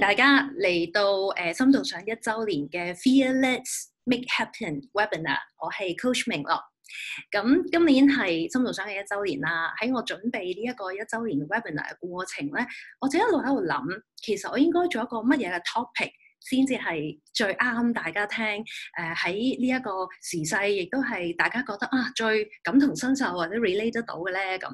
大家嚟到誒、呃、深度想一周年嘅 Fearless Make Happen Webinar，我係 Coach 明樂。咁、嗯、今年係深度想嘅一周年啦，喺我準備呢一個一周年嘅 Webinar 嘅過程咧，我就一路喺度諗，其實我應該做一個乜嘢嘅 topic？先至係最啱大家聽，誒喺呢一個時勢，亦都係大家覺得啊，最感同身受或者 relate 得到嘅咧咁。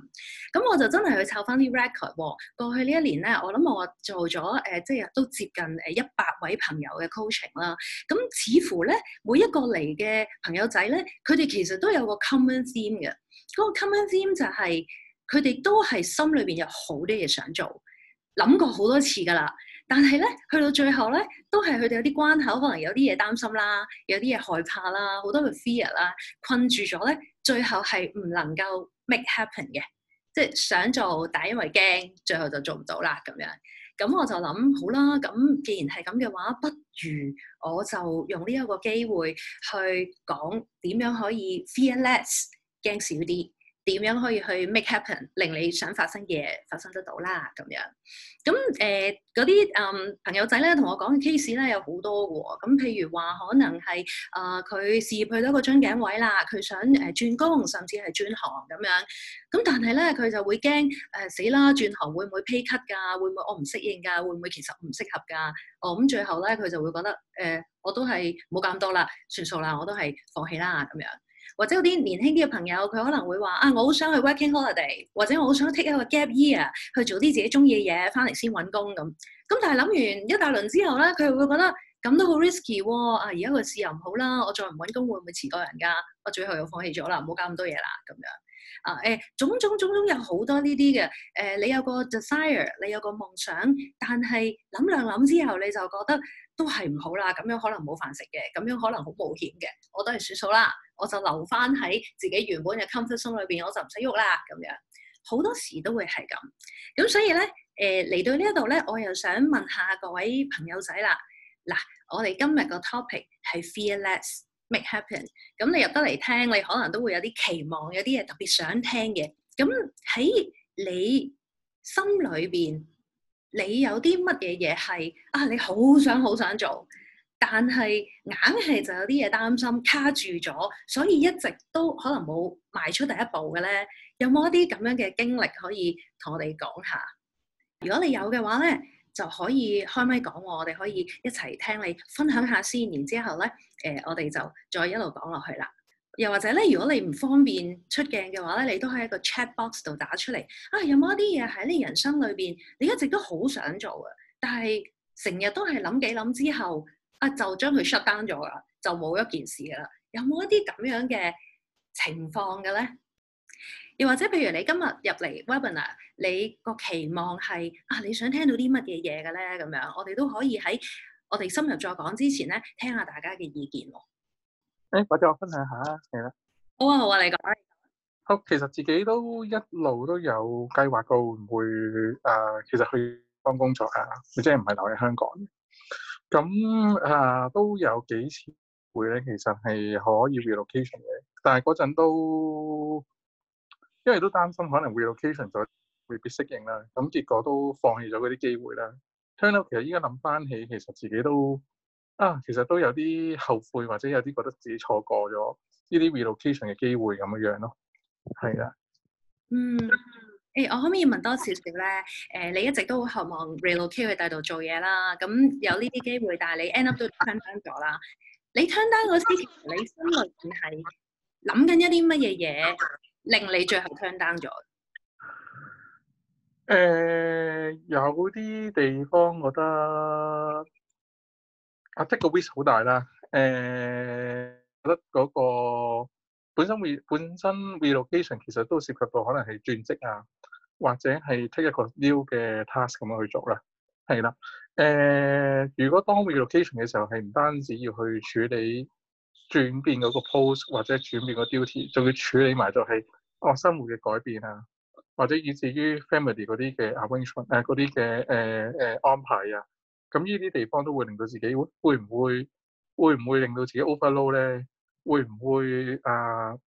咁我就真係去湊翻啲 record。過去呢一年咧，我諗我做咗誒、呃，即係都接近誒一百位朋友嘅 coaching 啦。咁似乎咧，每一個嚟嘅朋友仔咧，佢哋其實都有個 common theme 嘅。嗰、嗰個 common theme 就係佢哋都係心裏邊有好多嘢想做，諗過好多次噶啦。但係咧，去到最後咧，都係佢哋有啲關口，可能有啲嘢擔心啦，有啲嘢害怕啦，好多嘅 fear 啦，困住咗咧，最後係唔能夠 make happen 嘅，即係想做，但因為驚，最後就做唔到啦咁樣。咁我就諗好啦，咁既然係咁嘅話，不如我就用呢一個機會去講點樣可以 fear less，驚少啲。點樣可以去 make happen，令你想發生嘅嘢發生得到啦？咁樣咁誒嗰啲誒朋友仔咧，同我講嘅 case 咧有好多喎。咁譬如話，可能係啊，佢、呃、事業去到一個樽頸位啦，佢想誒、呃、轉工，甚至係轉行咁樣。咁但係咧，佢就會驚誒、呃、死啦！轉行會唔會 pay cut 㗎？會唔會我唔適應㗎？會唔會其實唔適合㗎？哦咁，最後咧佢就會覺得誒、呃，我都係冇咁多啦，算數啦，我都係放棄啦咁樣。或者嗰啲年輕啲嘅朋友，佢可能會話啊，我好想去 working holiday，或者我好想 take 一個 gap year 去做啲自己中意嘅嘢，翻嚟先揾工咁。咁但係諗完一大輪之後咧，佢會覺得咁都好 risky 啊，而家個事又唔好啦，我再唔揾工會唔會遲過人㗎？我最後又放棄咗啦，唔好搞咁多嘢啦咁樣。啊誒，種種種種，種有好多呢啲嘅。誒、呃，你有個 desire，你有個夢想，但係諗兩諗之後，你就覺得都係唔好啦。咁樣可能冇飯食嘅，咁樣可能好冒險嘅，我都係算數啦。我就留翻喺自己原本嘅 comfort zone 裏邊，我就唔使喐啦咁樣。好多時都會係咁，咁所以咧，誒、呃、嚟到呢一度咧，我又想問，問下各位朋友仔啦。嗱，我哋今日個 topic 係 Fear Less Make Happen。咁你入得嚟聽，你可能都會有啲期望，有啲嘢特別想聽嘅。咁喺你心裏邊，你有啲乜嘢嘢係啊？你好想好想做，但係硬係就有啲嘢擔心卡住咗，所以一直都可能冇邁出第一步嘅咧。有冇一啲咁樣嘅經歷可以同我哋講下？如果你有嘅話咧，就可以開咪講，我哋可以一齊聽你分享下先，然之後咧，誒、呃、我哋就再一路講落去啦。又或者咧，如果你唔方便出鏡嘅話咧，你都喺一個 chat box 度打出嚟啊！有冇一啲嘢喺你人生裏邊，你一直都好想做嘅，但係成日都係諗幾諗之後，啊，就將佢 shut down 咗啦，就冇一件事㗎啦。有冇一啲咁樣嘅情況嘅咧？又或者譬如你今日入嚟 webinar，你個期望係啊，你想聽到啲乜嘢嘢嘅咧？咁樣我哋都可以喺我哋深入再講之前咧，聽下大家嘅意見喎。或者、欸、我分享下啦，係啦。好啊，好啊，你講。好，其實自己都一路都有計劃過會唔會、呃，其實去幫工作啊，即係唔係留喺香港。咁啊，都有幾次會咧，其實係可以 relocation 嘅，但係嗰陣都因為都擔心可能 relocation 咗未必適應啦，咁結果都放棄咗嗰啲機會啦。turn out 其實依家諗翻起，其實自己都啊，其實都有啲後悔或者有啲覺得自己錯過咗呢啲 relocation 嘅機會咁樣樣咯，係啦，嗯。誒，hey, 我可唔可以問多少少咧？誒、呃，你一直都好渴望 relocate 去大度做嘢啦。咁、嗯、有呢啲機會，但係你 end up 都 t u 咗啦。你 turn d 你心裏面係諗緊一啲乜嘢嘢，令你最後 t u 咗？誒、呃，有啲地方覺得，我 t a k 個 risk 好大啦。誒、呃，覺得嗰、那個。本身 re 本身 relocation 其實都涉及到可能係轉職啊，或者係 take 一個 new 嘅 task 咁樣去做啦，係啦。誒，如果當 relocation 嘅時候係唔單止要去處理轉變嗰個 post 或者轉變個 duty，仲要處理埋就係個生活嘅改變啊，或者以至於 family 嗰啲嘅 arrangement 嗰、呃、啲嘅誒誒、呃呃、安排啊，咁呢啲地方都會令到自己會唔會會唔會令到自己 overload 咧？會唔會啊，呃，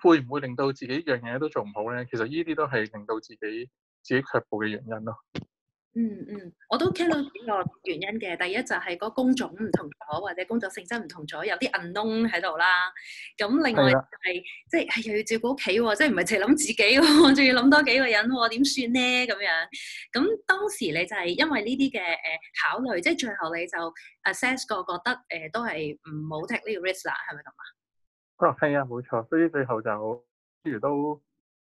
會唔會令到自己樣嘢都做唔好呢？其實依啲都係令到自己自己卻步嘅原因咯。嗯嗯，我都聽到幾個原因嘅。第一就係個工種唔同咗，或者工作性質唔同咗，有啲 unknown 喺度啦。咁另外係即係又要照顧屋企喎，即係唔係淨係諗自己，我仲要諗多幾個人，點算呢？咁樣，咁當時你就係因為呢啲嘅，誒考慮，即係最後你就 assess 過覺得誒、呃、都係唔好 take 呢個 risk 啦，係咪咁啊？啊係啊，冇錯，所以最後就譬如都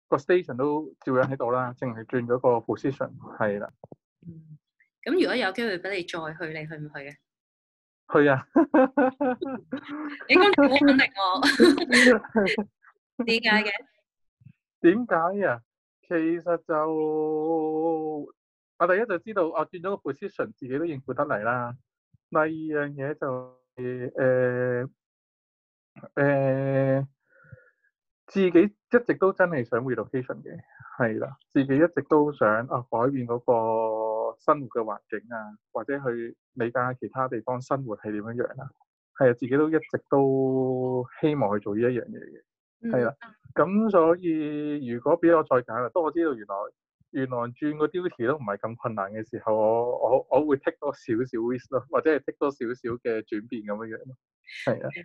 個 station 都照樣喺度啦，淨係轉咗個 position 係啦。嗯，咁如果有機會俾你再去，你去唔去？去啊？去啊！你講得好肯定我，點解嘅？點解啊？其實就我第一就知道，我轉咗個 position，自己都應付得嚟啦。第二樣嘢就誒、是、誒、呃呃，自己一直都真係想 relocation 嘅，係啦，自己一直都想啊改變嗰、嗰個。生活嘅環境啊，或者去美加其他地方生活係點樣樣啊？係啊，自己都一直都希望去做呢一樣嘢嘅，係啦，咁、嗯、所以如果俾我再揀啦，不過我知道原來。原來轉個 duty 都唔係咁困難嘅時候，我我我會剔多少少咯，或者係剔多少少嘅轉變咁樣樣咯。係啊，啊明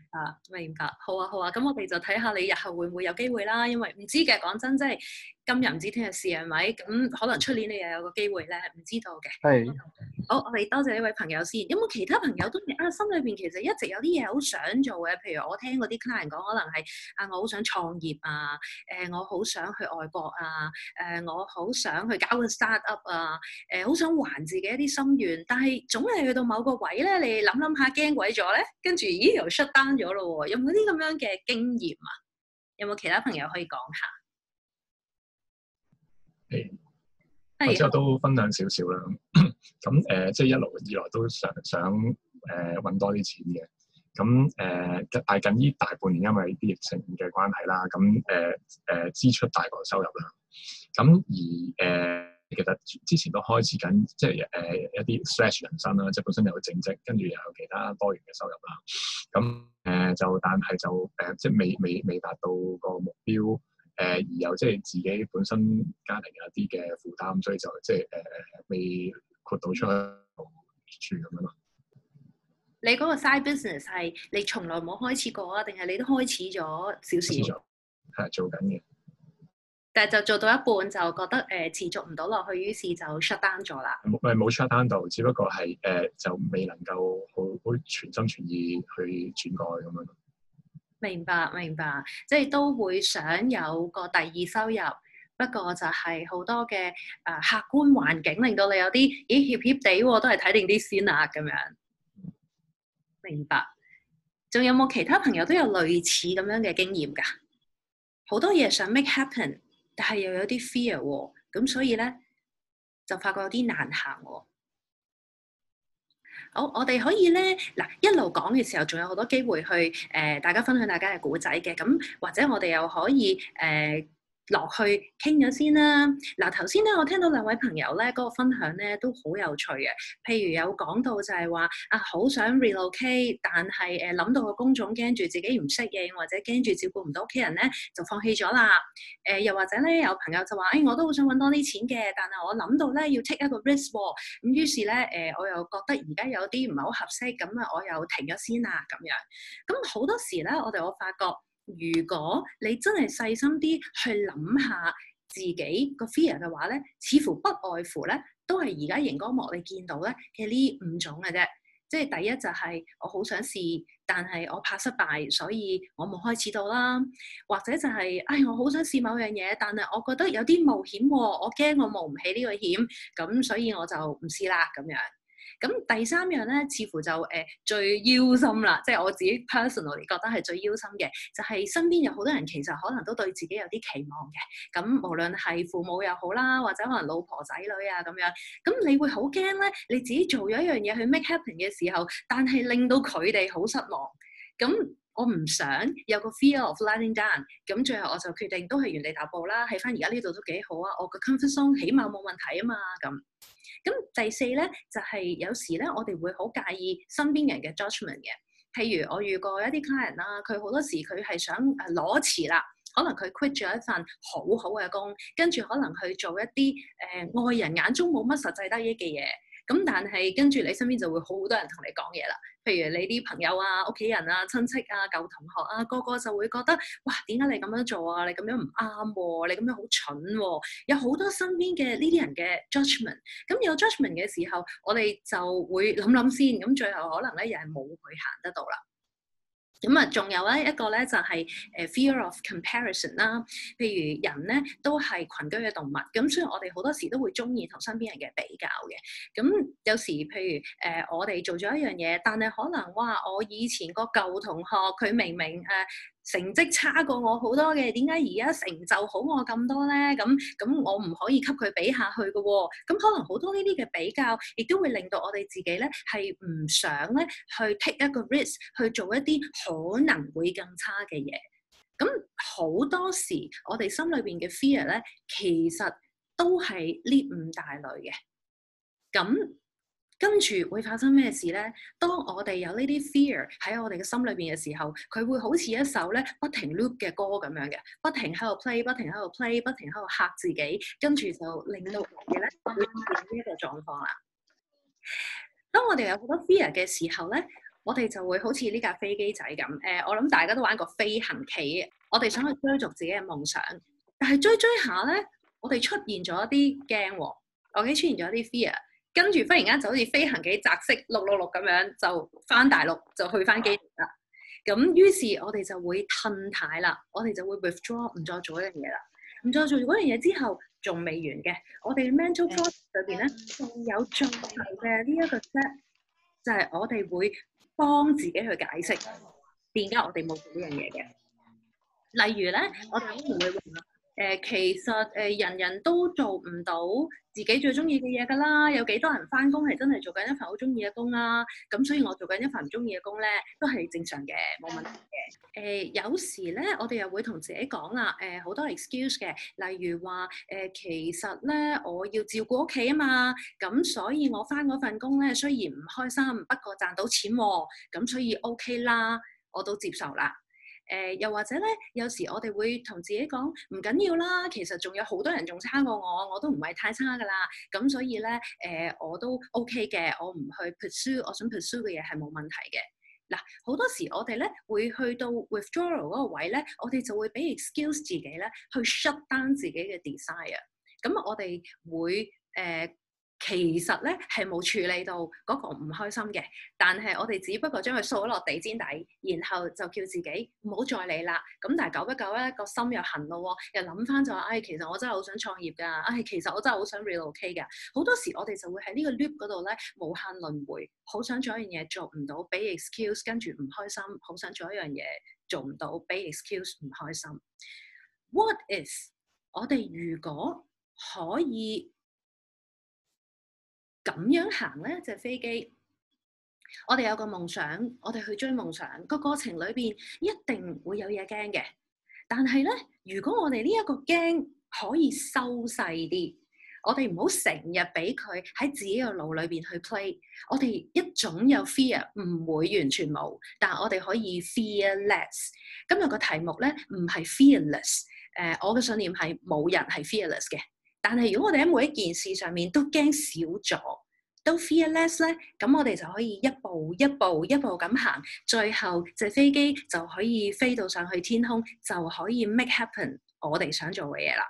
白，明白。好啊好啊，咁我哋就睇下你日後會唔會有機會啦。因為唔知嘅，講真即係今日唔知聽日事係咪？咁可能出年你又有個機會咧，唔知道嘅。係的。好，我我哋多謝呢位朋友先，有冇其他朋友都啊，心裏邊其實一直有啲嘢好想做嘅，譬如我聽嗰啲 client 講，可能係啊，我好想創業啊，誒、呃、我好想去外國啊，誒、呃、我好想去搞個 startup 啊，誒、呃、好想還自己一啲心願，但係總係去到某個位咧，你諗諗下驚鬼咗咧，跟住咦又 shut down 咗咯喎，有冇啲咁樣嘅經驗啊？有冇其他朋友可以講下？Hey. 之後都分享少少啦，咁誒、嗯 呃、即係一路以來都想想誒揾、呃、多啲錢嘅，咁、呃、誒近近依大半年因為啲疫情嘅關係啦，咁誒誒支出大過收入啦，咁、嗯、而誒、呃、其實之前都開始緊即係誒、呃、一啲 slash 人生啦，即係本身有正職，跟住又有其他多元嘅收入啦，咁、嗯、誒、呃、就但係就誒、呃、即係未未未達到個目標。誒而有即係自己本身家庭有一啲嘅負擔，所以就即係誒未攤到出去住咁樣咯。你嗰個 side business 係你從來冇開始過啊，定係你都開始咗小事係做緊嘅？但係就做到一半就覺得誒、呃、持續唔到落去，於是就 shut down 咗啦。冇冇 shut down 到，只不過係誒、呃、就未能夠好好全心全意去轉過去咁樣。明白，明白，即係都會想有個第二收入，不過就係好多嘅誒、呃、客觀環境令到你有啲，咦，怯怯地，都係睇定啲先啊，咁樣。明白。仲有冇其他朋友都有類似咁樣嘅經驗噶？好多嘢想 make happen，但係又有啲 fear，咁所以呢就發覺有啲難行。好，我哋可以咧，嗱一路講嘅時候，仲有好多機會去誒、呃、大家分享大家嘅故仔嘅，咁或者我哋又可以誒。呃落去傾咗先啦。嗱，頭先咧，我聽到兩位朋友咧嗰個分享咧都好有趣嘅。譬如有講到就係話，啊好想 relocate，但係誒諗到個工種驚住自己唔適應，或者驚住照顧唔到屋企人咧，就放棄咗啦。誒、呃，又或者咧有朋友就話，誒、哎、我都好想揾多啲錢嘅，但係我諗到咧要 take 一個 risk 喎。咁於是咧誒，我又覺得而家有啲唔係好合適，咁啊我又停咗先啊咁樣。咁好多時咧，我哋我發覺。如果你真係細心啲去諗下自己個 fear 嘅話咧，似乎不外乎咧，都係而家熒光幕你見到咧嘅呢五種嘅啫。即係第一就係、是、我好想試，但係我怕失敗，所以我冇開始到啦。或者就係、是、唉、哎，我好想試某樣嘢，但係我覺得有啲冒險，我驚我冒唔起呢個險，咁所以我就唔試啦咁樣。咁第三樣咧，似乎就誒、呃、最憂心啦，即係我自己 personally 覺得係最憂心嘅，就係、是、身邊有好多人其實可能都對自己有啲期望嘅，咁無論係父母又好啦，或者可能老婆仔女啊咁樣，咁你會好驚咧，你自己做咗一樣嘢去 make happen 嘅時候，但係令到佢哋好失望，咁。我唔想有個 feel of letting down，咁最後我就決定都係原地踏步啦，喺返而家呢度都幾好啊，我個 comfort zone 起碼冇問題啊嘛，咁咁第四咧就係、是、有時咧我哋會好介意身邊人嘅 judgment 嘅，譬如我遇過一啲 client 啦，佢好多時佢係想攞辭啦，可能佢 quit 咗一份好好嘅工，跟住可能去做一啲誒、呃、外人眼中冇乜實際得益嘅嘢。咁但係跟住你身邊就會好多人同你講嘢啦，譬如你啲朋友啊、屋企人啊、親戚啊、舊同學啊，個個就會覺得，哇！點解你咁樣做啊？你咁樣唔啱啊，你咁樣好蠢啊，有好多身邊嘅呢啲人嘅 judgment。咁有 judgment 嘅時候，我哋就會諗諗先，咁最後可能咧又係冇佢行得到啦。咁啊，仲有咧一個咧就係誒 fear of comparison 啦。譬如人咧都係群居嘅動物，咁所以我哋好多時都會中意同身邊人嘅比較嘅。咁有時譬如誒我哋做咗一樣嘢，但係可能哇，我以前個舊同學佢明明誒，成績差過我好多嘅，點解而家成就好我咁多咧？咁咁我唔可以給佢比下去嘅喎、哦。咁可能好多呢啲嘅比較，亦都會令到我哋自己咧係唔想咧去 take 一個 risk 去做一啲可能會更差嘅嘢。咁好多時我哋心裏邊嘅 fear 咧，其實都係呢五大類嘅。咁。跟住會發生咩事咧？當我哋有呢啲 fear 喺我哋嘅心裏邊嘅時候，佢會好似一首咧不停 loop 嘅歌咁樣嘅，不停喺度 play，不停喺度 play，不停喺度嚇自己，跟住就令到我哋咧發生呢一個狀況啦。當我哋有好多 fear 嘅時候咧，我哋就會好似呢架飛機仔咁誒、呃。我諗大家都玩過飛行棋，我哋想去追逐自己嘅夢想，但係追追下咧，我哋出現咗一啲驚，我哋出現咗一啲 fear。跟住忽然間就好似飛行棋擲色，六六六咁樣就翻大陸，就去翻機場啦。咁於是我太太，我哋就會褪軚啦，我哋就會 withdraw，唔再做一樣嘢啦。唔再做嗰樣嘢之後，仲未完嘅，我哋 mental force 裏邊咧，仲有最大嘅呢一個 set，就係、是、我哋會幫自己去解釋，點解我哋冇做呢樣嘢嘅。例如咧，我哋，可能會誒、呃，其實誒、呃，人人都做唔到自己最中意嘅嘢噶啦，有幾多人翻工係真係做緊一份好中意嘅工啦，啊？咁所以我做緊一份唔中意嘅工咧，都係正常嘅，冇問題嘅。誒、呃，有時咧，我哋又會同自己講啦，誒、呃，好多 excuse 嘅，例如話，誒、呃，其實咧，我要照顧屋企啊嘛，咁所以我翻嗰份工咧，雖然唔開心，不過賺到錢，啊，咁所以 OK 啦，我都接受啦。誒、呃、又或者咧，有時我哋會同自己講唔緊要啦，其實仲有好多人仲差過我，我都唔係太差㗎喇。咁所以咧，誒、呃、我都 OK 嘅，我唔去 pursue 我想 pursue 嘅嘢係冇問題嘅。嗱、呃，好多時我哋咧會去到 withdrawal 嗰個位咧，我哋就會俾 excuse 自己咧去 shut down 自己嘅 desire。咁我哋會誒。其實咧係冇處理到嗰個唔開心嘅，但係我哋只不過將佢掃落地氈底，然後就叫自己唔好再理啦。咁但係久不久咧，個心又痕咯，又諗翻就話，唉、哎，其實我真係好想創業㗎，唉、哎，其實我真係好想 relocate 嘅。好多時我哋就會喺呢個 loop 嗰度咧無限輪迴，好想做一樣嘢做唔到，俾 excuse 跟住唔開心，好想做一樣嘢做唔到，俾 excuse 唔開心。What is 我哋如果可以？咁樣行咧，就係飛機。我哋有個夢想，我哋去追夢想。個過程裏邊一定會有嘢驚嘅。但係咧，如果我哋呢一個驚可以收細啲，我哋唔好成日俾佢喺自己個腦裏邊去 play。我哋一種有 fear 唔會完全冇，但係我哋可以 fear less。今日個題目咧唔係 fearless。誒 fe、呃，我嘅信念係冇人係 fearless 嘅。但係如果我哋喺每一件事上面都驚少咗，都 fear less 咧，咁我哋就可以一步一步一步咁行，最後隻飛機就可以飛到上去天空，就可以 make happen 我哋想做嘅嘢啦。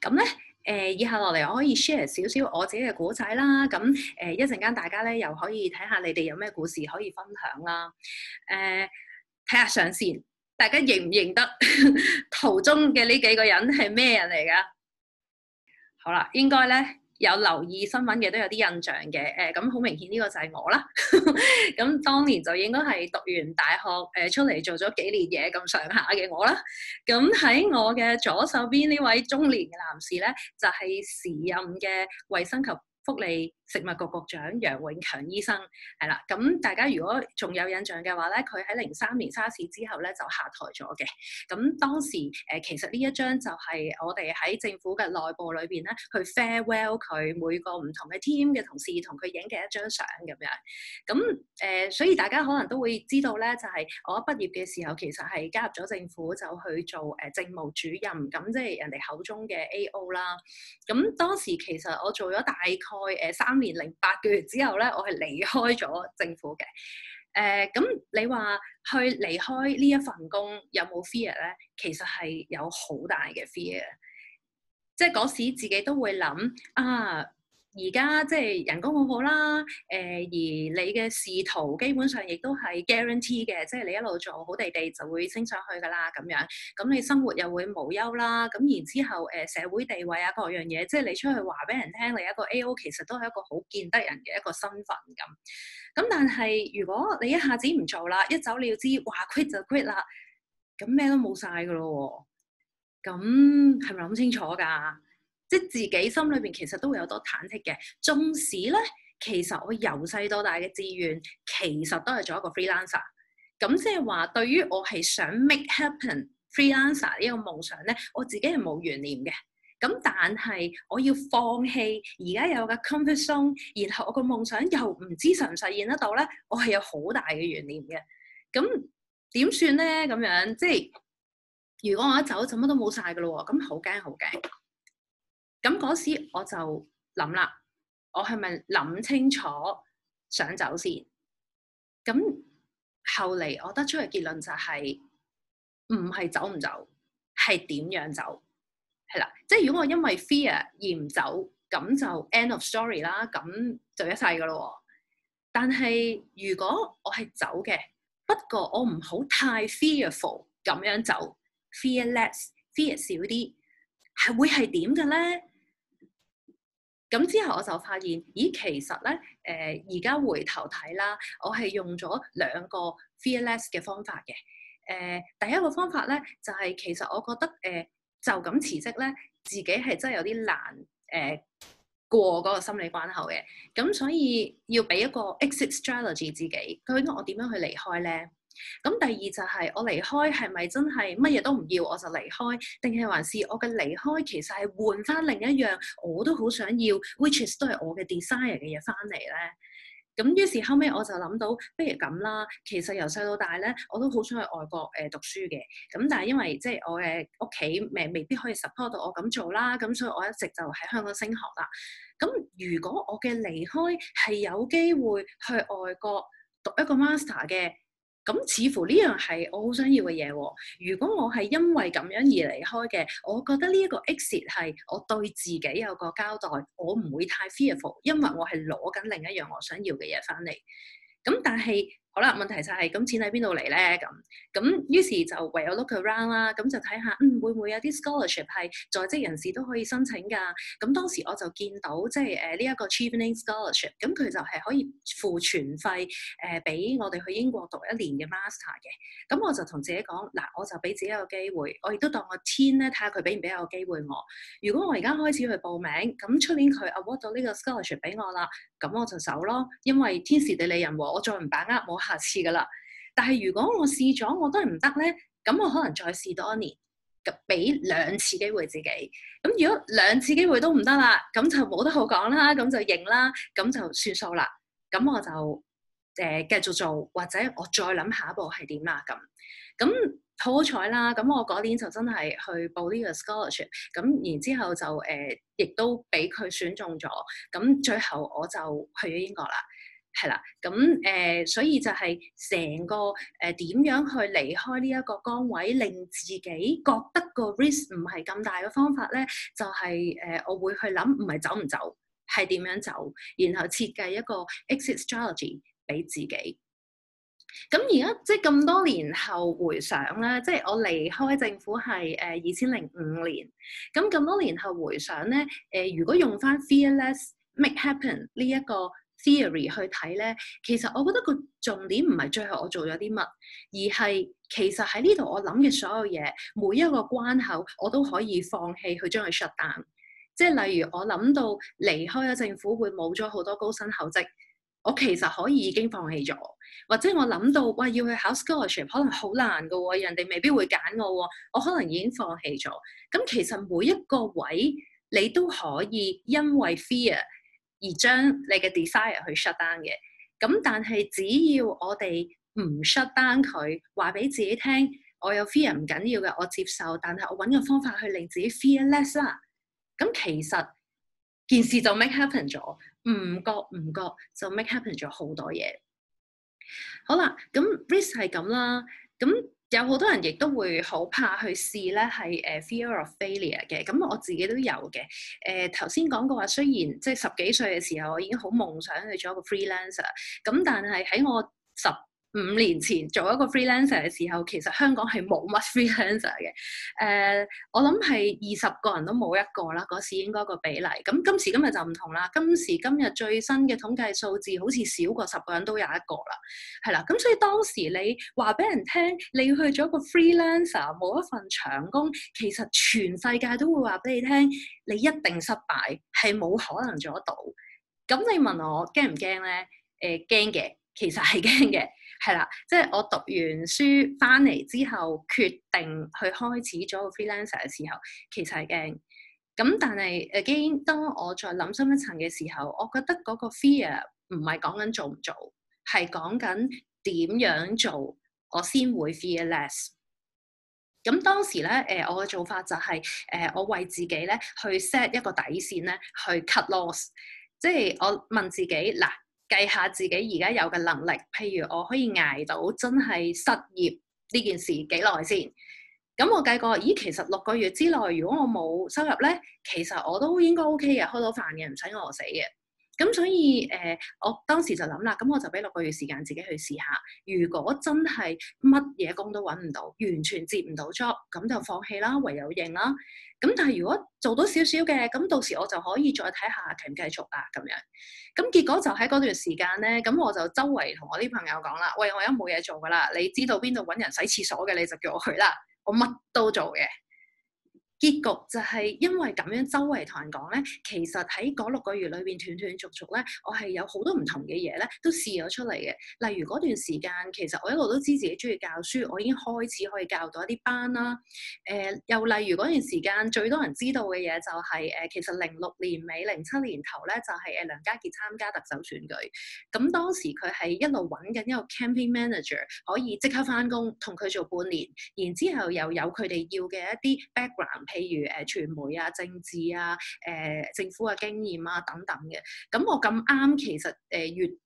咁咧，誒、呃，以下落嚟我可以 share 少少我自己嘅古仔啦。咁，誒、呃，一陣間大家咧又可以睇下你哋有咩故事可以分享啦。誒、呃，睇下上線，大家認唔認得 途中嘅呢幾個人係咩人嚟噶？好啦，應該咧有留意新聞嘅都有啲印象嘅，誒咁好明顯呢個就係我啦。咁 當年就應該係讀完大學誒、呃、出嚟做咗幾年嘢咁上下嘅我啦。咁喺我嘅左手邊呢位中年嘅男士咧，就係、是、時任嘅衞生及福利食物局局長楊永強醫生係啦，咁大家如果仲有印象嘅話咧，佢喺零三年沙士之後咧就下台咗嘅。咁當時誒、呃，其實呢一張就係我哋喺政府嘅內部裏邊咧，去 farewell 佢每個唔同嘅 team 嘅同事同佢影嘅一張相咁樣。咁誒、呃，所以大家可能都會知道咧，就係、是、我畢業嘅時候，其實係加入咗政府就去做誒、呃、政務主任，咁即係人哋口中嘅 A.O. 啦。咁當時其實我做咗大概。開誒三年零八個月之後咧，我係離開咗政府嘅。誒、呃、咁你話去離開呢一份工有冇 fear 咧？其實係有好大嘅 fear，即係嗰時自己都會諗啊。而家即係人工好好啦，誒、呃、而你嘅仕途基本上亦都係 guarantee 嘅，即係你一路做好地地就會升上去噶啦咁樣。咁你生活又會無憂啦，咁然之後誒、呃、社會地位啊各樣嘢，即係你出去話俾人聽，你一個 A.O. 其實都係一個好見得人嘅一個身份咁。咁但係如果你一下子唔做啦，一走你要知，哇 quit 就 quit 啦，咁咩都冇晒噶咯喎。咁係咪諗清楚㗎？即係自己心裏邊其實都會有多忐忑嘅。縱使咧，其實我由細到大嘅志願，其實都係做一個 freelancer。咁即係話，對於我係想 make happen freelancer 呢個夢想咧，我自己係冇懸念嘅。咁但係我要放棄而家有嘅 comfort zone，然後我個夢想又唔知實唔實現得到咧，我係有好大嘅懸念嘅。咁點算咧？咁樣即係如果我一走就乜都冇晒噶咯喎，咁好驚好驚。咁嗰時我就諗啦，我係咪諗清楚想走先？咁後嚟我得出嘅結論就係唔係走唔走，係點樣走？係啦，即係如果我因為 fear 而唔走，咁就 end of story 啦，咁就一世噶咯。但係如果我係走嘅，不過我唔好太 fearful 咁樣走，fear less，fear 少 less，啲，係會係點嘅咧？咁之後我就發現，咦，其實咧，誒、呃，而家回頭睇啦，我係用咗兩個 fearless 嘅方法嘅。誒、呃，第一個方法咧，就係、是、其實我覺得誒、呃，就咁辭職咧，自己係真係有啲難誒、呃、過嗰個心理關口嘅。咁所以要俾一個 exit strategy 自己，究竟我點樣去離開咧？咁第二就係、是、我離開係咪真係乜嘢都唔要我就離開，定係還是我嘅離開其實係換翻另一樣我都好想要，which is 都係我嘅 desire 嘅嘢翻嚟咧。咁於是後尾我就諗到不如咁啦。其實由細到大咧，我都好想去外國誒讀書嘅。咁但係因為即係我嘅屋企誒未必可以 support 到我咁做啦。咁所以我一直就喺香港升學啦。咁如果我嘅離開係有機會去外國讀一個 master 嘅？咁似乎呢樣係我好想要嘅嘢。如果我係因為咁樣而離開嘅，我覺得呢一個 exit 係我對自己有個交代，我唔會太 fearful，因為我係攞緊另一樣我想要嘅嘢翻嚟。咁但係，好啦，問題就係、是、咁錢喺邊度嚟咧？咁咁於是就唯有 look around 啦，咁就睇下嗯會唔會有啲 scholarship 係在職人士都可以申請噶。咁、嗯、當時我就見到即係誒呢一個 Chevening scholarship，咁佢就係可以付全費誒俾、呃、我哋去英國讀一年嘅 master 嘅。咁我就同自己講嗱，我就俾自、呃、自己一個機會，我亦都當我天咧睇下佢俾唔俾一個機會我。如果我而家開始去報名，咁、嗯、出年佢 award 到呢個 scholarship 俾我啦。咁我就走咯，因為天時地利人和，我再唔把握，冇下次㗎喇。但係如果我試咗，我都係唔得咧，咁我可能再試多一年，俾兩次機會自己。咁如果兩次機會都唔得啦，咁就冇得好講啦，咁就認啦，咁就算數啦。咁我就誒、呃、繼續做，或者我再諗下一步係點啊？咁咁。好彩啦！咁我嗰年就真係去報呢個 scholarship，咁然之後就誒、呃，亦都俾佢選中咗。咁最後我就去咗英國啦，係啦。咁誒、呃，所以就係成個誒點、呃、樣去離開呢一個崗位，令自己覺得個 risk 唔係咁大嘅方法咧，就係、是、誒、呃，我會去諗唔係走唔走，係點樣走，然後設計一個 exit strategy 俾自己。咁而家即係咁多年後回想啦，即係我離開政府係誒二千零五年。咁咁多年後回想咧，誒、呃、如果用翻 Fearless Make Happen 呢一個 theory 去睇咧，其實我覺得個重點唔係最後我做咗啲乜，而係其實喺呢度我諗嘅所有嘢，每一個關口我都可以放棄去將佢 shut down。即係例如我諗到離開咗政府會冇咗好多高薪厚職，我其實可以已經放棄咗。或者我諗到哇，要去考 scholarship，可能好難㗎喎，人哋未必會揀我喎，我可能已經放棄咗。咁其實每一個位，你都可以因為 fear 而將你嘅 desire 去 shut down 嘅。咁但係只要我哋唔 shut down 佢，話俾自己聽，我有 fear 唔緊要嘅，我接受，但係我揾個方法去令自己 fear less 啦。咁其實件事就 make happen 咗，唔覺唔覺就 make happen 咗好多嘢。好啦，咁 risk 係咁啦，咁有好多人亦都會好怕去試咧，係誒 fear of failure 嘅，咁我自己都有嘅。誒、呃，頭先講過話，雖然即係十幾歲嘅時候我已經好夢想去做一個 freelancer，咁但係喺我十五年前做一個 freelancer 嘅時候，其實香港係冇乜 freelancer 嘅。誒，uh，我諗係二十個人都冇一個啦。嗰時應該個比例。咁今時今日就唔同啦。今時今日最新嘅統計數字，好似少過十個人都有一個啦。係啦。咁所以當時你話俾人聽，你要去做一個 freelancer，冇一份長工，其實全世界都會話俾你聽，你一定失敗，係冇可能做得到。咁你問我驚唔驚咧？誒，驚、欸、嘅，其實係驚嘅。係啦，即係我讀完書翻嚟之後，決定去開始咗個 freelancer 嘅時候，其實係驚。咁但係，既然當我再諗深一層嘅時候，我覺得嗰個 fear 唔係講緊做唔做，係講緊點樣做我先會 fear less。咁當時咧，誒、呃、我嘅做法就係、是、誒、呃、我為自己咧去 set 一個底線咧，去 cut loss。即係我問自己嗱。計下自己而家有嘅能力，譬如我可以捱到真係失業呢件事幾耐先？咁我計過，咦，其實六個月之內，如果我冇收入咧，其實我都應該 OK 嘅，開到飯嘅，唔使餓死嘅。咁所以誒、呃，我當時就諗啦，咁我就俾六個月時間自己去試下。如果真係乜嘢工都揾唔到，完全接唔到 job，咁就放棄啦，唯有認啦。咁但係如果做到少少嘅，咁到時我就可以再睇下，繼唔繼續啊咁樣。咁結果就喺嗰段時間咧，咁我就周圍同我啲朋友講啦，喂，我而家冇嘢做噶啦，你知道邊度揾人洗廁所嘅，你就叫我去啦，我乜都做嘅。結局就係因為咁樣，周圍同人講咧，其實喺嗰六個月裏邊斷斷續續咧，我係有好多唔同嘅嘢咧，都試咗出嚟嘅。例如嗰段時間，其實我一路都知自己鍾意教書，我已經開始可以教到一啲班啦、啊。誒、呃，又例如嗰段時間最多人知道嘅嘢就係、是、誒、呃，其實零六年尾零七年頭咧，就係、是、誒、呃、梁家傑參加特首選舉。咁當時佢係一路揾緊一個 campaign manager，可以即刻返工同佢做半年，然之後又有佢哋要嘅一啲 background。譬如誒傳媒啊、政治啊、誒、呃、政府嘅經驗啊等等嘅，咁我咁啱其實誒遇、呃、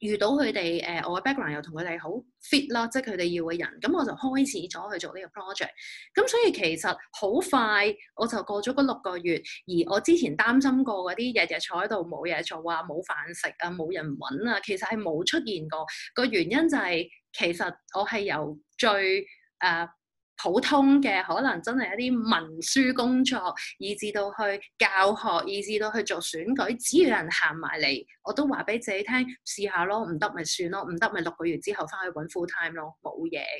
遇到佢哋誒，我嘅 background 又同佢哋好 fit 啦，即係佢哋要嘅人，咁我就開始咗去做呢個 project。咁所以其實好快我就過咗嗰六個月，而我之前擔心過嗰啲日日坐喺度冇嘢做啊、冇飯食啊、冇人揾啊，其實係冇出現過。個原因就係、是、其實我係由最誒、呃普通嘅可能真係一啲文書工作，以至到去教學，以至到去做選舉，只要有人行埋嚟，我都話俾自己聽，試下咯，唔得咪算咯，唔得咪六個月之後翻去揾 full time 咯，冇嘢嘅。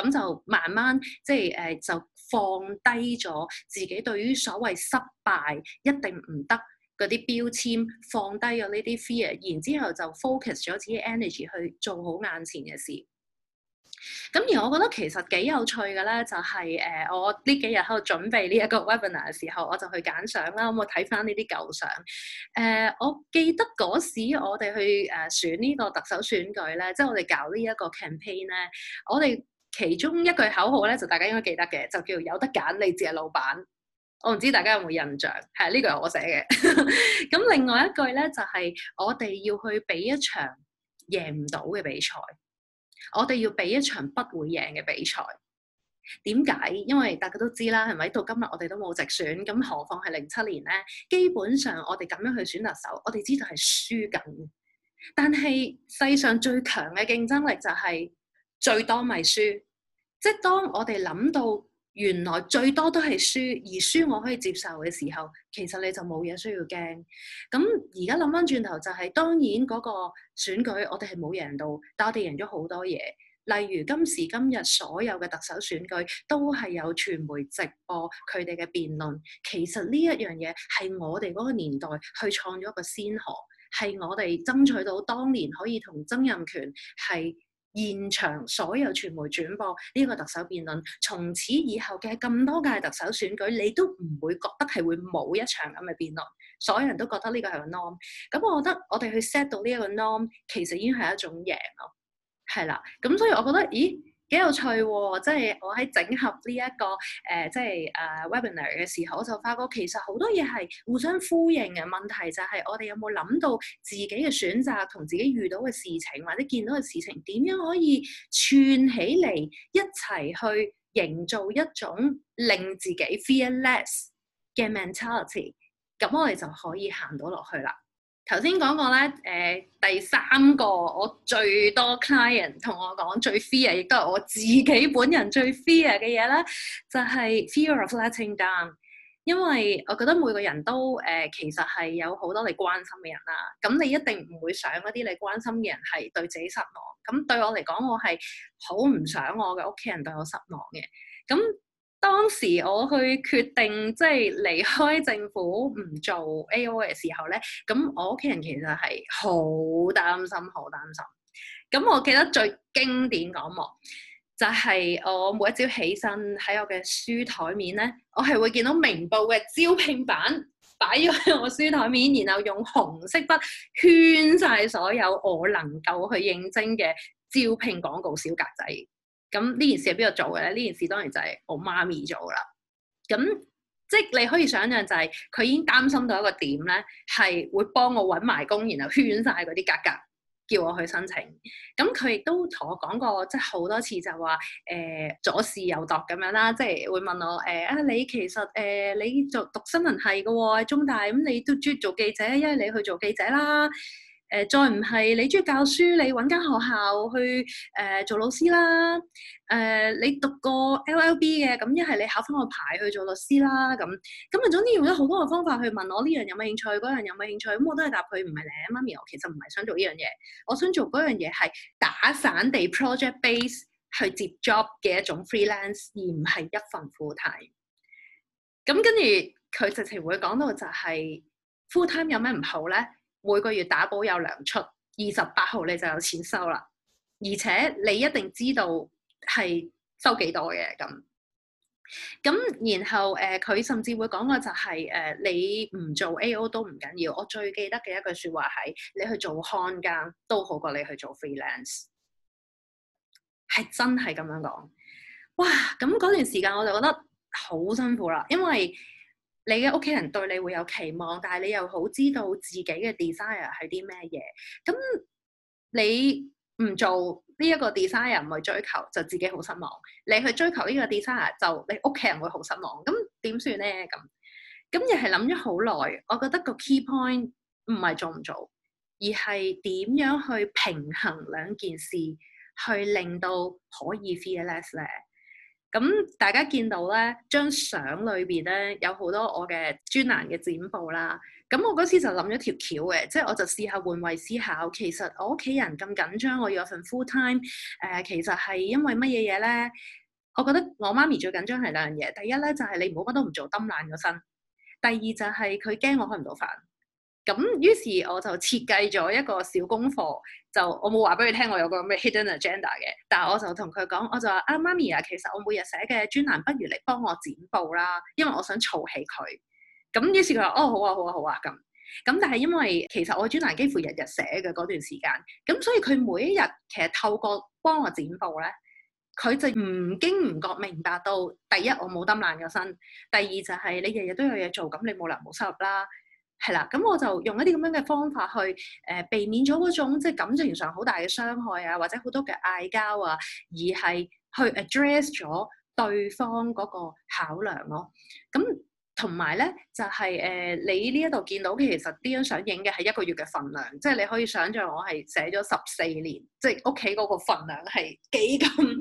咁就慢慢即係誒、呃，就放低咗自己對於所謂失敗一定唔得嗰啲標籤，放低咗呢啲 fear，然之後就 focus 咗自己 energy 去做好眼前嘅事。咁而我覺得其實幾有趣嘅咧、就是，就係誒我呢幾日喺度準備呢一個 webinar 嘅時候，我就去揀相啦。咁我睇翻呢啲舊相，誒、呃，我記得嗰時我哋去誒選呢個特首選舉咧，即、就、係、是、我哋搞呢一個 campaign 咧，我哋其中一句口號咧，就大家應該記得嘅，就叫有得揀，你至係老闆。我唔知大家有冇印象？係呢、這個係我寫嘅。咁 另外一句咧，就係、是、我哋要去比一場贏唔到嘅比賽。我哋要比一場不會贏嘅比賽，點解？因為大家都知啦，係咪？到今日我哋都冇直選，咁何況係零七年咧？基本上我哋咁樣去選特首，我哋知道係輸緊。但係世上最強嘅競爭力就係、是、最多咪輸，即係當我哋諗到，原來最多都係輸，而輸我可以接受嘅時候，其實你就冇嘢需要驚。咁而家諗翻轉頭，就係當然嗰個選舉，我哋係冇贏到，但我哋贏咗好多嘢。例如今時今日所有嘅特首選舉都係有傳媒直播佢哋嘅辯論。其實呢一樣嘢係我哋嗰個年代去創咗一個先河，係我哋爭取到當年可以同曾蔭權係。現場所有傳媒轉播呢個特首辯論，從此以後嘅咁多屆特首選舉，你都唔會覺得係會冇一場咁嘅辯論，所有人都覺得呢個係個 norm。咁我覺得我哋去 set 到呢一個 norm，其實已經係一種贏咯，係啦。咁所以我覺得咦。幾有趣喎，這個呃，即係我喺整合呢一個誒，即係誒 webinar 嘅時候，我就發覺其實好多嘢係互相呼應嘅。問題就係我哋有冇諗到自己嘅選擇同自己遇到嘅事情，或者見到嘅事情，點樣可以串起嚟一齊去營造一種令自己 fear less 嘅 mentality？咁我哋就可以行到落去啦。頭先講過咧，誒、呃，第三個我最多 client 同我講最 fear，亦都係我自己本人最 fear 嘅嘢啦，就係、是、fear of letting down。因為我覺得每個人都誒、呃，其實係有好多你關心嘅人啦。咁你一定唔會想嗰啲你關心嘅人係對自己失望。咁對我嚟講，我係好唔想我嘅屋企人對我失望嘅。咁當時我去決定即係離開政府唔做 AO 嘅時候咧，咁我屋企人其實係好擔心，好擔心。咁我記得最經典一幕就係、是、我每一朝起身喺我嘅書台面咧，我係會見到明報嘅招聘版擺咗喺我書台面，然後用紅色筆圈晒所有我能夠去應徵嘅招聘廣告小格仔。咁呢件事喺邊度做嘅咧？呢件事當然就係我媽咪做啦。咁即係你可以想象就係佢已經擔心到一個點咧，係會幫我揾埋工，然後圈晒嗰啲格格，叫我去申請。咁佢亦都同我講過，即係好多次就話誒左事右擋咁樣啦，即係會問我誒，啊你其實誒你做讀新聞係嘅喎，中大咁你都中意做記者，因為你去做記者啦。誒、呃，再唔係你中意教書，你搵間學校去誒、呃、做老師啦。誒、呃，你讀過 LLB 嘅，咁一係你考翻個牌去做律師啦。咁咁啊，總之用咗好多個方法去問我呢樣有冇興趣，嗰樣有冇興趣。咁我都係答佢唔係咧，媽咪，我其實唔係想做呢樣嘢，我想做嗰樣嘢係打散地 project base 去接 job 嘅一種 freelance，而唔係一份 full time。咁跟住佢直情會講到就係、是、full time 有咩唔好咧？每個月打保有糧出，二十八號你就有錢收啦，而且你一定知道係收幾多嘅咁。咁然後誒，佢、呃、甚至會講話就係、是、誒、呃，你唔做 A.O. 都唔緊要。我最記得嘅一句説話係，你去做看更都好過你去做 freelance，係真係咁樣講。哇！咁嗰段時間我就覺得好辛苦啦，因為。你嘅屋企人對你會有期望，但係你又好知道自己嘅 desire 係啲咩嘢。咁你唔做呢一個 desire 唔去追求，就自己好失望。你去追求呢個 desire，就你屋企人會好失望。咁點算咧？咁咁又係諗咗好耐。我覺得個 key point 唔係做唔做，而係點樣去平衡兩件事，去令到可以 fear less 咧？咁大家見到咧，張相裏邊咧有好多我嘅專欄嘅展報啦。咁我嗰次就諗咗條橋嘅，即係我就試下換位思考。其實我屋企人咁緊張，我要有份 full time，誒其實係因為乜嘢嘢咧？我覺得我媽咪最緊張係兩樣嘢。第一咧就係、是、你唔好乜都唔做，冧爛個身。第二就係佢驚我開唔到飯。咁於是我就設計咗一個小功課，就我冇話俾佢聽，我有，我有個咩 hidden agenda 嘅。但係我就同佢講，我就話：啊，媽咪啊，其實我每日寫嘅專欄，不如你幫我剪報啦，因為我想儲起佢。咁於是佢話：哦，好啊，好啊，好啊，咁。咁但係因為其實我專欄幾乎日日寫嘅嗰段時間，咁所以佢每一日其實透過幫我剪報咧，佢就唔經唔覺明白到：第一，我冇抌爛個身；第二，就是，就係你日日都有嘢做，咁你冇理由冇收入啦。係啦，咁我就用一啲咁樣嘅方法去誒、呃、避免咗嗰種即係感情上好大嘅傷害啊，或者好多嘅嗌交啊，而係去 address 咗對方嗰個考量咯、啊。咁、嗯同埋咧，就係、是、誒、呃，你呢一度見到其實呢張相影嘅係一個月嘅份量，即、就、係、是、你可以想像我係寫咗十四年，即係屋企嗰個份量係幾咁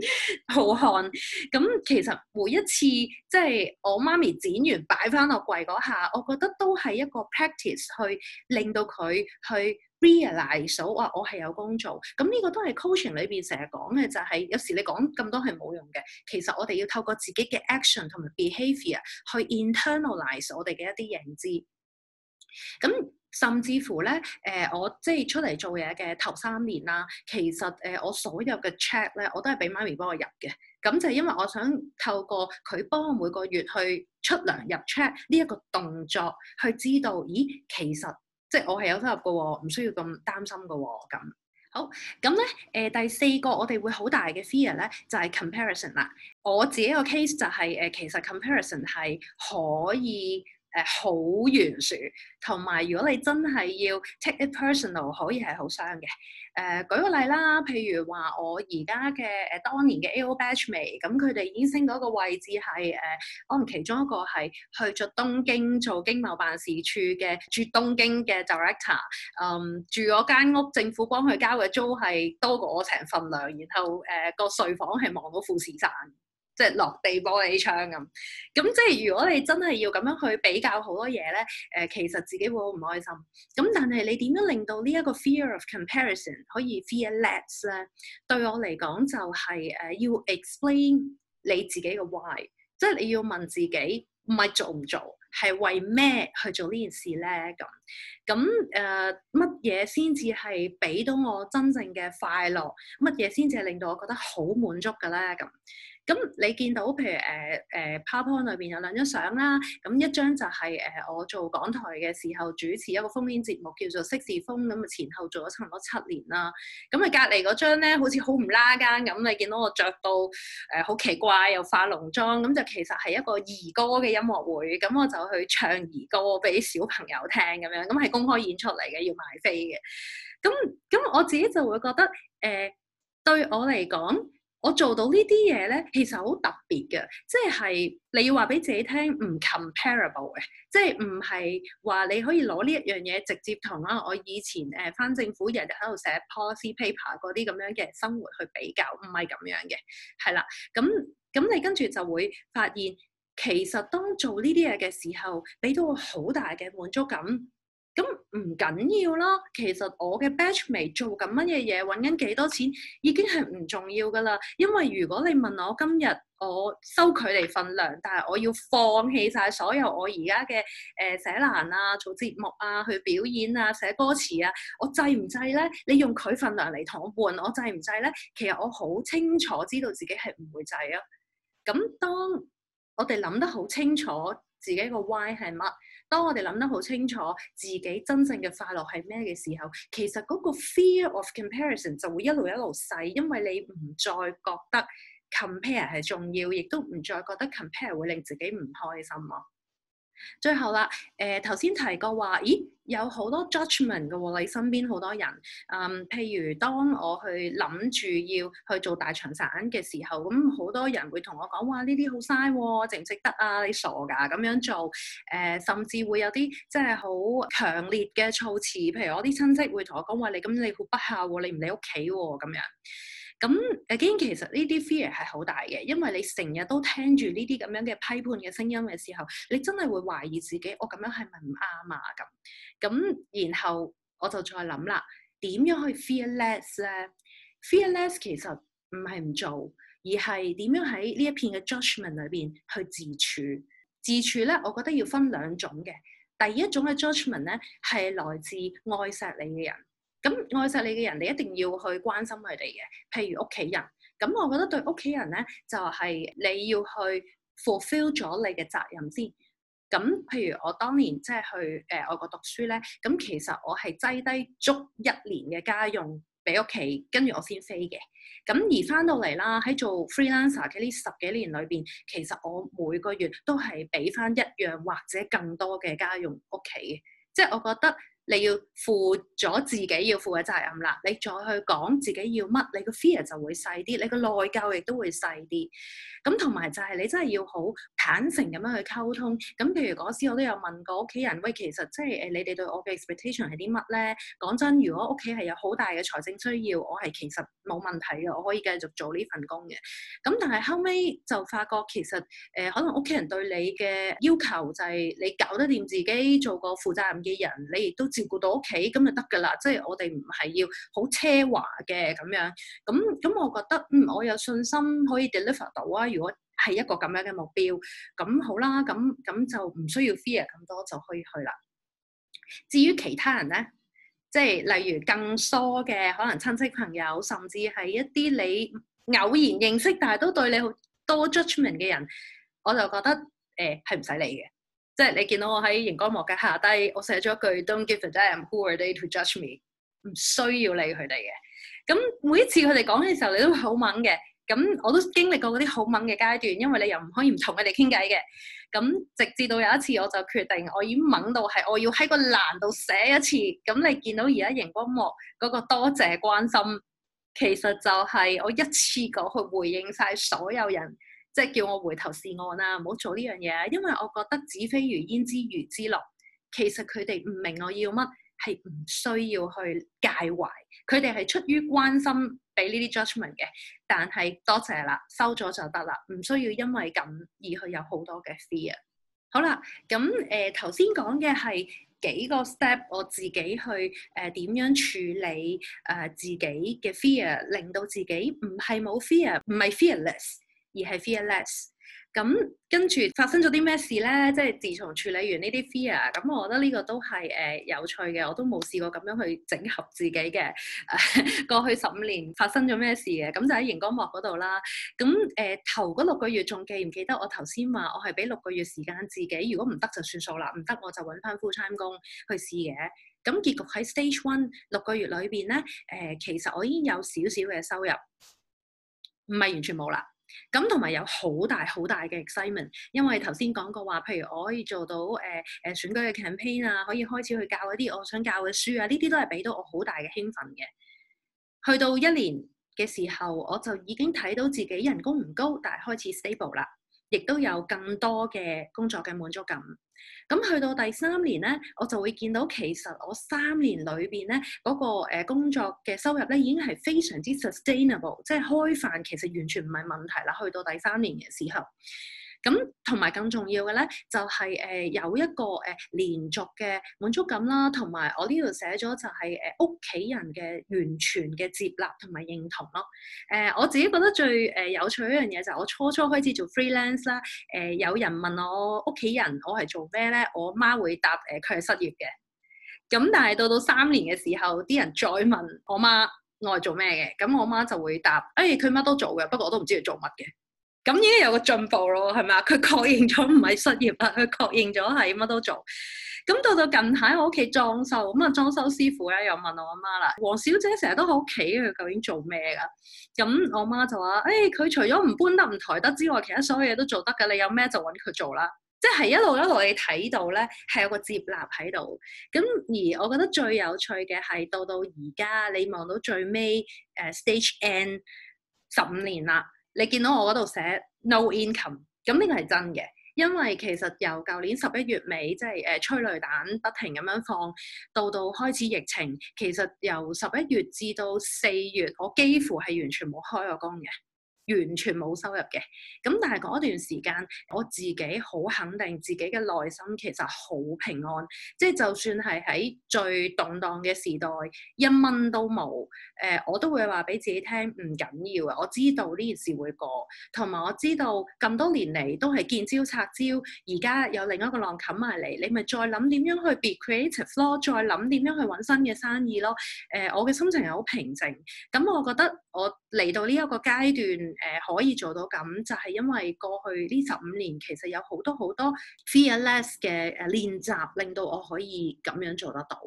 好看。咁其實每一次即係、就是、我媽咪剪完擺翻落櫃嗰下，我覺得都係一個 practice 去令到佢去 realise 到哇，ize, 我係有工做，咁、這、呢個都係 coaching 裏邊成日講嘅，就係、是、有時你講咁多係冇用嘅。其實我哋要透過自己嘅 action 同埋 behavior 去 internalize 我哋嘅一啲認知。咁、嗯、甚至乎咧，誒、呃、我即係出嚟做嘢嘅頭三年啦，其實誒、呃、我所有嘅 check 咧，我都係俾媽咪幫我入嘅。咁就係因為我想透過佢幫我每個月去出糧入 check 呢一個動作，去知道，咦，其實。即係我係有收入嘅喎，唔需要咁擔心嘅喎。咁好咁咧，誒、呃、第四個我哋會好大嘅 fear 咧，就係、是、comparison 啦。我自己個 case 就係、是、誒、呃，其實 comparison 係可以。誒、啊、好懸殊，同埋如果你真係要 take it personal，可以係好傷嘅。誒、呃、舉個例啦，譬如話我而家嘅誒當年嘅 A.O. Batch mate，咁佢哋已經升到一個位置係誒，我、呃、唔其中一個係去咗東京做經貿辦事處嘅住東京嘅 director。嗯，住嗰間屋政府幫佢交嘅租係多過我成份量，然後誒個、呃、睡房係望到富士山。即係落地玻璃窗咁，咁即係如果你真係要咁樣去比較好多嘢咧，誒、呃，其實自己會好唔開心。咁但係你點樣令到呢一個 fear of comparison 可以 fear less 咧？對我嚟講就係、是、誒、呃、要 explain 你自己嘅 why，即係你要問自己唔係做唔做，係為咩去做呢件事咧？咁咁誒乜嘢先至係俾到我真正嘅快樂？乜嘢先至係令到我覺得好滿足㗎咧？咁？咁你見到譬如誒誒 PowerPoint 裏邊有兩張相啦，咁一張就係、是、誒、呃、我做港台嘅時候主持一個烽煙節目叫做《息事風》，咁啊前後做咗差唔多七年啦。咁啊隔離嗰張咧，好似好唔拉更咁，你見到我着到誒好、呃、奇怪又化濃妝，咁就其實係一個兒歌嘅音樂會，咁我就去唱兒歌俾小朋友聽咁樣，咁係公開演出嚟嘅，要買飛嘅。咁咁我自己就會覺得誒、呃，對我嚟講。我做到呢啲嘢咧，其實好特別嘅，即係你要話俾自己聽，唔 comparable 嘅，即係唔係話你可以攞呢一樣嘢直接同啊我以前誒返、呃、政府日日喺度寫 policy paper 嗰啲咁樣嘅生活去比較，唔係咁樣嘅，係啦，咁咁你跟住就會發現，其實當做呢啲嘢嘅時候，俾到我好大嘅滿足感。咁唔緊要啦。其實我嘅 batchmate 做緊乜嘢嘢，揾緊幾多錢，已經係唔重要噶啦。因為如果你問我今日我收佢哋份糧，但係我要放棄晒所有我而家嘅誒寫欄啊、做節目啊、去表演啊、寫歌詞啊，我制唔制咧？你用佢份糧嚟同我換，我制唔制咧？其實我好清楚知道自己係唔會制啊！咁當我哋諗得好清楚自己個 why 係乜？當我哋諗得好清楚自己真正嘅快樂係咩嘅時候，其實嗰個 fear of comparison 就會一路一路細，因為你唔再覺得 compare 係重要，亦都唔再覺得 compare 會令自己唔開心啊。最後啦，誒頭先提過話，咦有好多 judgement 嘅喎、哦，你身邊好多人，嗯，譬如當我去諗住要去做大長散嘅時候，咁、嗯、好多人會同我講，哇呢啲好嘥，值唔值得啊？你傻噶咁、啊、樣做，誒、呃、甚至會有啲即係好強烈嘅措辭，譬如我啲親戚會同我講話，你咁你好不孝喎，你唔理屋企喎咁樣。咁誒，既其實呢啲 fear 係好大嘅，因為你成日都聽住呢啲咁樣嘅批判嘅聲音嘅時候，你真係會懷疑自己，我、哦、咁樣係咪唔啱啊？咁咁，然後我就再諗啦，點樣去 fearless 咧？fearless 其實唔係唔做，而係點樣喺呢一片嘅 judgement 裏邊去自處？自處咧，我覺得要分兩種嘅。第一種嘅 judgement 咧，係來自愛錫你嘅人。咁愛錫你嘅人，你一定要去關心佢哋嘅，譬如屋企人。咁我覺得對屋企人咧，就係你要去 fulfill 咗你嘅責任先。咁譬如我當年即係去呃外國讀書咧，咁其實我係擠低足一年嘅家用俾屋企，跟住我先飛嘅。咁而翻到嚟啦，喺做 freelancer 嘅呢十幾年裏邊，其實我每個月都係俾翻一樣或者更多嘅家用屋企嘅，即係我覺得。你要負咗自己要負嘅責任啦，你再去講自己要乜，你個 fear 就會細啲，你個內疚亦都會細啲。咁同埋就係你真係要好坦誠咁樣去溝通。咁譬如嗰時我都有問過屋企人，喂，其實即係誒，你哋對我嘅 expectation 係啲乜咧？講真，如果屋企係有好大嘅財政需要，我係其實冇問題嘅，我可以繼續做呢份工嘅。咁但係後尾就發覺其實誒、呃，可能屋企人對你嘅要求就係你搞得掂自己做個負責任嘅人，你亦都照顧到屋企咁就得㗎喇，即係我哋唔係要好奢華嘅咁樣，咁咁我覺得嗯，我有信心可以 deliver 到啊！如果係一個咁樣嘅目標，咁好啦，咁咁就唔需要 fear 咁多就可以去啦。至於其他人咧，即係例如更疏嘅可能親戚朋友，甚至係一啲你偶然認識但係都對你好多 judgment 嘅人，我就覺得誒係唔使理嘅。即係你見到我喺熒光幕嘅下低，我寫咗句 Don't give a damn who are they to judge me，唔需要理佢哋嘅。咁每一次佢哋講嘅時候，你都會好猛嘅。咁我都經歷過嗰啲好猛嘅階段，因為你又唔可以唔同佢哋傾偈嘅。咁直至到有一次，我就決定我已經猛到係我要喺個欄度寫一次。咁你見到而家熒光幕嗰個多謝關心，其實就係我一次過去回應晒所有人。即係叫我回頭是岸啊！唔好做呢樣嘢，因為我覺得子非魚，焉知魚之樂。其實佢哋唔明我要乜，係唔需要去介懷。佢哋係出於關心俾呢啲 judgment 嘅，但係多謝啦，收咗就得啦，唔需要因為咁而去有好多嘅 fear。好啦，咁誒頭先講嘅係幾個 step，我自己去誒點樣處理誒、呃、自己嘅 fear，令到自己唔係冇 fear，唔係 fearless。而係 Fear Less，咁跟住發生咗啲咩事咧？即係自從處理完呢啲 fear，咁我覺得呢個都係誒有趣嘅。我都冇試過咁樣去整合自己嘅 過去十五年發生咗咩事嘅。咁就喺熒光幕嗰度啦。咁誒、呃、頭嗰六個月，仲記唔記得我頭先話我係俾六個月時間自己？如果唔得就算數啦，唔得我就揾翻 full time 工去試嘅。咁結局喺 stage one 六個月裏邊咧，誒、呃、其實我已經有少少嘅收入，唔係完全冇啦。咁同埋有好大好大嘅 excitement，因為頭先講過話，譬如我可以做到誒誒、呃、選舉嘅 campaign 啊，可以開始去教一啲我想教嘅書啊，呢啲都係俾到我好大嘅興奮嘅。去到一年嘅時候，我就已經睇到自己人工唔高，但係開始 stable 啦，亦都有更多嘅工作嘅滿足感。咁去到第三年咧，我就會見到其實我三年裏邊咧，嗰個誒工作嘅收入咧，已經係非常之 sustainable，即係開飯其實完全唔係問題啦。去到第三年嘅時候。咁同埋更重要嘅咧，就係誒有一個誒連續嘅滿足感啦，同埋我呢度寫咗就係誒屋企人嘅完全嘅接納同埋認同咯。誒、呃、我自己覺得最誒有趣一樣嘢就係我初初開始做 freelance 啦、呃，誒有人問我屋企人我係做咩咧？我媽會答誒佢係失業嘅。咁但係到到三年嘅時候，啲人再問我媽我係做咩嘅？咁我媽就會答誒佢乜都做嘅，不過我都唔知佢做乜嘅。咁已經有個進步咯，係咪啊？佢確認咗唔係失業啦，佢確認咗係乜都做。咁到到近排，我屋企裝修，咁啊裝修師傅咧又問我媽啦：黃小姐成日都喺屋企，佢究竟做咩噶？咁我媽就話：誒、哎、佢除咗唔搬得、唔抬得之外，其他所有嘢都做得㗎。你有咩就搵佢做啦。即係一路一路你睇到咧，係有個接納喺度。咁而我覺得最有趣嘅係到到而家，你望到最尾誒 stage N 十五年啦。你見到我嗰度寫 no income，咁呢個係真嘅，因為其實由舊年十一月尾，即係誒催淚彈不停咁樣放，到到開始疫情，其實由十一月至到四月，我幾乎係完全冇開過工嘅。完全冇收入嘅，咁但係嗰段時間，我自己好肯定自己嘅內心其實好平安，即係就算係喺最動盪嘅時代，一蚊都冇，誒、呃、我都會話俾自己聽唔緊要啊！我知道呢件事會過，同埋我知道咁多年嚟都係見招拆招，而家有另一個浪冚埋嚟，你咪再諗點樣去 be creative 咯，再諗點樣去搵新嘅生意咯。誒、呃，我嘅心情係好平靜，咁、嗯、我覺得我。嚟到呢一個階段，誒、呃、可以做到咁，就係、是、因為過去呢十五年其實有好多好多 fearless 嘅誒練習，令到我可以咁樣做得到。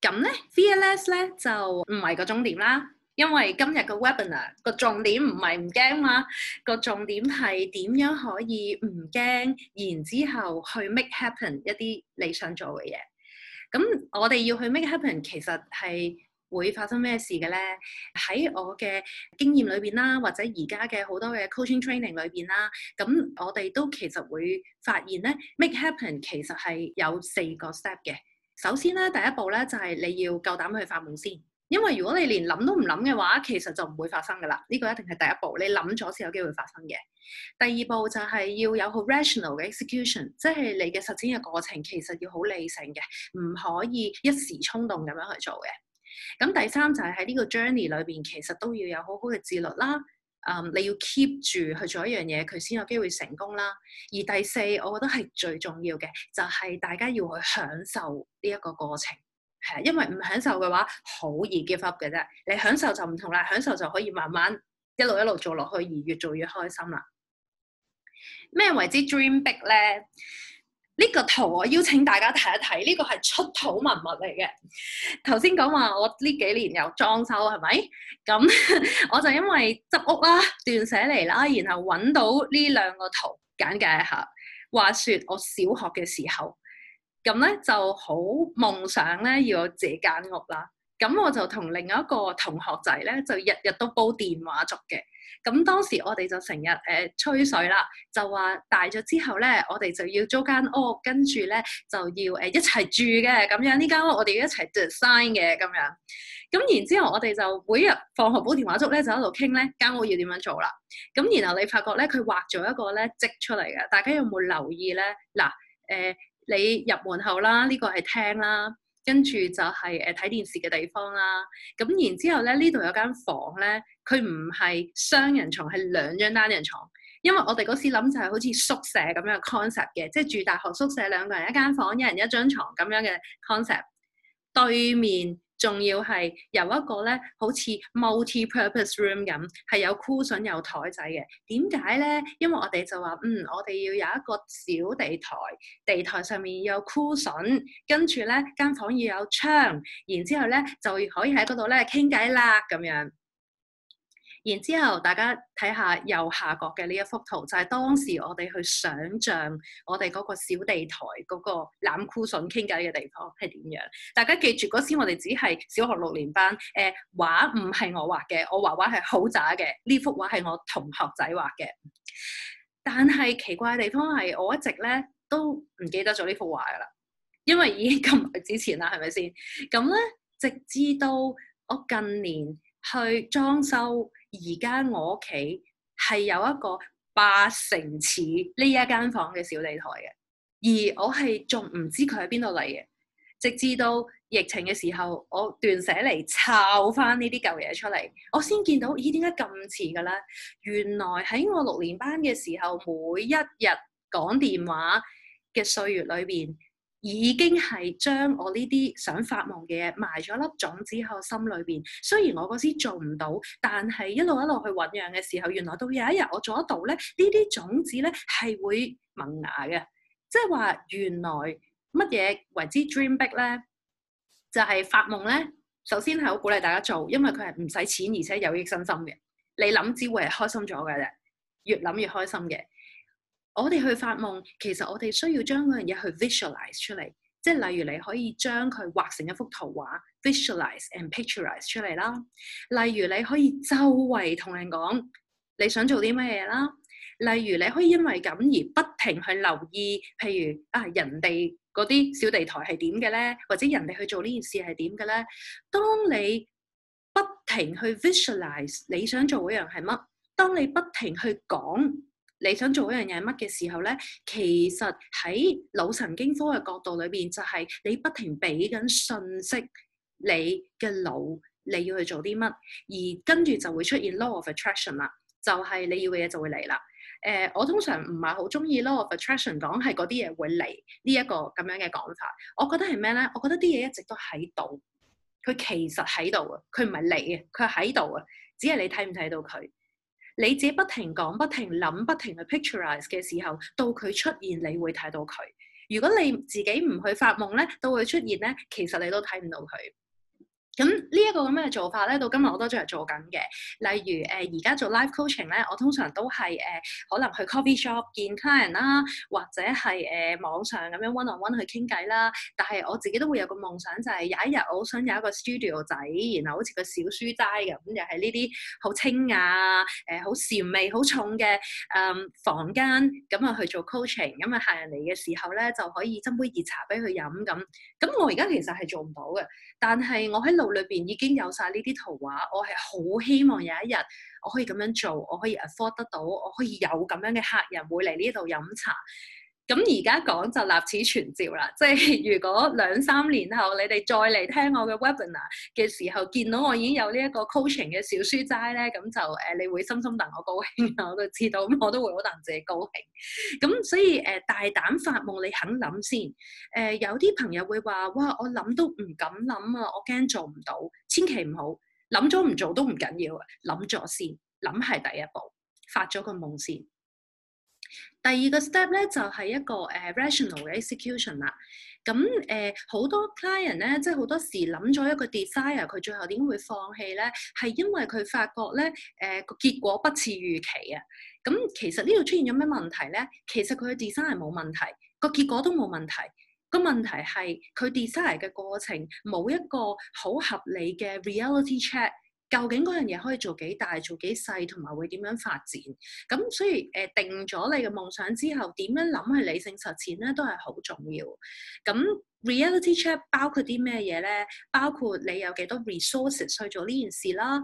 咁咧 fearless 咧就唔係個重點啦，因為今日個 webinar 個重點唔係唔驚嘛，個重點係點樣可以唔驚，然之後去 make happen 一啲你想做嘅嘢。咁我哋要去 make happen，其實係。會發生咩事嘅咧？喺我嘅經驗裏邊啦，或者而家嘅好多嘅 coaching training 裏邊啦，咁我哋都其實會發現咧，make happen 其實係有四個 step 嘅。首先咧，第一步咧就係你要夠膽去發夢先，因為如果你連諗都唔諗嘅話，其實就唔會發生噶啦。呢個一定係第一步，你諗咗先有機會發生嘅。第二步就係要有好 rational 嘅 execution，即係你嘅實踐嘅過程其實要好理性嘅，唔可以一時衝動咁樣去做嘅。咁第三就係喺呢個 journey 裏邊，其實都要有好好嘅自律啦。嗯，你要 keep 住去做一樣嘢，佢先有機會成功啦。而第四，我覺得係最重要嘅，就係大家要去享受呢一個過程。係，因為唔享受嘅話，好易 give up 嘅啫。你享受就唔同啦，享受就可以慢慢一路一路做落去，而越做越開心啦。咩為之 dream big 咧？呢個圖我邀請大家睇一睇，呢個係出土文物嚟嘅。頭先講話我呢幾年有裝修係咪？咁我就因為執屋啦、斷捨離啦，然後揾到呢兩個圖，簡介一下。話說我小學嘅時候，咁咧就好夢想咧要有自己間屋啦。咁我就同另一個同學仔咧，就日日都煲電話粥嘅。咁當時我哋就成日誒吹水啦，就話大咗之後咧，我哋就要租間屋，跟住咧就要誒、呃、一齊住嘅。咁樣呢間屋我哋要一齊 design 嘅咁樣。咁然之後我哋就每日放學煲電話粥咧，就喺度傾咧間屋要點樣做啦。咁然後你發覺咧，佢畫咗一個咧積出嚟嘅，大家有冇留意咧？嗱誒、呃，你入門口啦，呢、這個係廳啦。跟住就係誒睇電視嘅地方啦，咁然之後咧呢度有間房咧，佢唔係雙人床，係兩張單人床。因為我哋嗰時諗就係好似宿舍咁樣嘅 concept 嘅，即係住大學宿舍兩個人一間房，一人一張床咁樣嘅 concept。對面。仲要係由一個咧，好似 multi-purpose room 咁，係有箍 u 有台仔嘅。點解咧？因為我哋就話，嗯，我哋要有一個小地台，地台上面要有箍 u 跟住咧間房要有窗，然之後咧就可以喺嗰度咧傾偈啦，咁樣。然之後，大家睇下右下角嘅呢一幅圖，就係、是、當時我哋去想像我哋嗰個小地台嗰、那個攬酷筍傾偈嘅地方係點樣。大家記住，嗰時我哋只係小學六年班。誒、呃，畫唔係我畫嘅，我畫畫係好渣嘅。呢幅畫係我同學仔畫嘅。但係奇怪嘅地方係，我一直咧都唔記得咗呢幅畫噶啦，因為已經咁耐之前啦，係咪先？咁咧，直至到我近年去裝修。而家我屋企係有一個八成似呢一間房嘅小地台嘅，而我係仲唔知佢喺邊度嚟嘅，直至到疫情嘅時候，我斷捨離，抄翻呢啲舊嘢出嚟，我先見到，咦？點解咁似㗎啦？原來喺我六年班嘅時候，每一日講電話嘅歲月裏邊。已經係將我呢啲想發夢嘅嘢埋咗粒種子喺我心裏邊。雖然我嗰時做唔到，但係一路一路去醞釀嘅時候，原來到有一日我做得到咧，呢啲種子咧係會萌芽嘅。即係話原來乜嘢為之 dream big 咧，就係發夢咧。首先係好鼓勵大家做，因為佢係唔使錢而且有益身心嘅。你諗只會係開心咗嘅啫，越諗越開心嘅。我哋去發夢，其實我哋需要將嗰樣嘢去 visualize 出嚟，即係例如你可以將佢畫成一幅圖畫，visualize and pictureize 出嚟啦。例如你可以周圍同人講你想做啲咩嘢啦。例如你可以因為咁而不停去留意，譬如啊人哋嗰啲小地台係點嘅咧，或者人哋去做呢件事係點嘅咧。當你不停去 visualize 你想做嗰樣係乜，當你不停去講。你想做一樣嘢係乜嘅時候咧，其實喺腦神經科嘅角度裏邊，就係、是、你不停俾緊信息你嘅腦，你要去做啲乜，而跟住就會出現 law of attraction 啦，就係你要嘅嘢就會嚟啦。誒、呃，我通常唔係好中意 law of attraction 講係嗰啲嘢會嚟呢一個咁樣嘅講法，我覺得係咩咧？我覺得啲嘢一直都喺度，佢其實喺度啊，佢唔係嚟嘅，佢係喺度啊，只係你睇唔睇到佢。你自己不停講、不停諗、不停去 pictureize 嘅時候，到佢出現，你會睇到佢。如果你自己唔去發夢咧，到佢出現咧，其實你都睇唔到佢。咁呢一個咁嘅做法咧，到今日我都仲係做緊嘅。例如誒，而、呃、家做 live coaching 咧，我通常都係誒、呃，可能去 coffee shop 見 client 啦，或者係誒、呃、網上咁樣 one on one 去傾偈啦。但係我自己都會有個夢想，就係、是、有一日我好想有一個 studio 仔，然後好似個小書齋嘅咁，又係呢啲好清雅、啊、誒好禪味好重嘅誒、嗯、房間咁啊去做 coaching。咁啊客人嚟嘅時候咧，就可以斟杯熱茶俾佢飲咁。咁我而家其實係做唔到嘅，但係我喺六。裏邊已經有晒呢啲圖畫，我係好希望有一日我可以咁樣做，我可以 afford 得到，我可以有咁樣嘅客人會嚟呢度飲茶。咁而家講就立此存照啦，即係如果兩三年後你哋再嚟聽我嘅 webinar 嘅時候，見到我已經有呢一個 coaching 嘅小書齋咧，咁就誒、呃、你會心心等我高興啊，我都知道，咁我都會好等自己高興。咁所以誒、呃，大膽發夢，你肯諗先。誒、呃、有啲朋友會話：哇，我諗都唔敢諗啊，我驚做唔到。千祈唔好諗咗唔做都唔緊要啊，諗咗先，諗係第一步，發咗個夢先。第二個 step 咧就係、是、一個誒、uh, rational execution 啦。咁誒好多 client 咧，即係好多時諗咗一個 desire，佢最後點會放棄咧？係因為佢發覺咧誒個結果不似預期啊。咁其實呢度出現咗咩問題咧？其實佢嘅 desire 係冇問題，個結果都冇問題。個問題係佢 desire 嘅過程冇一個好合理嘅 reality check。究竟嗰樣嘢可以做幾大、做幾細，同埋會點樣發展？咁所以誒、呃，定咗你嘅夢想之後，點樣諗去理性實踐咧，都係好重要。咁 reality check 包括啲咩嘢咧？包括你有幾多 resources 去做呢件事啦。誒、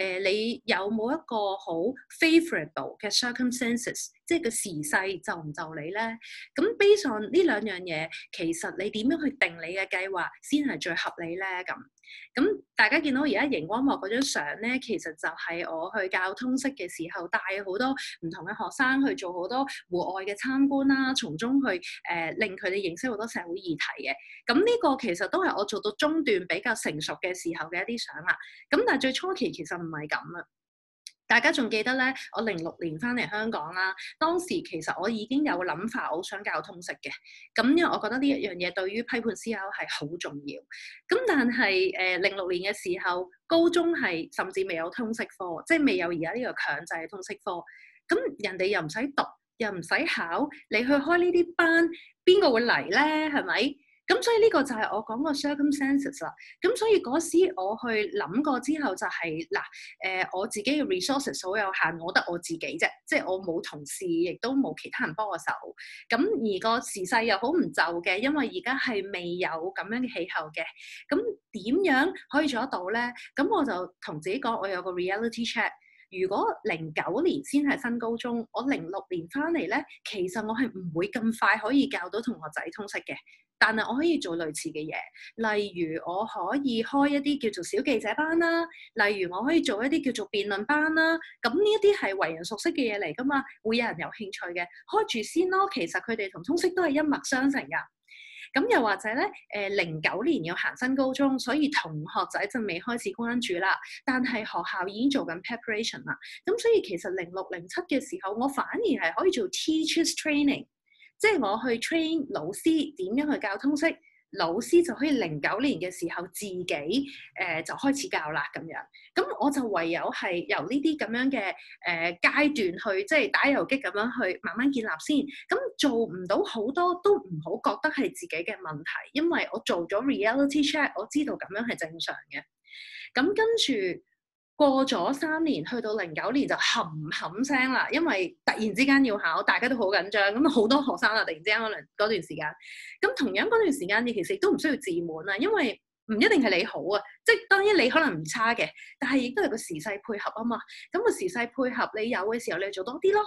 呃，你有冇一個好 favourable 嘅 circumstances，即係個時勢就唔就你咧？咁 base on 呢兩樣嘢，其實你點樣去定你嘅計劃先係最合理咧？咁。咁大家見到而家熒光幕嗰張相咧，其實就係我去教通識嘅時候，帶好多唔同嘅學生去做好多戶外嘅參觀啦，從中去誒、呃、令佢哋認識好多社會議題嘅。咁呢個其實都係我做到中段比較成熟嘅時候嘅一啲相啦。咁但係最初期其實唔係咁啊。大家仲記得咧？我零六年翻嚟香港啦，當時其實我已經有諗法，我好想教通識嘅。咁因為我覺得呢一樣嘢對於批判思考係好重要。咁但係誒零六年嘅時候，高中係甚至未有通識科，即係未有而家呢個強制嘅通識科。咁人哋又唔使讀，又唔使考，你去開呢啲班，邊個會嚟咧？係咪？咁所以呢個就係我講個 circumstances 啦。咁所以嗰時我去諗過之後就係、是、嗱，誒、呃、我自己嘅 resources 好有限，我得我自己啫，即係我冇同事，亦都冇其他人幫我手。咁而個時勢又好唔就嘅，因為而家係未有咁樣嘅氣候嘅。咁點樣可以做得到咧？咁我就同自己講，我有個 reality check。如果零九年先係新高中，我零六年翻嚟咧，其實我係唔會咁快可以教到同學仔通識嘅。但係我可以做類似嘅嘢，例如我可以開一啲叫做小記者班啦，例如我可以做一啲叫做辯論班啦。咁呢一啲係為人熟悉嘅嘢嚟㗎嘛，會有人有興趣嘅，開住先咯。其實佢哋同通識都係一脈相承㗎。咁又或者咧，誒零九年要行新高中，所以同學仔就未開始關注啦。但係學校已經做緊 preparation 啦。咁所以其實零六零七嘅時候，我反而係可以做 teachers training，即係我去 train 老師點樣去教通識。老師就可以零九年嘅時候自己誒、呃、就開始教啦咁樣，咁我就唯有係由呢啲咁樣嘅誒、呃、階段去即係打游擊咁樣去慢慢建立先，咁做唔到好多都唔好覺得係自己嘅問題，因為我做咗 reality check，我知道咁樣係正常嘅，咁跟住。過咗三年，去到零九年就冚冚聲啦，因為突然之間要考，大家都好緊張，咁好多學生啦，突然之間可能嗰段時間。咁同樣嗰段時間，你其實都唔需要自滿啊，因為唔一定係你好啊，即係當然你可能唔差嘅，但係亦都係個時勢配合啊嘛。咁個時勢配合，你有嘅時候，你做多啲咯，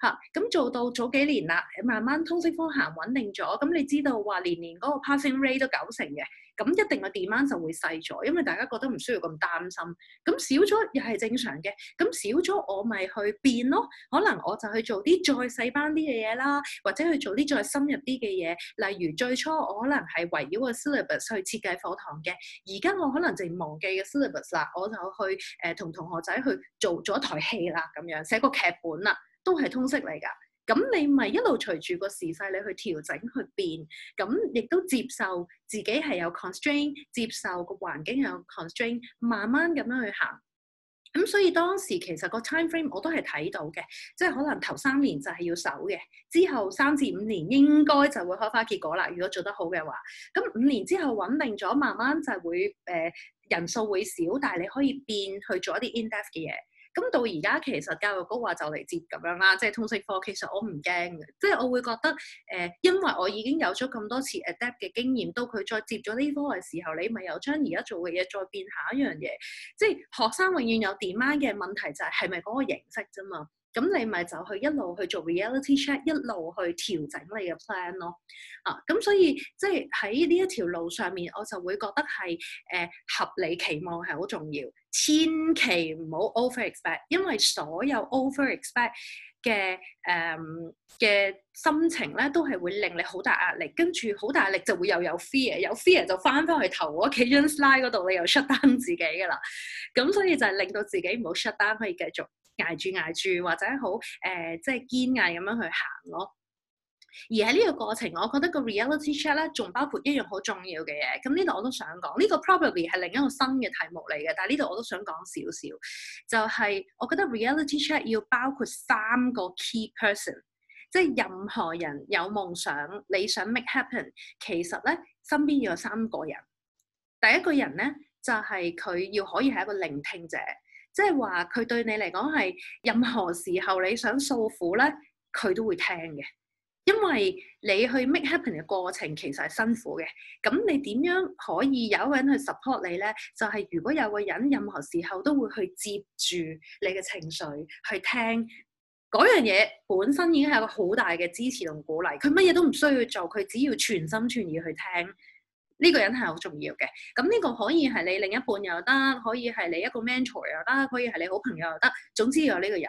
嚇、嗯。咁做到早幾年啦，慢慢通識科行穩定咗，咁你知道話年年嗰個 passing rate 都九成嘅。咁一定個 demand 就會細咗，因為大家覺得唔需要咁擔心。咁少咗又係正常嘅。咁少咗我咪去變咯，可能我就去做啲再細班啲嘅嘢啦，或者去做啲再深入啲嘅嘢。例如最初我可能係圍繞個 syllabus 去設計課堂嘅，而家我可能就忘記嘅 syllabus 啦，我就去誒同、呃、同學仔去做咗台戲啦，咁樣寫個劇本啦，都係通識嚟㗎。咁你咪一路隨住個時勢你去調整去變，咁亦都接受自己係有 constraint，接受個環境有 constraint，慢慢咁樣去行。咁所以當時其實個 time frame 我都係睇到嘅，即係可能頭三年就係要守嘅，之後三至五年應該就會開花結果啦。如果做得好嘅話，咁五年之後穩定咗，慢慢就會誒、呃、人數會少，但係你可以變去做一啲 in depth 嘅嘢。咁到而家其實教育局話就嚟接咁樣啦，即係通識科。其實我唔驚嘅，即係我會覺得誒、呃，因為我已經有咗咁多次 adapt 嘅經驗，到佢再接咗呢科嘅時候，你咪又將而家做嘅嘢再變下一樣嘢。即係學生永遠有 demand 嘅問題就係係咪嗰個形式咋嘛。咁你咪就去一路去做 reality check，一路去調整你嘅 plan 咯。啊，咁所以即係喺呢一條路上面，我就會覺得係誒、呃、合理期望係好重要，千祈唔好 over expect，因為所有 over expect 嘅誒嘅、呃、心情咧，都係會令你好大壓力，跟住好大壓力就會又有 fear，有 fear 就翻翻去頭我企 e y o n slide 嗰度，你又 shut down 自己噶啦。咁所以就係令到自己唔好 shut down，可以繼續。捱住捱住，或者好誒、呃，即係堅毅咁樣去行咯。而喺呢個過程，我覺得個 reality check 咧，仲包括一樣好重要嘅嘢。咁呢度我都想講，呢、呢個 probably 係另一個新嘅題目嚟嘅。但係呢度我都想講少少，就係、是、我覺得 reality check 要包括三個 key person，即係任何人有夢想，你想 make happen，其實咧身邊要有三個人。第一個人咧，就係、是、佢要可以係一個聆聽者。即係話佢對你嚟講係任何時候你想訴苦咧，佢都會聽嘅。因為你去 make happen 嘅過程其實係辛苦嘅，咁你點樣可以有一個人去 support 你咧？就係如果有個人任何時候都會去接住你嘅情緒去聽，嗰樣嘢本身已經係一個好大嘅支持同鼓勵。佢乜嘢都唔需要做，佢只要全心全意去聽。呢個人係好重要嘅，咁、這、呢個可以係你另一半又得，可以係你一個 mentor 又得，可以係你好朋友又得，總之有呢個人。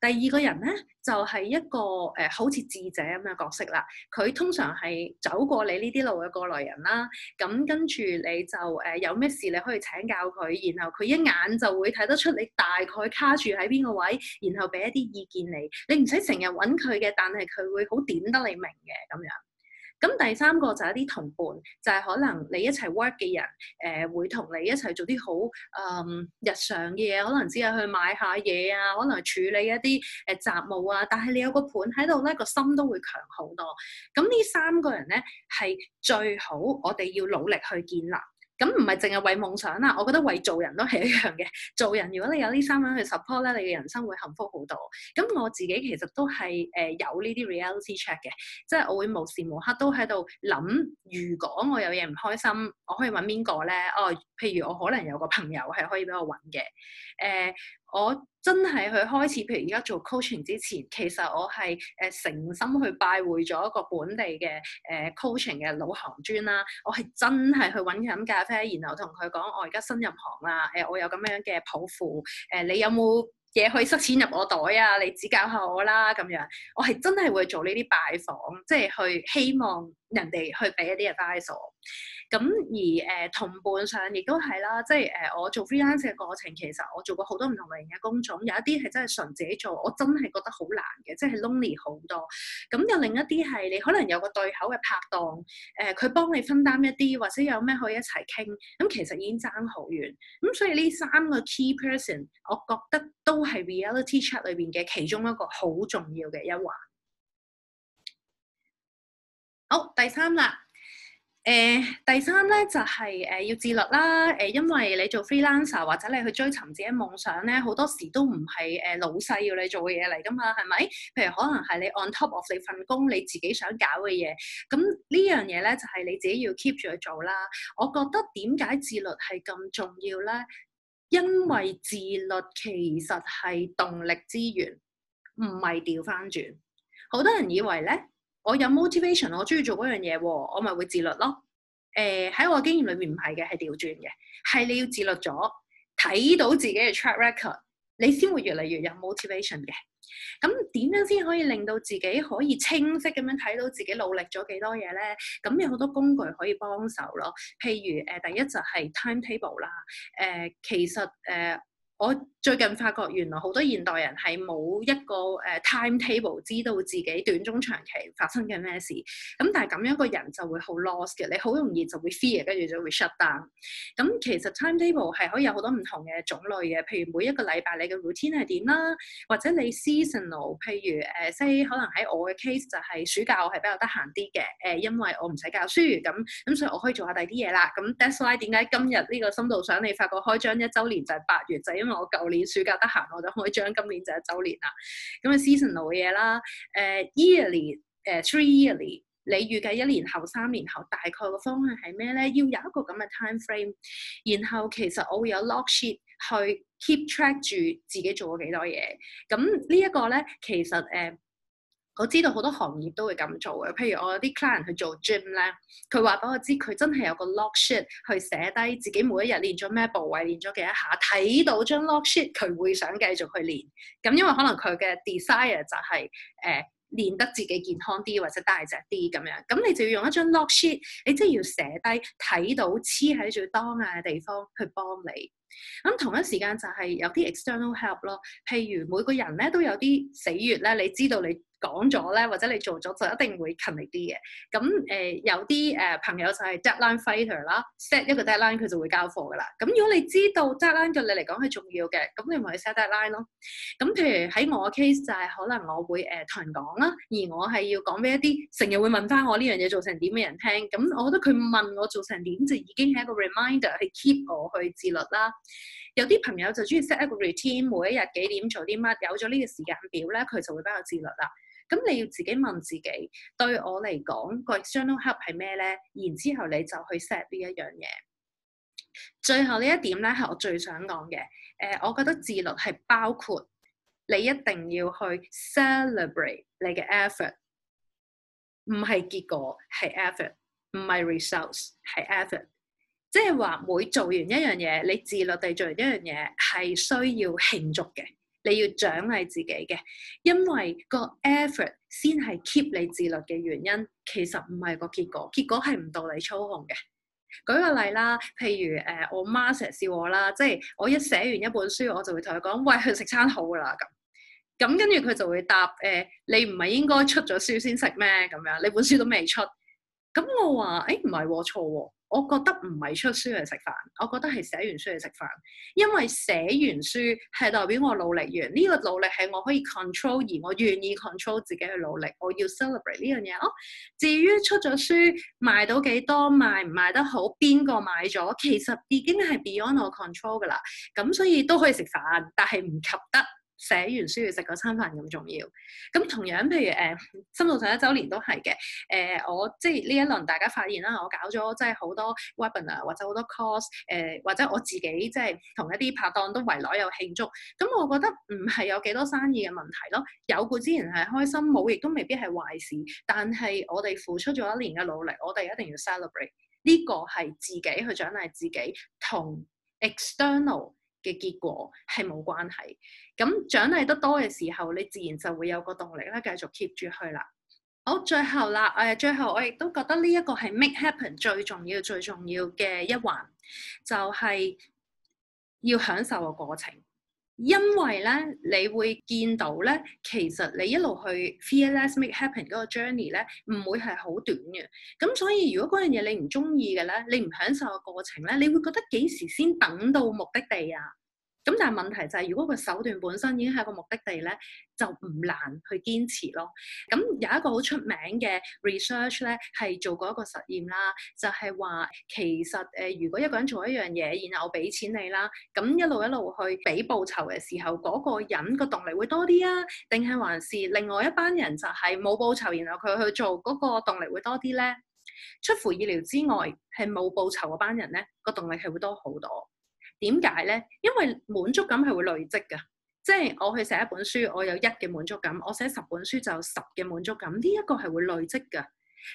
第二個人咧，就係、是、一個誒、呃、好似智者咁嘅角色啦。佢通常係走過你呢啲路嘅過來人啦，咁跟住你就誒、呃、有咩事你可以請教佢，然後佢一眼就會睇得出你大概卡住喺邊個位，然後俾一啲意見你。你唔使成日揾佢嘅，但係佢會好點得你明嘅咁樣。咁第三個就係啲同伴，就係、是、可能你一齊 work 嘅人，誒、呃、會同你一齊做啲好誒日常嘅嘢，可能只係去買下嘢啊，可能處理一啲誒、呃、雜務啊，但係你有個伴喺度咧，個心都會強好多。咁呢三個人咧，係最好，我哋要努力去建立。咁唔係淨係為夢想啦，我覺得為做人都係一樣嘅。做人如果你有呢三樣去 support 咧，你嘅人生會幸福好多。咁我自己其實都係誒有呢啲 reality check 嘅，即係我會無時無刻都喺度諗，如果我有嘢唔開心，我可以搵邊個咧？哦。譬如我可能有個朋友係可以俾我揾嘅，誒、呃，我真係去開始，譬如而家做 coaching 之前，其實我係誒誠心去拜會咗一個本地嘅誒、呃、coaching 嘅老行專啦，我係真係去揾佢飲咖啡，然後同佢講我而家新入行啦，誒、呃，我有咁樣嘅抱負，誒、呃，你有冇嘢可以塞錢入我袋啊！你指教下我啦，咁樣，我係真係會做呢啲拜訪，即係去希望人哋去俾一啲 advice 嘅幫助。咁而誒、呃、同伴上亦都係啦，即係誒、呃、我做 freelance 嘅過程，其實我做過好多唔同類型嘅工種，有一啲係真係純自己做，我真係覺得好難嘅，即係 lonely 好多。咁、嗯、又另一啲係你可能有個對口嘅拍檔誒佢幫你分擔一啲，或者有咩可以一齊傾，咁、嗯、其實已經爭好遠，咁、嗯、所以呢三個 key person，我覺得都。都係 reality check 裏邊嘅其中一個好重要嘅一環。好，第三啦，誒、呃，第三咧就係、是、誒、呃、要自律啦，誒、呃，因為你做 freelancer 或者你去追尋自己夢想咧，好多時都唔係誒老細要你做嘅嘢嚟噶嘛，係咪？譬如可能係你 on top of 你份工你自己想搞嘅嘢，咁呢樣嘢咧就係、是、你自己要 keep 住去做啦。我覺得點解自律係咁重要咧？因為自律其實係動力之源，唔係調翻轉。好多人以為咧，我有 motivation，我中意做嗰樣嘢，我咪會自律咯。誒、呃，喺我經驗裏面，唔係嘅，係調轉嘅，係你要自律咗，睇到自己嘅 track record。你先會越嚟越有 motivation 嘅。咁點樣先可以令到自己可以清晰咁樣睇到自己努力咗幾多嘢咧？咁有好多工具可以幫手咯。譬如誒、呃，第一就係 timetable 啦、呃。誒，其實誒。呃我最近發覺原來好多現代人係冇一個誒 time table 知道自己短中長期發生嘅咩事，咁但係咁樣個人就會好 lost 嘅，你好容易就會 fear，跟住就會 shut down。咁其實 time table 係可以有好多唔同嘅種類嘅，譬如每一個禮拜你嘅 routine 係點啦，或者你 seasonal，譬如誒、呃、say 可能喺我嘅 case 就係暑假我係比較得閒啲嘅，誒、呃、因為我唔使教書，咁咁所以我可以做下第二啲嘢啦。咁 that's why 點解今日呢個深度想你發覺開張一週年就係八月就係、因我舊年暑假得閒，我就開張今年就一週年啦。咁啊，seasonal 嘅嘢啦，誒，yearly，誒，three yearly，你預計一年後、三年後，大概嘅方向係咩咧？要有一個咁嘅 time frame，然後其實我會有 log sheet 去 keep track 住自己做過幾多嘢。咁、這個、呢一個咧，其實誒。Uh, 我知道好多行業都會咁做嘅，譬如我有啲 client 去做 gym 咧，佢話俾我知佢真係有個 log sheet 去寫低自己每一日練咗咩部位，練咗幾下，睇到張 log sheet 佢會想繼續去練。咁因為可能佢嘅 desire 就係、是、誒、呃、練得自己健康啲或者大隻啲咁樣，咁你就要用一張 log sheet，你即係要寫低睇到黐喺最當眼嘅地方去幫你。咁同一時間就係有啲 external help 咯，譬如每個人咧都有啲死穴咧，你知道你。講咗咧，或者你做咗就一定會勤力啲嘅。咁誒、呃、有啲誒、呃、朋友就係 deadline fighter 啦，set 一個 deadline 佢就會交貨噶啦。咁如果你知道 deadline 對你嚟講係重要嘅，咁你咪去 set deadline 咯。咁譬如喺我嘅 case 就係、是、可能我會誒同人講啦，而我係要講俾一啲成日會問翻我呢樣嘢做成點嘅人聽。咁我覺得佢問我做成點就已經係一個 reminder 去 keep 我去自律啦。有啲朋友就中意 set 一個 routine，每一日幾點做啲乜，有咗呢個時間表咧，佢就會比較自律啦。咁你要自己問自己，對我嚟講，個 external help 係咩咧？然之後你就去 set 呢一樣嘢。最後呢一點咧係我最想講嘅。誒，我覺得自律係包括你一定要去 celebrate 你嘅 effort，唔係結果係 effort，唔係 results 係 effort。即係話每做完一樣嘢，你自律地做完一樣嘢係需要慶祝嘅。你要獎勵自己嘅，因為個 effort 先係 keep 你自律嘅原因，其實唔係個結果，結果係唔到你操控嘅。舉個例啦，譬如誒、呃，我媽成日笑我啦，即係我一寫完一本書，我就會同佢講，喂，去食餐好噶啦咁。咁跟住佢就會答，誒、呃，你唔係應該出咗書先食咩？咁樣你本書都未出，咁我話，誒、欸，唔係喎，錯喎。錯我覺得唔係出書嚟食飯，我覺得係寫完書嚟食飯，因為寫完書係代表我努力完，呢個努力係我可以 control，而我願意 control 自己去努力，我要 celebrate 呢樣嘢咯。至於出咗書，賣到幾多，賣唔賣得好，邊個買咗，其實已經係 beyond 我 control 噶啦，咁所以都可以食飯，但係唔及得。寫完書要食嗰餐飯咁重要，咁同樣譬如誒，新、呃、路上一週年都係嘅。誒、呃，我即係呢一輪大家發現啦，我搞咗即係好多 webinar 或者好多 c a u l s 誒或者我自己即係同一啲拍檔都圍內有慶祝。咁我覺得唔係有幾多生意嘅問題咯，有固然係開心，冇亦都未必係壞事。但係我哋付出咗一年嘅努力，我哋一定要 celebrate 呢個係自己去獎勵自己同 external，嘅結果係冇關係，咁獎勵得多嘅時候，你自然就會有個動力咧，繼續 keep 住去啦。好，最後啦，誒、呃，最後我亦都覺得呢一個係 make happen 最重要、最重要嘅一環，就係、是、要享受個過程。因為咧，你會見到咧，其實你一路去 fearless make happen 嗰個 journey 咧，唔會係好短嘅。咁所以，如果嗰樣嘢你唔中意嘅咧，你唔享受個過程咧，你會覺得幾時先等到目的地啊？咁但係問題就係，如果個手段本身已經係一個目的地咧，就唔難去堅持咯。咁有一個好出名嘅 research 咧，係做過一個實驗啦，就係話其實誒，如果一個人做一樣嘢，然後我俾錢你啦，咁一路一路去俾報酬嘅時候，嗰個人個動力會多啲啊？定係還是另外一班人就係冇報酬，然後佢去做嗰個動力會多啲咧？出乎意料之外，係冇報酬嗰班人咧，個動力係會多好多。點解咧？因為滿足感係會累積噶，即係我去寫一本書，我有一嘅滿足感；我寫十本書就有十嘅滿足感。呢一個係會累積噶，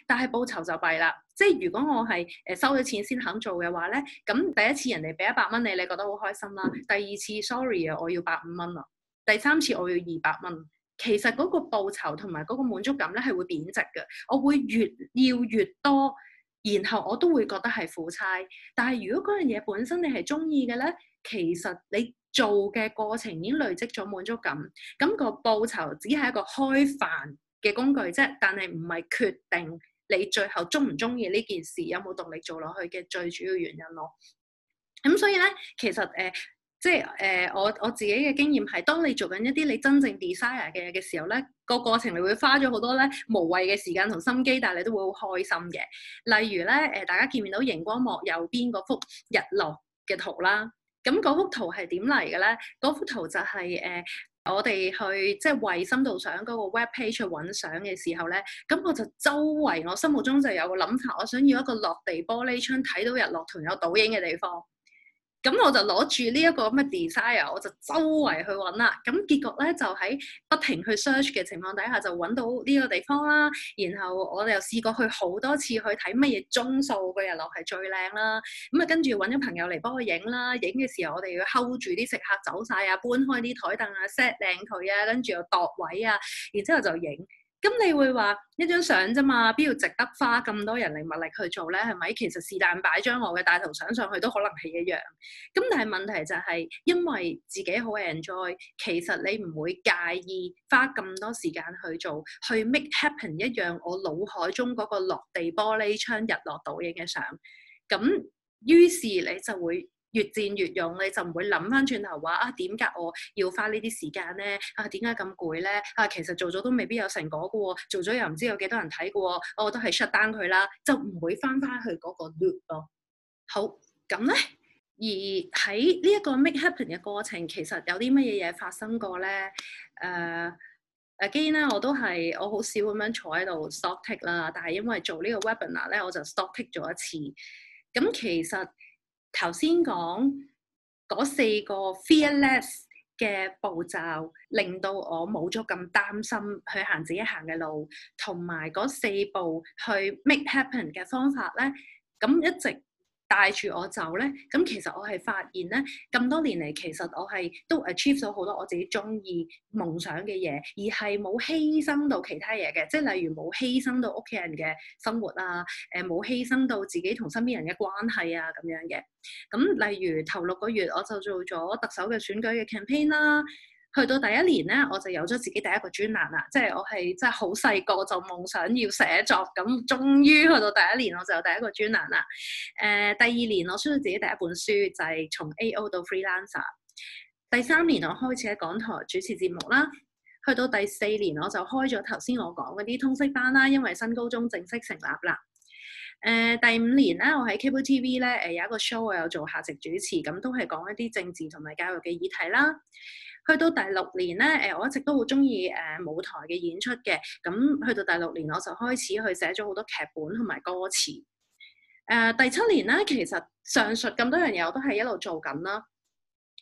但係報酬就弊啦。即係如果我係誒收咗錢先肯做嘅話咧，咁第一次人哋俾一百蚊你，你覺得好開心啦；第二次，sorry 啊，我要百五蚊啦；第三次我要二百蚊。其實嗰個報酬同埋嗰個滿足感咧係會貶值嘅，我會越要越多。然後我都會覺得係負差，但係如果嗰樣嘢本身你係中意嘅咧，其實你做嘅過程已經累積咗滿足感，咁個報酬只係一個開飯嘅工具啫，但係唔係決定你最後中唔中意呢件事，有冇動力做落去嘅最主要原因咯。咁所以咧，其實誒。呃即係誒、呃，我我自己嘅經驗係，當你做緊一啲你真正 desire 嘅嘢嘅時候咧，個過程你會花咗好多咧無謂嘅時間同心機，但係你都會好開心嘅。例如咧誒、呃，大家見唔見到熒光幕右邊嗰幅日落嘅圖啦？咁嗰幅圖係點嚟嘅咧？嗰幅圖就係、是、誒、呃、我哋去即係為深度上嗰個 web page 去揾相嘅時候咧，咁我就周圍我心目中就有個諗法，我想要一個落地玻璃窗睇到日落同有倒影嘅地方。咁我就攞住呢一個咁嘅 desire，我就周圍去揾啦。咁結果咧就喺不停去 search 嘅情況底下，就揾到呢個地方啦。然後我哋又試過去好多次去睇乜嘢鐘數個日落係最靚啦。咁啊跟住揾咗朋友嚟幫我影啦。影嘅時候我哋要 hold 住啲食客走晒啊，搬開啲台凳啊，set 靚佢啊，跟住又度位啊，然之後就影。咁你會話一張相啫嘛，必要值得花咁多人力物力去做咧？係咪其實是但擺張我嘅大頭相上去都可能係一樣。咁但係問題就係，因為自己好 enjoy，其實你唔會介意花咁多時間去做去 make happen 一樣我腦海中嗰個落地玻璃窗日落倒影嘅相。咁於是你就會，越戰越勇，你就唔會諗翻轉頭話，啊點解我要花呢啲時間呢？啊點解咁攰呢？啊其實做咗都未必有成果噶，做咗又唔知有幾多人睇噶。我、哦、都係 shut down 佢啦，就唔會翻返去嗰個 loop 咯。好，咁咧，而喺呢一個 make happen 嘅過程，其實有啲乜嘢嘢發生過咧？誒誒，既然咧我都係我好少咁樣坐喺度 stop take 啦，但係因為做呢個 webinar 咧，我就 stop take 咗一次。咁其實頭先講嗰四個 fearless 嘅步驟，令到我冇咗咁擔心去行自己行嘅路，同埋嗰四步去 make happen 嘅方法咧，咁一直，帶住我走咧，咁其實我係發現咧，咁多年嚟其實我係都 achieve 咗好多我自己鍾意夢想嘅嘢，而係冇犧牲到其他嘢嘅，即係例如冇犧牲到屋企人嘅生活啊，誒、呃、冇犧牲到自己同身邊人嘅關係啊咁樣嘅。咁例如頭六個月我就做咗特首嘅選舉嘅 campaign 啦。去到第一年咧，我就有咗自己第一個專欄啦。即係我係真係好細個就夢想要寫作，咁終於去到第一年我就有第一個專欄啦。誒、呃，第二年我出咗自己第一本書，就係、是、從 AO 到 Freelancer。第三年我開始喺港台主持節目啦。去到第四年我就開咗頭先我講嗰啲通識班啦，因為新高中正式成立啦。誒、呃，第五年咧，我喺 Cable TV 咧、呃、誒有一個 show 我有做客席主持，咁都係講一啲政治同埋教育嘅議題啦。去到第六年咧，誒我一直都好鍾意誒舞台嘅演出嘅，咁去到第六年我就開始去寫咗好多劇本同埋歌詞。誒、呃、第七年咧，其實上述咁多樣嘢我都係一路做緊啦。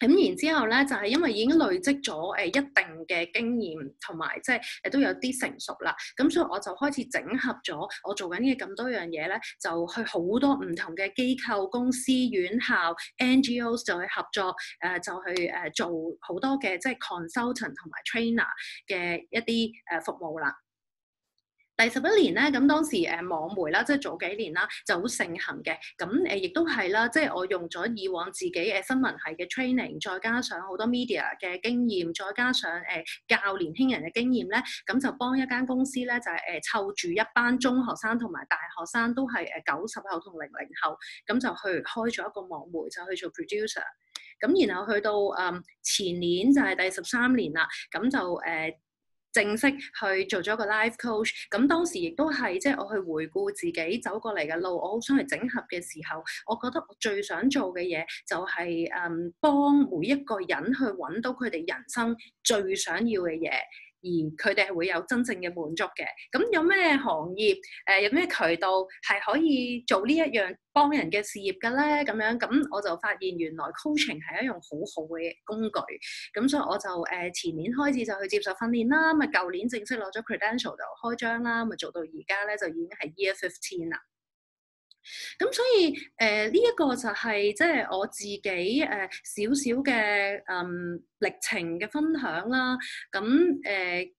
咁然之後咧，就係、是、因為已經累積咗誒一定嘅經驗，同埋即係誒都有啲成熟啦。咁所以我就開始整合咗我做緊嘅咁多樣嘢咧，就去好多唔同嘅機構、公司、院校、NGO 就去合作，誒、呃、就去誒做好多嘅即係 consultant 同埋 trainer 嘅一啲誒服務啦。第十一年咧，咁當時誒網媒啦，即係早幾年啦，就好盛行嘅。咁誒亦都係啦，即係我用咗以往自己誒新聞系嘅 training，再加上好多 media 嘅經驗，再加上誒、呃、教年輕人嘅經驗咧，咁就幫一間公司咧，就係誒湊住一班中學生同埋大學生，都係誒九十後同零零後，咁就去開咗一個網媒，就去做 producer。咁然後去到誒、呃、前年就係、係、第十三年啦，咁就誒，呃正式去做咗個 life coach，咁當時亦都係即係我去回顧自己走過嚟嘅路，我好想去整合嘅時候，我覺得我最想做嘅嘢就係誒幫每一個人去揾到佢哋人生最想要嘅嘢。而佢哋係會有真正嘅滿足嘅。咁有咩行業？誒、呃、有咩渠道係可以做呢一樣幫人嘅事業嘅咧？咁樣咁我就發現原來 coaching 係一種好好嘅工具。咁所以我就誒、呃、前年開始就去接受訓練啦。咪舊年正式攞咗 credential 就開張啦。咪做到而家咧就已經係 E F fifteen 啦。咁、嗯、所以，誒呢一個就係、是、即係我自己誒少少嘅嗯歷程嘅分享啦。咁、嗯、誒、呃，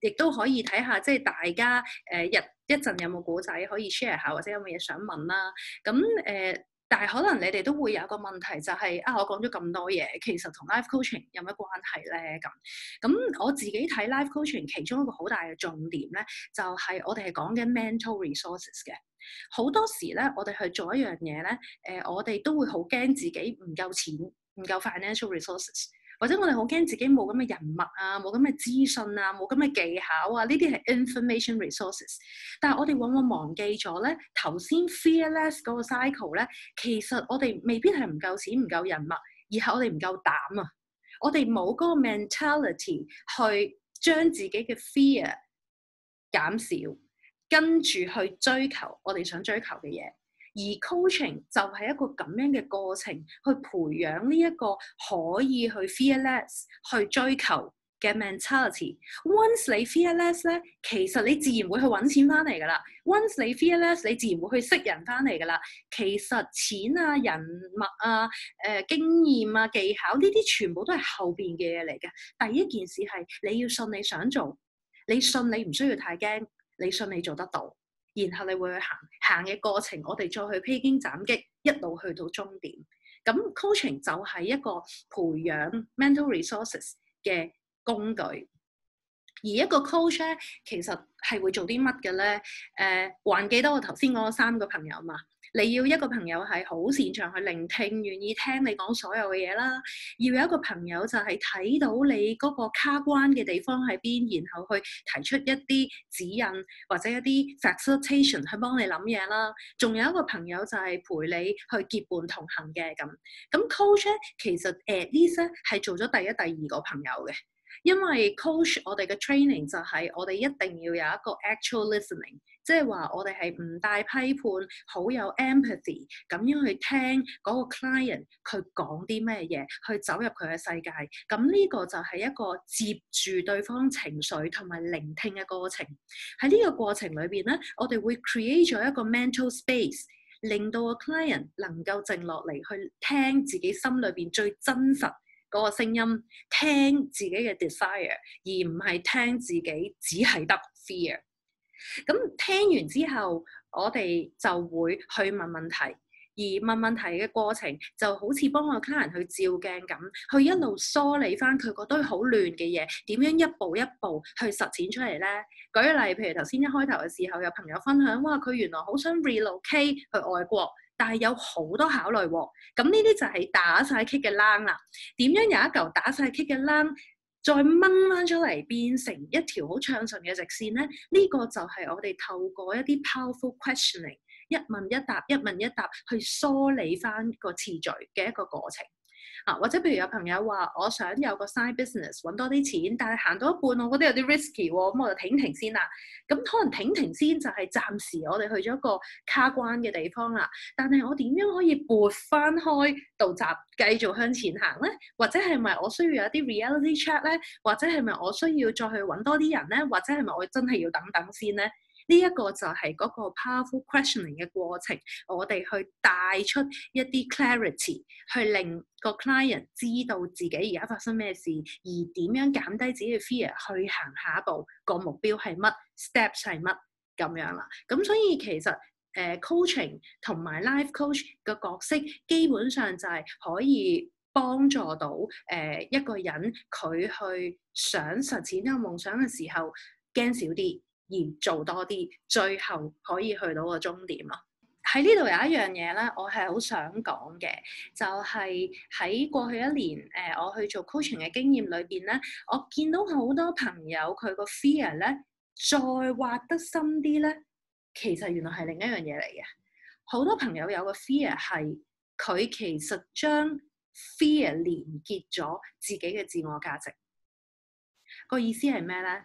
亦都可以睇下即係大家誒日、呃、一陣有冇古仔可以 share 下，或者有冇嘢想問啦。咁、嗯、誒。呃但係可能你哋都會有一個問題，就係啊，我講咗咁多嘢，其實同 life coaching 有乜關係咧？咁咁我自己睇 life coaching 其中一個好大嘅重點咧，就係我哋係講緊 mental resources 嘅。好多時咧，我哋去做一樣嘢咧，誒，我哋都會好驚自己唔夠錢，唔夠 financial resources。或者我哋好驚自己冇咁嘅人脈啊，冇咁嘅資訊啊，冇咁嘅技巧啊，呢啲係 information resources。但係我哋往往忘記咗咧，頭先 fearless 嗰個 cycle 咧，其實我哋未必係唔夠錢、唔夠人脈，而係我哋唔夠膽啊！我哋冇嗰個 mentality 去將自己嘅 fear 減少，跟住去追求我哋想追求嘅嘢。而 coaching 就係一個咁樣嘅過程，去培養呢一個可以去 fearless 去追求嘅 mentality。Once 你 fearless 咧，其實你自然會去揾錢翻嚟噶啦。Once 你 fearless，你自然會去識人翻嚟噶啦。其實錢啊、人脈啊、誒、呃、經驗啊、技巧呢啲全部都係後邊嘅嘢嚟嘅。第一件事係你要信你想做，你信你唔需要太驚，你信你做得到。然後你會去行，行嘅過程我哋再去披荊斬棘，一路去到終點。咁 coaching 就係一個培養 mental resources 嘅工具。而一個 coach 咧，其實係會做啲乜嘅咧？誒、呃，還記得我頭先講我三個朋友嘛？你要一個朋友係好擅長去聆聽，願意聽你講所有嘅嘢啦。要有一個朋友就係睇到你嗰個卡關嘅地方喺邊，然後去提出一啲指引或者一啲 facilitation 去幫你諗嘢啦。仲有一個朋友就係陪你去結伴同行嘅咁。咁 coach 咧，其實 at least 咧係做咗第一、第二個朋友嘅。因為 Coach 我哋嘅 training 就係我哋一定要有一個 actual listening，即係話我哋係唔帶批判，好有 empathy 咁樣去聽嗰個 client 佢講啲咩嘢，去走入佢嘅世界。咁呢個就係一個接住對方情緒同埋聆聽嘅過程。喺呢個過程裏邊咧，我哋會 create 咗一個 mental space，令到個 client 能夠靜落嚟去聽自己心裏邊最真實。嗰個聲音，聽自己嘅 desire，而唔係聽自己只係得 fear。咁聽完之後，我哋就會去問問題，而問問題嘅過程就好似幫個 client 去照鏡咁，去一路梳理翻佢個堆好亂嘅嘢，點樣一步一步去實踐出嚟咧？舉例，譬如頭先一開頭嘅時候，有朋友分享，哇，佢原來好想 relocate 去外國。但係有好多考慮喎，咁呢啲就係打晒棘嘅欄啦。點樣有一嚿打晒棘嘅欄再掹翻出嚟變成一條好暢順嘅直線咧？呢、呢個就係我哋透過一啲 powerful questioning，一問一答，一問一答去梳理翻個次序嘅一個過程。啊，或者譬如有朋友話我想有個 side business 揾多啲錢，但係行到一半，我覺得有啲 risky 喎、哦，咁、嗯、我就停停先啦。咁、嗯、可能停停先就係、是、暫時我哋去咗一個卡關嘅地方啦。但係我點樣可以撥翻開道閘，繼續向前行咧？或者係咪我需要有啲 reality check 咧？或者係咪我需要再去揾多啲人咧？或者係咪我真係要等等先咧？呢一個就係嗰個 powerful questioning 嘅過程，我哋去帶出一啲 clarity，去令個 client 知道自己而家發生咩事，而點樣減低自己嘅 fear 去行下一步，個目標係乜，steps 係乜咁樣啦。咁所以其實誒、呃、coaching 同埋 life coach 嘅角色，基本上就係可以幫助到誒、呃、一個人，佢去想實踐呢個夢想嘅時候，驚少啲。而做多啲，最後可以去到個終點咯。喺呢度有一樣嘢咧，我係好想講嘅，就係、是、喺過去一年誒，我去做 coaching 嘅經驗裏邊咧，我見到好多朋友佢個 fear 咧，再挖得深啲咧，其實原來係另一樣嘢嚟嘅。好多朋友有個 fear 係，佢其實將 fear 連結咗自己嘅自我價值。個意思係咩咧？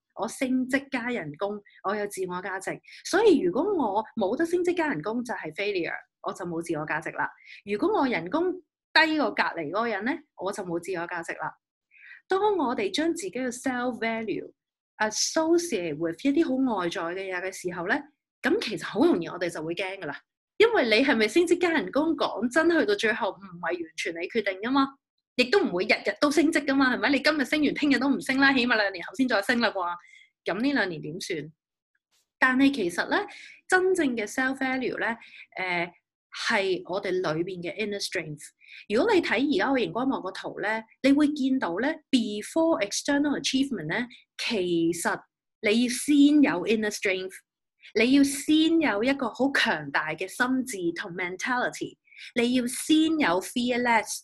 我升職加人工，我有自我價值。所以如果我冇得升職加人工，就係 failure，我就冇自我價值啦。如果我人工低過隔籬嗰個人咧，我就冇自我價值啦。當我哋將自己嘅 self value associate with 一啲好外在嘅嘢嘅時候咧，咁其實好容易我哋就會驚噶啦。因為你係咪升職加人工，講真去到最後唔係完全你決定噶嘛。亦都唔會日日都升職噶嘛，係咪？你今日升完，聽日都唔升啦，起碼兩年後先再升啦啩。咁呢兩年點算？但係其實咧，真正嘅 self value 咧，誒、呃，係我哋裏邊嘅 inner strength。如果你睇而家我熒光幕個圖咧，你會見到咧，before external achievement 咧，其實你要先有 inner strength，你要先有一個好強大嘅心智同 mentality，你要先有 fearless。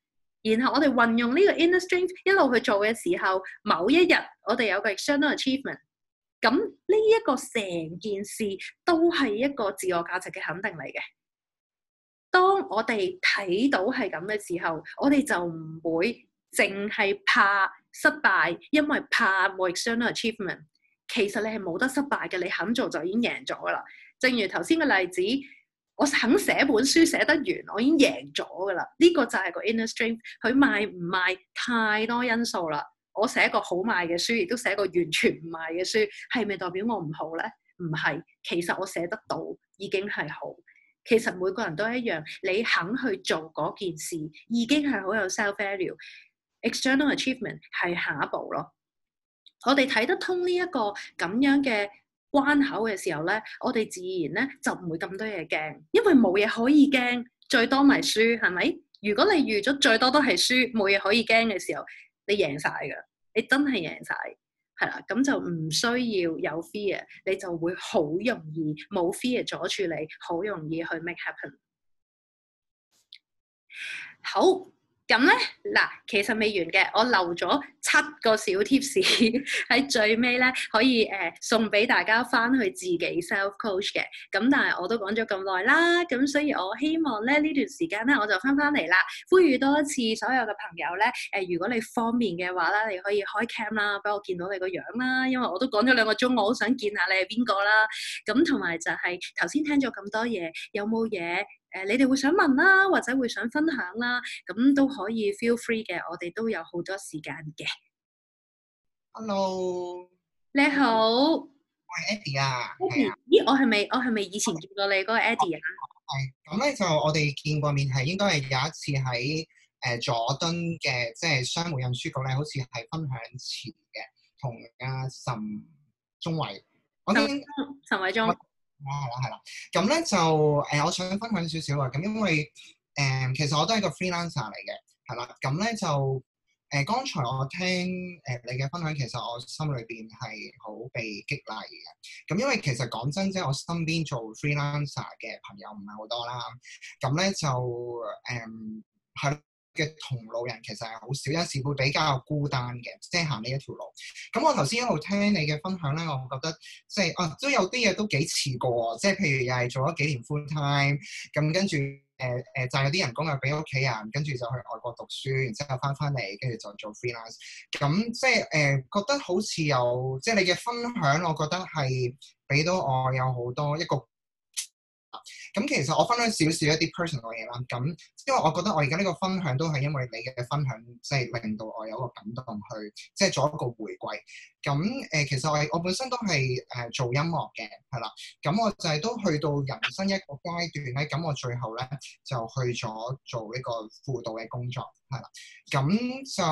然後我哋運用呢個 inner strength 一路去做嘅時候，某一日我哋有個 external achievement，咁呢一個成件事都係一個自我價值嘅肯定嚟嘅。當我哋睇到係咁嘅時候，我哋就唔會淨係怕失敗，因為怕冇 external achievement。其實你係冇得失敗嘅，你肯做就已經贏咗啦。正如頭先嘅例子。我肯寫本書寫得完，我已經贏咗噶啦。呢、這個就係個 inner stream 佢賣唔賣太多因素啦？我寫一個好賣嘅書，亦都寫個完全唔賣嘅書，係咪代表我唔好咧？唔係，其實我寫得到已經係好。其實每個人都一樣，你肯去做嗰件事，已經係好有 self value。External achievement 係下一步咯。我哋睇得通呢、這、一個咁樣嘅關口嘅時候咧，我哋自然咧就唔會咁多嘢驚，因為冇嘢可以驚，最多咪輸係咪？如果你預咗最多都係輸，冇嘢可以驚嘅時候，你贏晒噶，你真係贏晒，係啦，咁就唔需要有 fear，你就會好容易冇 fear 阻住你，好容易去 make happen。好。咁咧嗱，其實未完嘅，我留咗七個小 tips 喺 最尾咧，可以誒送俾大家翻去自己 self coach 嘅。咁但係我都講咗咁耐啦，咁所以我希望咧呢段時間咧我就翻翻嚟啦，呼籲多一次所有嘅朋友咧，誒如果你方便嘅話啦，你可以開 cam 啦，俾我見到你個樣啦，因為我都講咗兩個鐘，我好想見下你係邊個啦。咁同埋就係頭先聽咗咁多嘢，有冇嘢？誒，你哋會想問啦，或者會想分享啦，咁都可以 feel free 嘅，我哋都有好多時間嘅。Hello，你好，我係 Ed Eddie 啊對。Eddie 咦，我係咪我係咪以前 But 見過你嗰個 Eddie 啊？係，咁咧就我哋見過面係應該係有一次喺誒佐敦嘅即係商務印書局咧，好似係分享前嘅，同阿岑宗維，我哋。岑中維。係啦，係啦、 嗯，咁咧就誒，我想分享少少啊。咁因為誒，其實我都係個 freelancer 嚟嘅，係啦。咁咧就誒，剛才我聽誒你嘅分享，其實我心裏邊係好被激勵嘅。咁因為其實講真即係，我身邊做 freelancer 嘅朋友唔係好多啦。咁咧就誒，係。嘅同路人其實係好少，有時會比較孤單嘅，即係行呢一條路。咁我頭先一路聽你嘅分享咧，我覺得即係啊，都有啲嘢都幾似過，即係譬如又係做咗幾年 full time，咁跟住誒誒賺咗啲人工又俾屋企人，跟住就去外國讀書，然之後翻返嚟，跟住就做 freelance。咁即係誒覺得好似有，即係你嘅分享，我覺得係俾到我有好多一個。咁其實我分享少少一啲 personal 嘅嘢啦，咁因為我覺得我而家呢個分享都係因為你嘅分享，即係令到我有一個感動，去即係做一個回歸。咁誒、呃，其實我我本身都係誒、呃、做音樂嘅，係啦。咁我就係都去到人生一個階段咧，咁我最後咧就去咗做呢個輔導嘅工作，係啦。咁就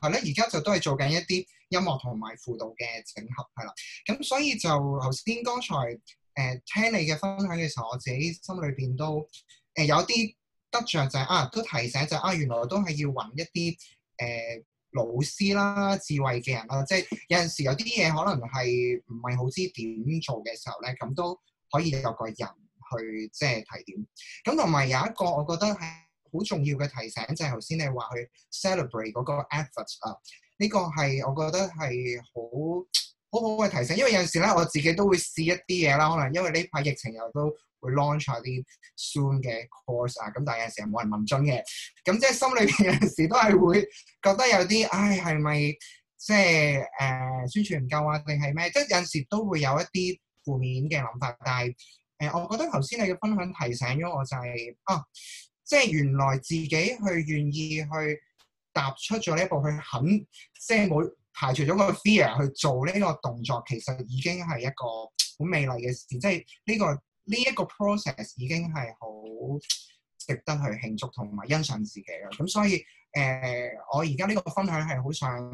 係咧，而家就都係做緊一啲音樂同埋輔導嘅整合，係啦。咁所以就頭先剛才，剛才誒、呃、聽你嘅分享嘅時候，我自己心裏邊都誒、呃、有啲得着、就是，就係啊，都提醒就係、是、啊，原來都係要揾一啲誒、呃、老師啦、智慧嘅人啦，即、就、係、是、有陣時有啲嘢可能係唔係好知點做嘅時候咧，咁都可以有個人去即係提點。咁同埋有一個我覺得係好重要嘅提醒，就係頭先你話去 celebrate 嗰個 efforts 啊，呢、這個係我覺得係好。好好嘅提醒，因為有陣時咧，我自己都會試一啲嘢啦。可能因為呢排疫情又都會 launch 下啲 soon 嘅 course 啊，咁但係有陣時冇人問津嘅。咁即係心裏邊有陣時都係會覺得有啲，唉、哎，係咪即係誒宣傳唔夠啊？定係咩？即係、呃、有陣時都會有一啲負面嘅諗法。但係誒、呃，我覺得頭先你嘅分享提醒咗我、就是，就係啊，即係原來自己去願意去踏出咗呢一步去肯，即係冇。排除咗個 fear 去做呢個動作，其實已經係一個好美麗嘅事，即係呢、這個呢一、這個 process 已經係好值得去慶祝同埋欣賞自己嘅。咁所以誒、呃，我而家呢個分享係好想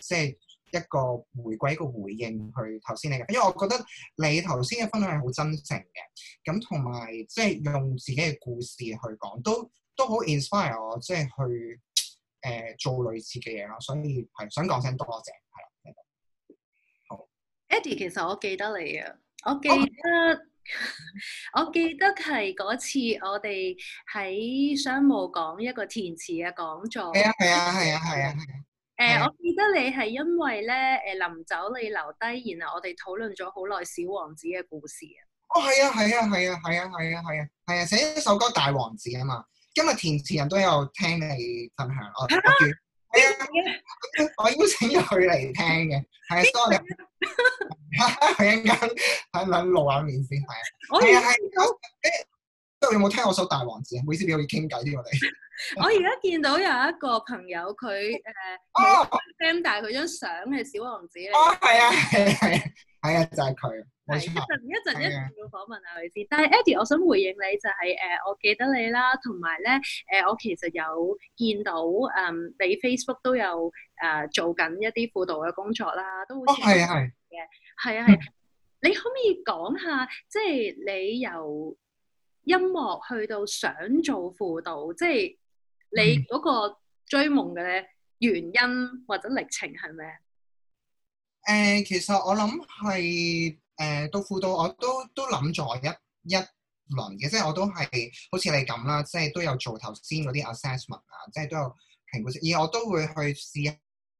即係一個回歸一個回應去頭先你嘅，因為我覺得你頭先嘅分享係好真誠嘅，咁同埋即係用自己嘅故事去講，都都好 inspire 我即係去。誒做類似嘅嘢咯，所以係想講聲多謝，係啦。好，Eddie，其實我記得你啊，我記得，我記得係嗰次我哋喺商務講一個填詞嘅講座。係啊，係啊，係啊，係啊。誒，我記得你係因為咧誒臨走你留低，然後我哋討論咗好耐小王子嘅故事啊。哦，係啊，係啊，係啊，係啊，係啊，係啊，係啊，寫一首歌《大王子》啊嘛。今日填詞人都有聽你分享，我，我， 我邀請佢嚟聽嘅，係啊，sorry，我一陣間？我一陣間露下面先？係啊，係啊，係好，都、欸、你有冇聽我首大王子啊？唔好意思，畀我哋傾偈先我哋。 我而家見到有一個朋友，佢誒 send 但係佢張相係小王子咧。哦，係啊，係啊，係啊，啊，就係、是、佢。會一陣一陣一定要訪問下佢先，啊、但係 Eddie，我想回應你，就係、是、誒、呃，我記得你啦，同埋咧誒，我其實有見到誒、嗯，你 Facebook 都有誒、呃、做緊一啲輔導嘅工作啦，都好似係嘅，係啊係。你可唔可以講下，即係你由音樂去到想做輔導，即係？你嗰個追夢嘅原因或者歷程係咩？誒、嗯，其實我諗係誒讀輔導，呃、都都我都都諗咗一一輪嘅，即係我都係好似你咁啦，即係都有做頭先嗰啲 assessment 啊，即係都有評估先，而我都會去試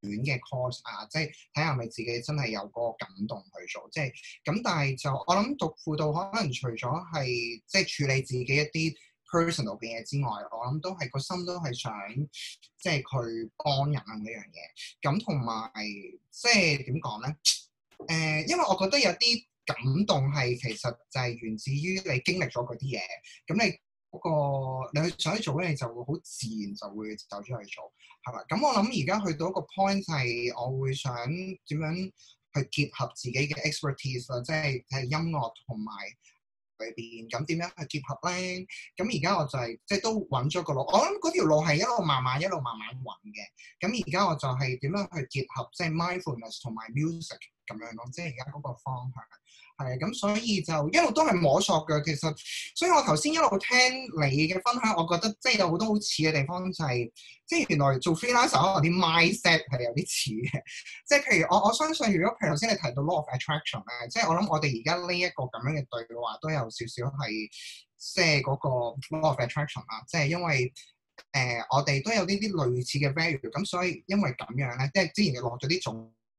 短嘅 course 啊，即係睇下係咪自己真係有嗰個感動去做，即係咁。但係就我諗讀輔導可能除咗係即係處理自己一啲。personal 嘅嘢之外，我諗都係個心都係想即係佢幫人咁一樣嘢。咁同埋即係點講咧？誒、呃，因為我覺得有啲感動係其實就係源自於你經歷咗嗰啲嘢。咁你嗰、嗰個你想去想做，你就會好自然就會走出去做，係嘛？咁我諗而家去到一個 point 係，我會想點樣去結合自己嘅 expertise 啦，即係喺音樂同埋。裏邊咁點樣去結合咧？咁而家我就係、是、即係都揾咗個路，我諗嗰條路係一路慢慢一路慢慢揾嘅。咁而家我就係點樣去結合即係 mindfulness 同埋 music 咁樣咯，即係而家嗰個方向。誒咁、嗯，所以就一路都係摸索嘅。其實，所以我頭先一路聽你嘅分享，我覺得即係有好多好似嘅地方、就是，就係即係原來做 freelancer 可能啲 mindset 係有啲似嘅。即係譬如我我相信，如果譬如頭先你提到 law of attraction 咧，即係我諗我哋而家呢一個咁樣嘅對話都有少少係即係嗰個 law of attraction 啦。即係因為誒、呃，我哋都有呢啲類似嘅 value，咁、嗯、所以因為咁樣咧，即係之前你落咗啲種。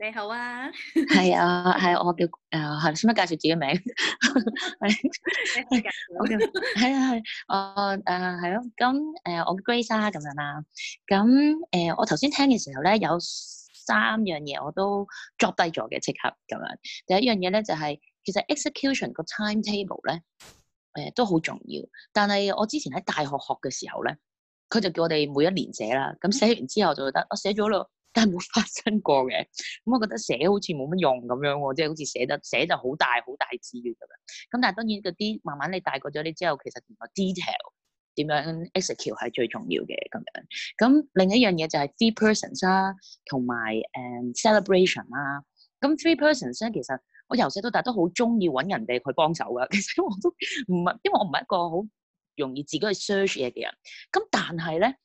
你好啊，係 啊，係我叫誒，係使乜介紹自己名？你介紹，係啊係，我、呃、啊係咯，咁誒、啊嗯嗯嗯、我 Grace 啊咁樣啦、啊，咁、嗯、誒、呃、我頭先聽嘅時候咧有三樣嘢我都捉低咗嘅，即刻咁樣。第一樣嘢咧就係、是、其實 execution 個 timetable 咧誒、呃、都好重要，但係我之前喺大學學嘅時候咧，佢就叫我哋每一年寫啦，咁寫完之後就覺得我寫咗咯。啊但係冇發生過嘅，咁、嗯、我覺得寫好似冇乜用咁樣喎、啊，即係好似寫得寫就好大好大字嘅咁樣。咁、嗯、但係當然嗰啲慢慢你大個咗你之後，其實個 detail 點樣 execute 係最重要嘅咁樣。咁、嗯、另一樣嘢就係 three persons 啦、啊，同埋誒 celebration 啦、啊。咁 three persons 咧、啊，其實我由細到大都好中意揾人哋去幫手噶。其實我都唔係，因為我唔係一個好容易自己去 search 嘢嘅人。咁、嗯、但係咧。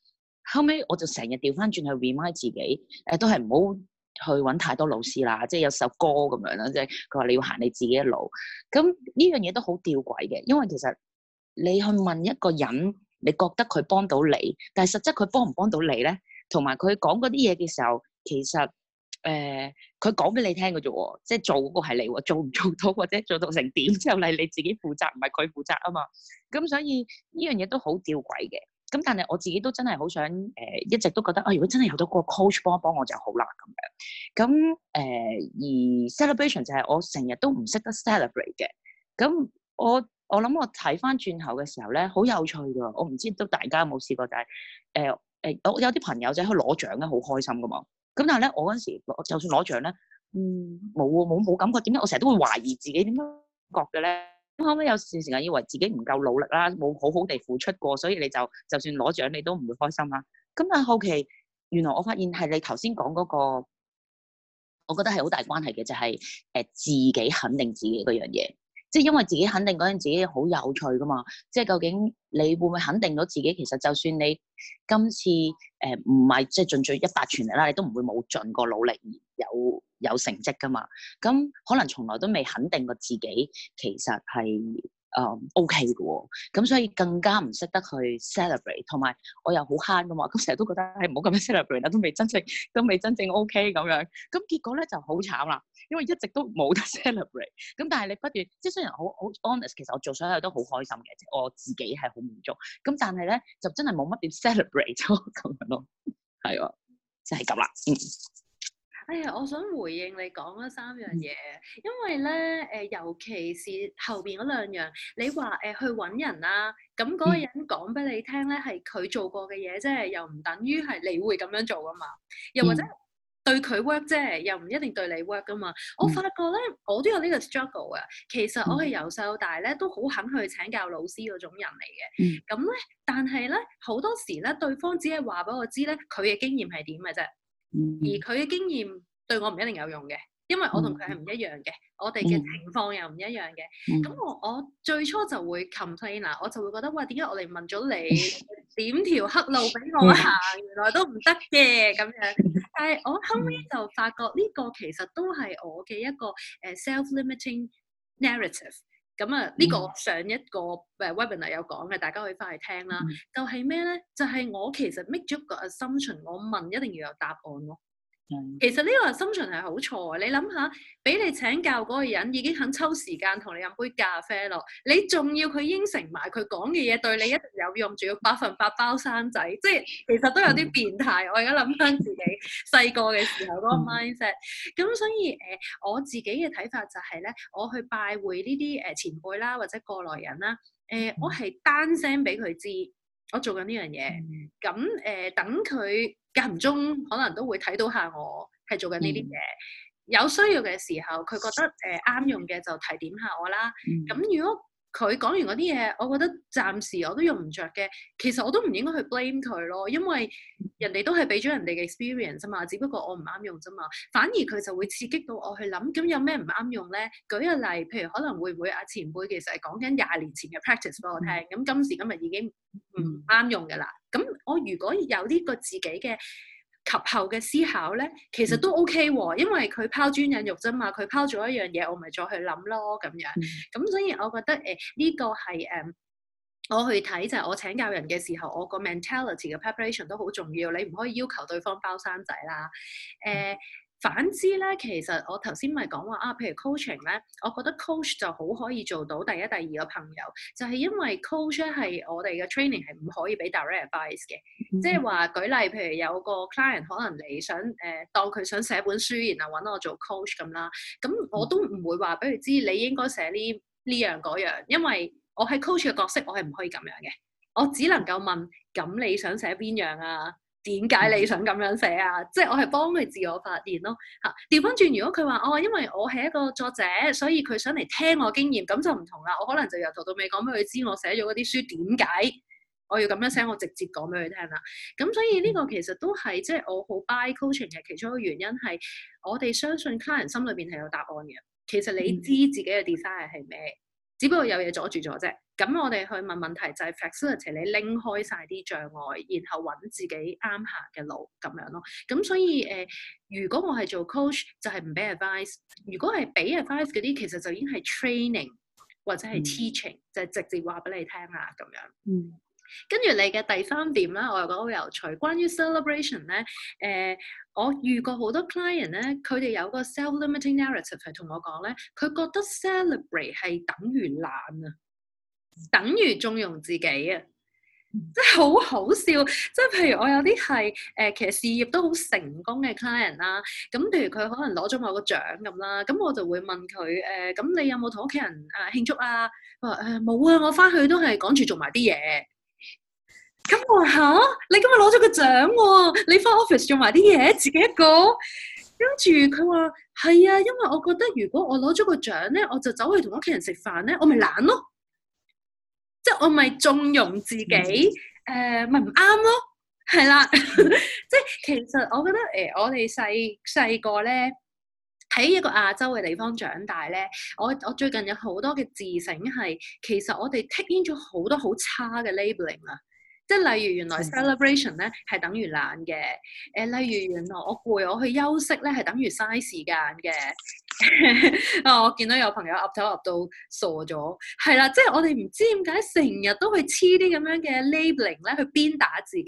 後尾我就成日調翻轉去 remind 自己，誒、呃，都係唔好去揾太多老師啦，即係有首歌咁樣啦，即係佢話你要行你自己嘅路。咁呢樣嘢都好吊詭嘅，因為其實你去問一個人，你覺得佢幫到你，但係實質佢幫唔幫到你咧？同埋佢講嗰啲嘢嘅時候，其實誒，佢講俾你聽嘅啫，即係做嗰個係你，做唔做到或者做到成點之後咧，你自己負責，唔係佢負責啊嘛。咁所以呢樣嘢都好吊詭嘅。咁但係我自己都真係好想誒、呃，一直都覺得啊，如果真係有到個 coach 幫一幫我就好啦咁樣。咁、嗯、誒、呃、而 celebration 就係我成日都唔識得 celebrate 嘅。咁、嗯、我我諗我睇翻轉頭嘅時候咧，好有趣㗎。我唔知都大家有冇試過，就係誒誒，我、呃呃、有啲朋友就去攞獎咧，好開心㗎嘛。咁但係咧，我嗰時就算攞獎咧，嗯，冇冇冇感覺，點解我成日都會懷疑自己點樣覺嘅咧？咁後尾有段時間以為自己唔夠努力啦，冇好好地付出過，所以你就就算攞獎你都唔會開心啦、啊。咁但係後期，原來我發現係你頭先講嗰個，我覺得係好大關係嘅，就係、是、誒自己肯定自己嗰樣嘢。即係因為自己肯定嗰陣自己好有趣噶嘛。即係究竟你會唔會肯定到自己？其實就算你今次誒唔係即係盡盡一百全力啦，你都唔會冇盡過努力而有。有成績㗎嘛？咁可能從來都未肯定過自己，其實係誒 O K 嘅喎。咁、呃 OK 哦、所以更加唔識得去 celebrate，同埋我又好慳嘅嘛。咁成日都覺得係唔好咁樣 celebrate 啦，都未真正都未真正 O K 咁樣。咁結果咧就好慘啦，因為一直都冇得 celebrate。咁但係你不斷即係雖然好好 honest，其實我做所有嘢都好開心嘅，我自己係好滿足。咁但係咧就真係冇乜點 celebrate 咁樣咯，係 啊樣了， 就係咁啦，嗯。哎呀，我想回應你講嗰三樣嘢，嗯、因為咧，誒、呃，尤其是後邊嗰兩樣，你話誒、呃、去揾人啦、啊，咁、那、嗰個人講俾你聽咧，係佢、嗯、做過嘅嘢啫，又唔等於係你會咁樣做噶嘛。又或者對佢 work 啫，又唔一定對你 work 噶嘛。嗯、我發覺咧，我都有呢個 struggle 啊。其實我係由細到大咧都好肯去請教老師嗰種人嚟嘅。咁咧、嗯，嗯、但係咧好多時咧，對方只係話俾我知咧，佢嘅經驗係點嘅啫。而佢嘅經驗對我唔一定有用嘅，因為我同佢係唔一樣嘅，我哋嘅情況又唔一樣嘅。咁我我最初就會 complain 啦，我就會覺得，哇！點解我嚟問咗你點條黑路俾我行，原來都唔得嘅咁樣。但係我後尾就發覺呢個其實都係我嘅一個誒 self-limiting narrative。咁啊，呢個、嗯、上一個誒 webinar 有講嘅，大家可以翻去聽啦、嗯。就係咩咧？就係我其實 make 咗一個 assumption，我問一定要有答案喎。其實呢個心情係好錯啊！你諗下，俾你請教嗰個人已經肯抽時間同你飲杯咖啡咯，你仲要佢應承埋佢講嘅嘢對你一定有用，仲要百分百包生仔，即係其實都有啲變態。我而家諗翻自己細個嘅時候嗰個 mindset，咁所以誒、呃、我自己嘅睇法就係、是、咧，我去拜會呢啲誒前輩啦，或者過來人啦，誒、呃、我係單聲俾佢知我做緊呢樣嘢，咁誒、 呃、等佢。間唔中可能都會睇到下我係做緊呢啲嘢，嗯、有需要嘅時候佢覺得誒啱、呃、用嘅就提點下我啦。咁、嗯、如果佢講完嗰啲嘢，我覺得暫時我都用唔着嘅。其實我都唔應該去 blame 佢咯，因為人哋都係俾咗人哋嘅 experience 啊嘛，只不過我唔啱用啫嘛。反而佢就會刺激到我去諗，咁有咩唔啱用咧？舉個例，譬如可能會唔會啊，前輩其實係講緊廿年前嘅 practice 俾我聽，咁今時今日已經唔啱用㗎啦。咁我如果有呢個自己嘅。及後嘅思考咧，其實都 OK 喎、啊，因為佢拋磚引玉啫嘛，佢拋咗一樣嘢，我咪再去諗咯咁樣。咁、嗯、所以我覺得誒呢、呃呢個係誒、呃，我去睇就係我請教人嘅時候，我個 mentality 嘅 preparation 都好重要。你唔可以要求對方包生仔啦，誒、呃。嗯反之咧，其實我頭先咪講話啊，譬如 coaching 咧，我覺得 coach 就好可以做到第一、第二個朋友，就係、是、因為 coach 咧係我哋嘅 training 係唔可以俾 direct advice 嘅，嗯、即係話舉例，譬如有個 client 可能你想誒、呃、當佢想寫本書，然後揾我做 coach 咁啦，咁我都唔會話，俾佢知你應該寫呢呢樣嗰樣，因為我喺 coach 嘅角色，我係唔可以咁樣嘅，我只能夠問咁你想寫邊樣啊？點解你想咁樣寫啊？即係我係幫佢自我發現咯嚇。調翻轉，如果佢話哦，因為我係一個作者，所以佢想嚟聽我經驗，咁就唔同啦。我可能就由頭到尾講俾佢知，我寫咗嗰啲書點解我要咁樣寫，我直接講俾佢聽啦。咁、嗯、所以呢、呢個其實都係即係我好 buy coaching 嘅其中一個原因係，我哋相信客人心裏邊係有答案嘅。其實你知自己嘅 design 係咩？嗯只不過有嘢阻住咗啫，咁我哋去問問題就係、是、facilitate 你拎開晒啲障礙，然後揾自己啱行嘅路咁樣咯。咁所以誒、呃，如果我係做 coach 就係唔俾 advice，如果係俾 advice 嗰啲其實就已經係 training 或者係 teaching，嗯、就直接話俾你聽啊咁樣。嗯。跟住你嘅第三點咧，我又覺得好有趣。關於 celebration 咧，誒、呃，我遇過好多 client 咧，佢哋有個 self-limiting narrative 係同我講咧，佢覺得 celebrate 係等於懶啊，等於縱容自己啊，真係好好笑。即係譬如我有啲係誒，其實事業都好成功嘅 client 啦，咁譬如佢可能攞咗我個獎咁啦，咁我就會問佢誒，咁、呃、你有冇同屋企人啊慶祝啊？佢話冇啊，我翻去都係趕住做埋啲嘢。咁我吓，你今日攞咗個獎喎、啊，你翻 office 用埋啲嘢，自己一個，跟住佢話係啊，因為我覺得如果我攞咗個獎咧，我就走去同屋企人食飯咧，我咪懶咯，即係我咪縱容自己，誒、呃，咪唔啱咯，係啦、啊， 即係其實我覺得誒、呃，我哋細細個咧，喺一個亞洲嘅地方長大咧，我我最近有好多嘅自省係，其實我哋 take in 咗好多好差嘅 labeling 啊。即係例如原來 celebration 咧係等於懶嘅，誒、呃、例如原來我攰，我去休息咧係等於嘥時間嘅。啊、 哦，我見到有朋友噏頭噏到傻咗，係啦，即係我哋唔知點解成日都去黐啲咁樣嘅 labeling 咧去鞭打自己，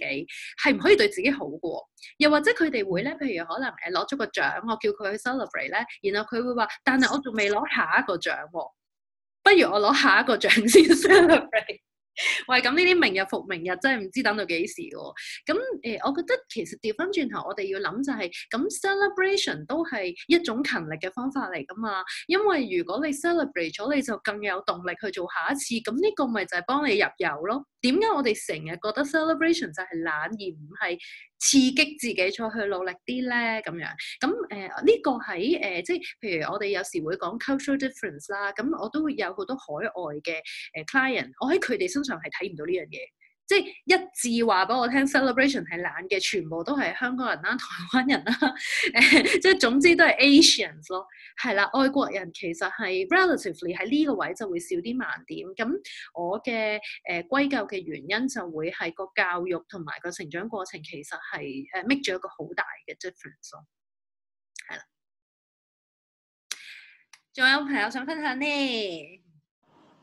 係唔可以對自己好嘅。又或者佢哋會咧，譬如可能誒攞咗個獎，我叫佢去 celebrate 咧，然後佢會話，但係我仲未攞下一個獎喎，不如我攞下一個獎先 celebrate。喂，咁呢啲明日復明日真係唔知等到幾時喎。咁誒、呃，我覺得其實調翻轉頭，我哋要諗就係、是、咁 celebration 都係一種勤力嘅方法嚟㗎嘛。因為如果你 celebrate 咗，你就更有動力去做下一次。咁呢個咪就係幫你入油咯。點解我哋成日覺得 celebration 就係懶，而唔係刺激自己再去努力啲咧？咁樣，咁誒呢個喺誒、呃、即係譬如我哋有時會講 cultural difference 啦，咁我都會有好多海外嘅誒、呃、client，我喺佢哋身上係睇唔到呢樣嘢。即係一致話俾我聽，celebration 係懶嘅，全部都係香港人啦、台灣人啦，誒， 即係總之都係 asians 咯，係啦，外國人其實係 relatively 喺呢個位就會少啲盲點。咁我嘅誒、呃、歸咎嘅原因就會係個教育同埋個成長過程其實係誒 make 咗一個好大嘅 difference 咯，係啦。仲有朋友想分享呢？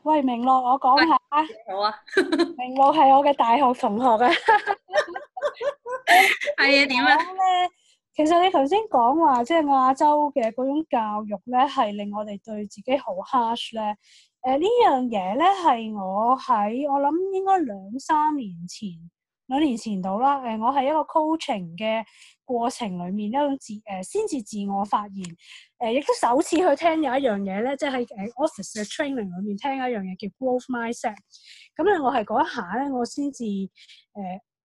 喂，明樂，我講下。好啊。 明樂係我嘅大學同學啊。係啊，點樣呢，其實你頭先講話即係亞洲嘅嗰種教育咧，係令我哋對自己好 harsh 咧。誒、呃，呢樣嘢咧係我喺我諗應該兩三年前，兩年前度啦。誒、呃，我係一個 coaching 嘅。過程裡面一種自誒先至自我發現，誒、呃、亦都首次去聽有一樣嘢咧，即係喺誒 office 嘅 training 裏面聽一樣嘢叫 growth mindset。咁、嗯、咧，我係嗰一下咧，我先至誒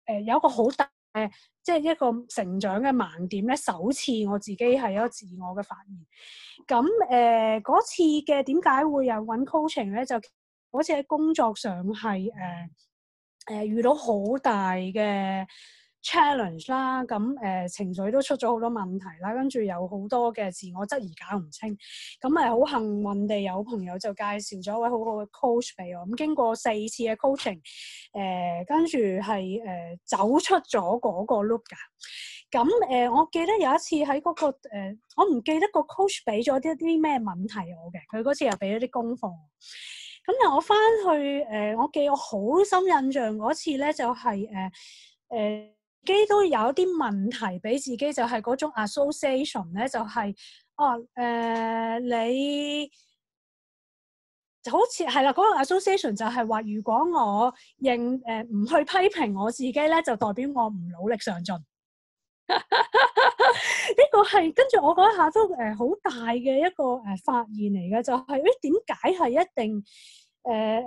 誒有一個好大誒、呃，即係一個成長嘅盲點咧。首次我自己係有一個自我嘅發現。咁誒嗰次嘅點解會有揾 coaching 咧？就嗰次喺工作上係誒誒遇到好大嘅 challenge 啦，咁誒情緒都出咗好多問題啦，跟住有好多嘅自我質疑搞唔清，咁咪好幸運地有朋友就介紹咗位好好嘅 coach 俾我，咁、嗯、經過四次嘅 coaching，誒、呃、跟住係誒走出咗嗰個 loop 㗎，咁誒、呃、我記得有一次喺嗰、那個、呃、我唔記得個 coach 俾咗一啲咩問題我嘅，佢嗰次又俾咗啲功課，咁但我翻去誒、呃，我記我好深印象嗰次咧就係誒誒。呃呃自己都有一啲問題俾自己，就係、是、嗰種 association 咧，就係、是、哦，誒、啊呃，你好似係啦，嗰、嗯那個 association 就係、是、話，如果我認誒唔、呃、去批評我自己咧，就代表我唔努力上進。呢個係跟住我嗰一下都誒好、呃、大嘅一個誒發現嚟嘅，就係誒點解係一定誒誒、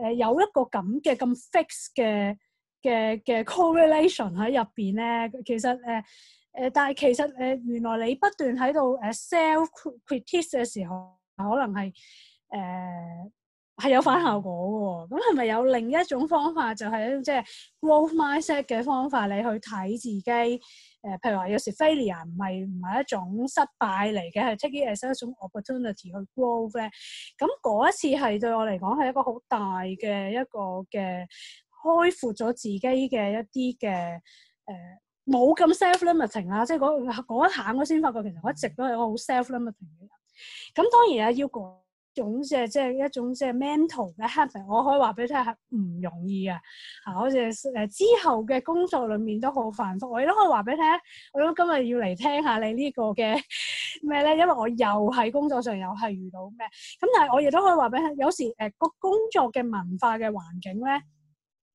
呃、有一個咁嘅咁 fix 嘅。嘅嘅 correlation 喺入邊咧，其實誒誒、呃，但係其實誒、呃，原來你不斷喺度誒 selfcritic 嘅時候，可能係誒係有反效果喎、哦。咁係咪有另一種方法，就係、是、一種即係 growth mindset 嘅方法，你去睇自己誒、呃，譬如話，有時 failure 唔係唔係一種失敗嚟嘅，係 take it as 一種 opportunity 去 grow 咧。咁嗰一次係對我嚟講係一個好大嘅一個嘅。開闊咗自己嘅一啲嘅誒，冇、呃、咁 self limiting 啊。Lim iting, 即係嗰一下，我先發覺其實我一直都係一個好 self limiting 嘅人。咁當然啊，要嗰種即係即係一種即係 mental 嘅 helping，我可以話俾你聽係唔容易嘅。啊，好似誒之後嘅工作裏面都好繁複，我亦都可以話俾你聽。我諗今日要嚟聽下你個 呢個嘅咩咧？因為我又喺工作上又係遇到咩。咁但係我亦都可以話俾你聽，有時誒個、呃、工作嘅文化嘅環境咧。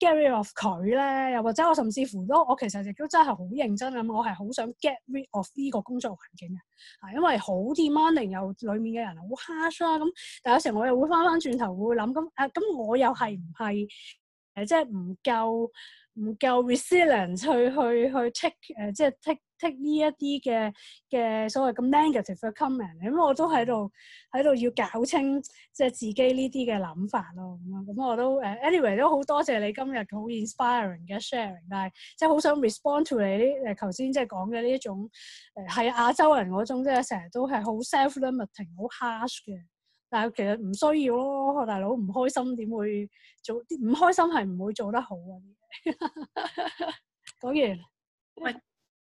get rid of 佢咧，又或者我甚至乎都，我其實亦都真係好認真咁，我係好想 get rid of 呢個工作環境嘅，啊，因為好 demanding 又裡面嘅人好 hard 啊咁，但有時我又會翻翻轉頭會諗咁，誒、啊、咁我又係唔係誒即係唔夠唔夠 resilience 去去去 take 誒、呃、即係 take。呢一啲嘅嘅所謂咁 negative 嘅 comment，咁我都喺度喺度要搞清即係自己呢啲嘅諗法咯。咁我都誒，anyway 都好多謝你今日好 inspiring 嘅 sharing，但係即係好想 respond to 你啲誒頭先即係講嘅呢一種誒係亞洲人嗰種即係成日都係好 self-limiting、好 harsh 嘅。但係其實唔需要咯，我大佬唔開心點會做啲？唔開心係唔會做得好嘅。講完，喂。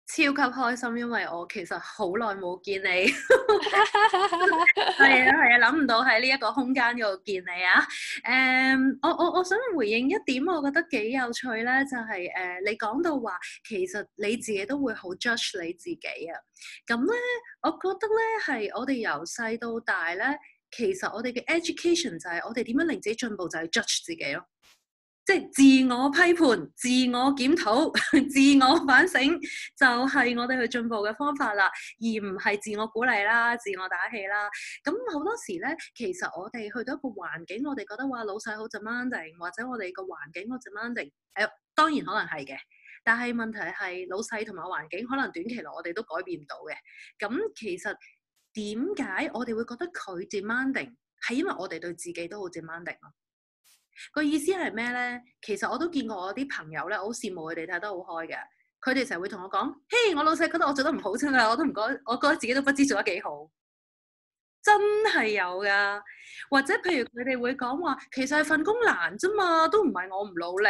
超級開心，因為我其實好耐冇見你，係啊係啊，諗唔到喺呢一個空間度見你啊！誒，um，我我我想回應一點，我覺得幾有趣咧，就係，是，誒，uh，你講到話，其實你自己都會好 judge 你自己啊！咁咧，我覺得咧係我哋由細到大咧，其實我哋嘅 education 就係我哋點樣令自己進步，就係 judge 自己咯。即係自我批判、自我檢討、自我反省，就係、係、我哋去進步嘅方法啦，而唔係自我鼓勵啦、自我打氣啦。咁好多時咧，其實我哋去到一個環境，我哋覺得話老細好 demanding，或者我哋個環境好 demanding。誒、呃，當然可能係嘅，但係問題係老細同埋環境可能短期內我哋都改變唔到嘅。咁其實點解我哋會覺得佢 demanding，係因為我哋對自己都好 demanding 咯。個意思係咩咧？其實我都見過我啲朋友咧，好羨慕佢哋睇得好開嘅。佢哋成日會同我講：嘿，我，我，hey, 我老細覺得我做得唔好啫嘛，我都唔覺得，我覺得自己都不知做得幾好。真係有噶，或者譬如佢哋會講話，其實係份工難啫嘛，都唔係我唔努力。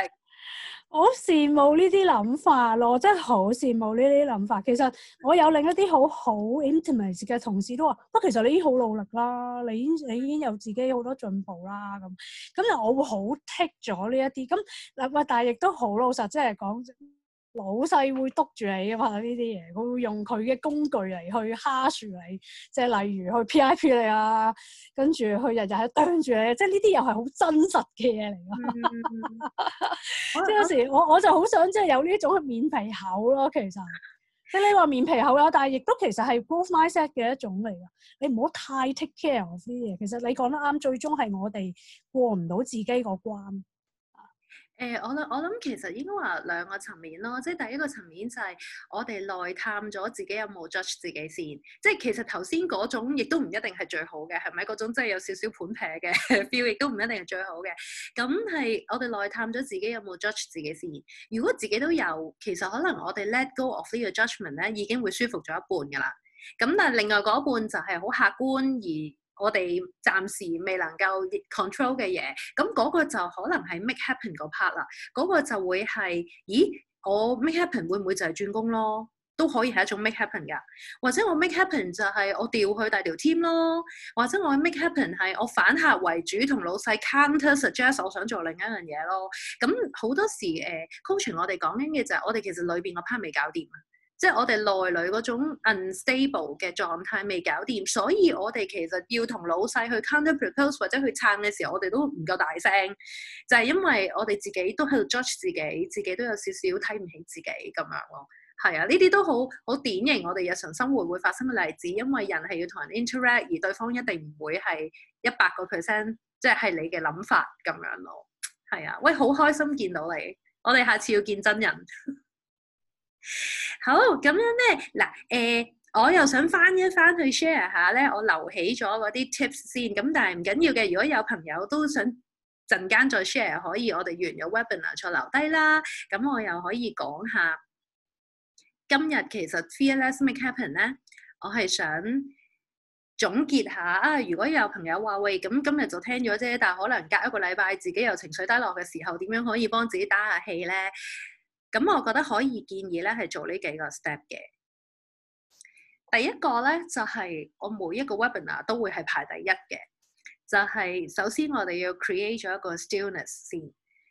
我好羨慕呢啲諗法咯，我真係好羨慕呢啲諗法。其實我有另一啲好好 intimate 嘅同事都話，喂，其實你已經好努力啦，你已你已經有自己好多進步啦咁。咁但我會好 take 咗呢一啲，咁嗱，喂，但係亦都好老實，即係講。老細會督住你啊嘛，呢啲嘢佢會用佢嘅工具嚟去蝦住你，即係例如去 P.I.P. 你啊，跟住去日日喺盯住你，即係呢啲又係好真實嘅嘢嚟咯。即係有時我我就好想即係有呢一種去面皮厚咯，其實 你你話面皮厚啊，但係亦都其實係 growth mindset 嘅一種嚟噶。你唔好太 take care of 啲嘢，其實你講得啱，最終係我哋過唔到自己個關。誒、呃，我諗我諗其實應該話兩個層面咯，即係第一個層面就係我哋內探咗自己有冇 judge 自己先，即係其實頭先嗰種亦都唔一定係最好嘅，係咪？嗰種即係有少少盤劈嘅 feel 亦都唔一定係最好嘅。咁係我哋內探咗自己有冇 judge 自己先，如果自己都有，其實可能我哋 let go of 呢個 judgement 咧已經會舒服咗一半㗎啦。咁但係另外嗰一半就係好客觀而。我哋暫時未能夠 control 嘅嘢，咁、那、嗰個就可能係 make happen 個 part 啦。嗰、那個就會係，咦，我 make happen 會唔會就係轉工咯？都可以係一種 make happen 噶。或者我 make happen 就係、是、我調去大條 team 咯。或者我 make happen 係、就是、我反客為主，同老細 counter suggest 我想做另一樣嘢咯。咁好多時誒 c、呃、我哋講緊嘅就係我哋其實裏邊個 part 未搞掂。即係我哋內裏嗰種 unstable 嘅狀態未搞掂，所以我哋其實要同老細去 counterpropose 或者去撐嘅時候，我哋都唔夠大聲，就係因為我哋自己都喺度 judge 自己，自己都有少少睇唔起自己咁樣咯。係啊，呢啲都好好典型我哋日常生活會發生嘅例子，因為人係要同人 interact，而對方一定唔會係一百個 percent 即係你嘅諗法咁樣咯。係啊，喂，好開心見到你，我哋下次要見真人。好，咁樣咧嗱，誒、呃，我又想翻一翻去 share 下咧，我留起咗嗰啲 tips 先。咁但係唔緊要嘅，如果有朋友都想陣間再 share，可以我哋完咗 webinar 再留低啦。咁我又可以講下今日其實 Fear Less Make Happen 咧，我係想總結下啊。如果有朋友話喂，咁今日就聽咗啫，但係可能隔一個禮拜自己又情緒低落嘅時候，點樣可以幫自己打下氣咧？咁我覺得可以建議咧，係做呢幾個 step 嘅。第一個咧就係、是、我每一個 webinar 都會係排第一嘅。就係、是、首先我哋要 create 咗一個 stillness 先。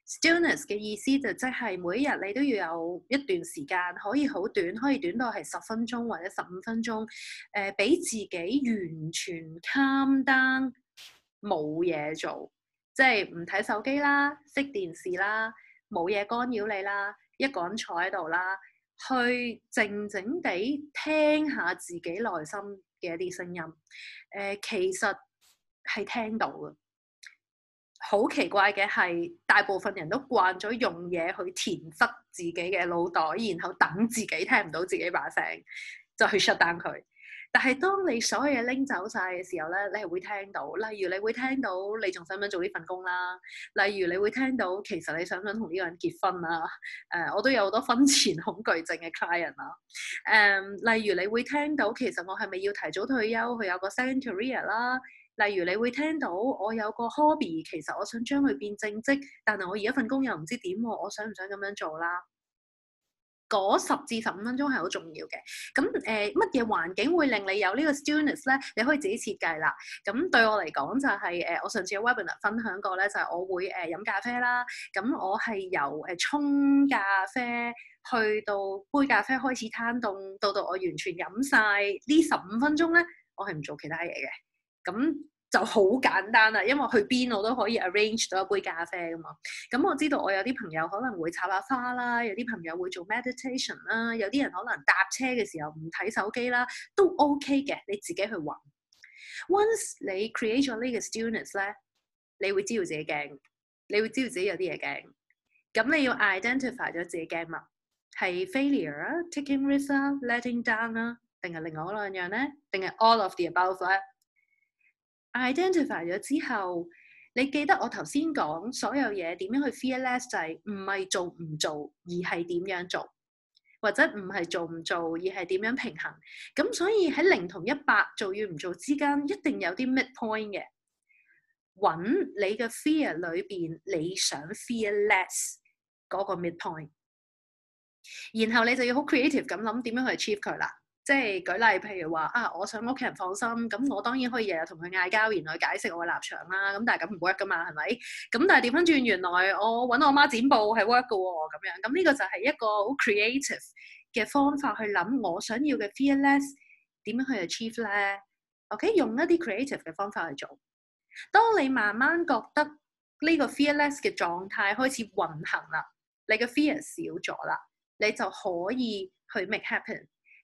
Stillness 嘅意思就即係每一日你都要有一段時間，可以好短，可以短到係十分鐘或者十五分鐘。誒、呃，俾自己完全 calm down 冇嘢做，即係唔睇手機啦，熄電視啦，冇嘢干擾你啦。一個人坐喺度啦，去靜靜地聽下自己內心嘅一啲聲音。誒、呃，其實係聽到嘅。好奇怪嘅係，大部分人都慣咗用嘢去填塞自己嘅腦袋，然後等自己聽唔到自己把聲，就去 shut down 佢。但係當你所有嘢拎走晒嘅時候咧，你係會聽到，例如你會聽到你仲想唔想做呢份工啦，例如你會聽到其實你想唔想同呢個人結婚啦，誒、呃、我都有好多婚前恐懼症嘅 client 啦，誒、呃、例如你會聽到其實我係咪要提早退休去有個 second career 啦，例如你會聽到我有個 hobby，其實我想將佢變正職，但係我而家份工又唔知點，我想唔想咁樣做啦？嗰十至十五分鐘係好重要嘅，咁誒乜嘢環境會令你有個呢個 stillness 咧？你可以自己設計啦。咁對我嚟講就係、是、誒、呃，我上次喺 webinar 分享過咧，就係、是、我會誒飲、呃、咖啡啦。咁我係由誒沖咖啡去到杯咖啡開始攤凍，到到我完全飲晒呢十五分鐘咧，我係唔做其他嘢嘅。咁。就好簡單啦，因為去邊我都可以 arrange 到一杯咖啡噶嘛。咁、嗯、我知道我有啲朋友可能會插下花啦，有啲朋友會做 meditation 啦，有啲人可能搭車嘅時候唔睇手機啦，都 OK 嘅。你自己去揾。Once you create students, 你 create 咗呢個 students 咧，你會知道自己驚，你會知道自己有啲嘢驚。咁你要 identify 咗自己驚乜？係 failure 啊，taking risk 啊，letting down 啊，定係另外嗰兩樣咧？定係 all of the above 咧？identify 咗之後，你記得我頭先講所有嘢點樣去 fear less 就係唔係做唔做，而係點樣做，或者唔係做唔做，而係點樣平衡。咁所以喺零同一百做與唔做之間，一定有啲 midpoint 嘅，揾你嘅 fear 裏邊你想 fear less 嗰個 midpoint，然後你就要好 creative 咁諗點樣去 achieve 佢啦。即係舉例，譬如話啊，我想屋企人放心，咁我當然可以日日同佢嗌交，然後解釋我嘅立場啦。咁但係咁唔 work 噶嘛，係咪？咁但係調翻轉，原來我揾我媽剪布係 work 嘅喎，咁樣。咁、這、呢個就係一個好 creative 嘅方法去諗我想要嘅 fearless 點樣去 achieve 咧。OK，用一啲 creative 嘅方法去做。當你慢慢覺得呢個 fearless 嘅狀態開始運行啦，你嘅 fear 少咗啦，你就可以去 make happen。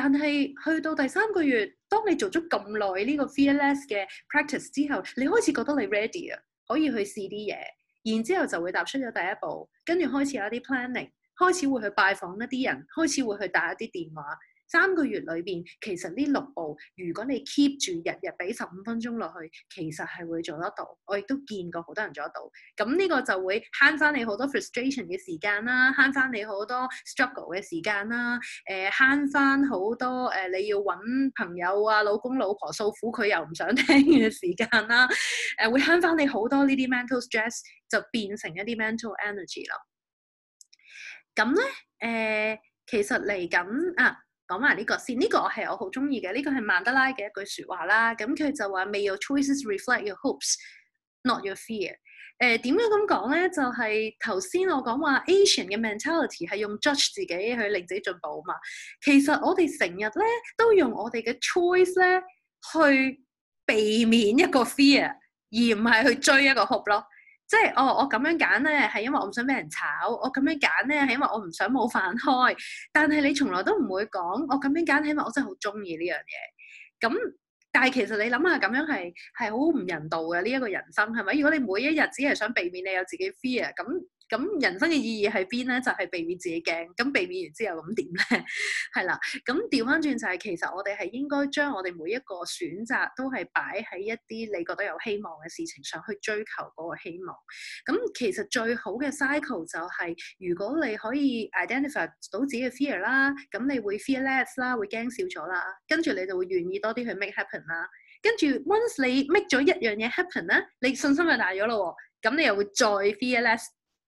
但係去到第三個月，當你做咗咁耐呢個 fearless 嘅 practice 之後，你開始覺得你 ready 啊，可以去試啲嘢，然之後就會踏出咗第一步，跟住開始有一啲 planning，開始會去拜訪一啲人，開始會去打一啲電話。三個月裏邊，其實呢六步，如果你 keep 住日日俾十五分鐘落去，其實係會做得到。我亦都見過好多人做得到。咁呢個就會慳翻你好多 frustration 嘅時間啦，慳翻你好多 struggle 嘅時間啦。誒、呃，慳翻好多誒、呃，你要揾朋友啊、老公老婆訴苦，佢又唔想聽嘅時間啦。誒、呃，會慳翻你好多呢啲 mental stress，就變成一啲 mental energy 咯。咁咧，誒、呃，其實嚟緊啊～講埋呢個先，呢、這個我係我好中意嘅，呢、這個係曼德拉嘅一句説話啦。咁佢就話：May your choices reflect your hopes，not your fear。誒點樣咁講咧？就係頭先我講話 Asian 嘅 mentality 係用 judge 自己去令自己進步嘛。其實我哋成日咧都用我哋嘅 choice 咧去避免一個 fear，而唔係去追一個 hope 咯。即係，哦，我咁樣揀咧係因為我唔想俾人炒，我咁樣揀咧係因為我唔想冇飯開。但係你從來都唔會講，我咁樣揀起碼我真係好中意呢樣嘢。咁，但係其實你諗下，咁樣係係好唔人道嘅呢一個人生係咪？如果你每一日只係想避免你有自己 fear，咁。咁人生嘅意義喺邊咧？就係避免自己驚。咁避免完之後咁點咧？係啦。咁調翻轉就係其實我哋係應該將我哋每一個選擇都係擺喺一啲你覺得有希望嘅事情上，去追求嗰個希望。咁其實最好嘅 cycle 就係如果你可以 identify 到自己嘅 fear 啦，咁你會 fear less 啦，會驚少咗啦。跟住你就會願意多啲去 make happen 啦。跟住 once 你 make 咗一樣嘢 happen 咧，你信心就大咗咯。咁你又會再 fear less。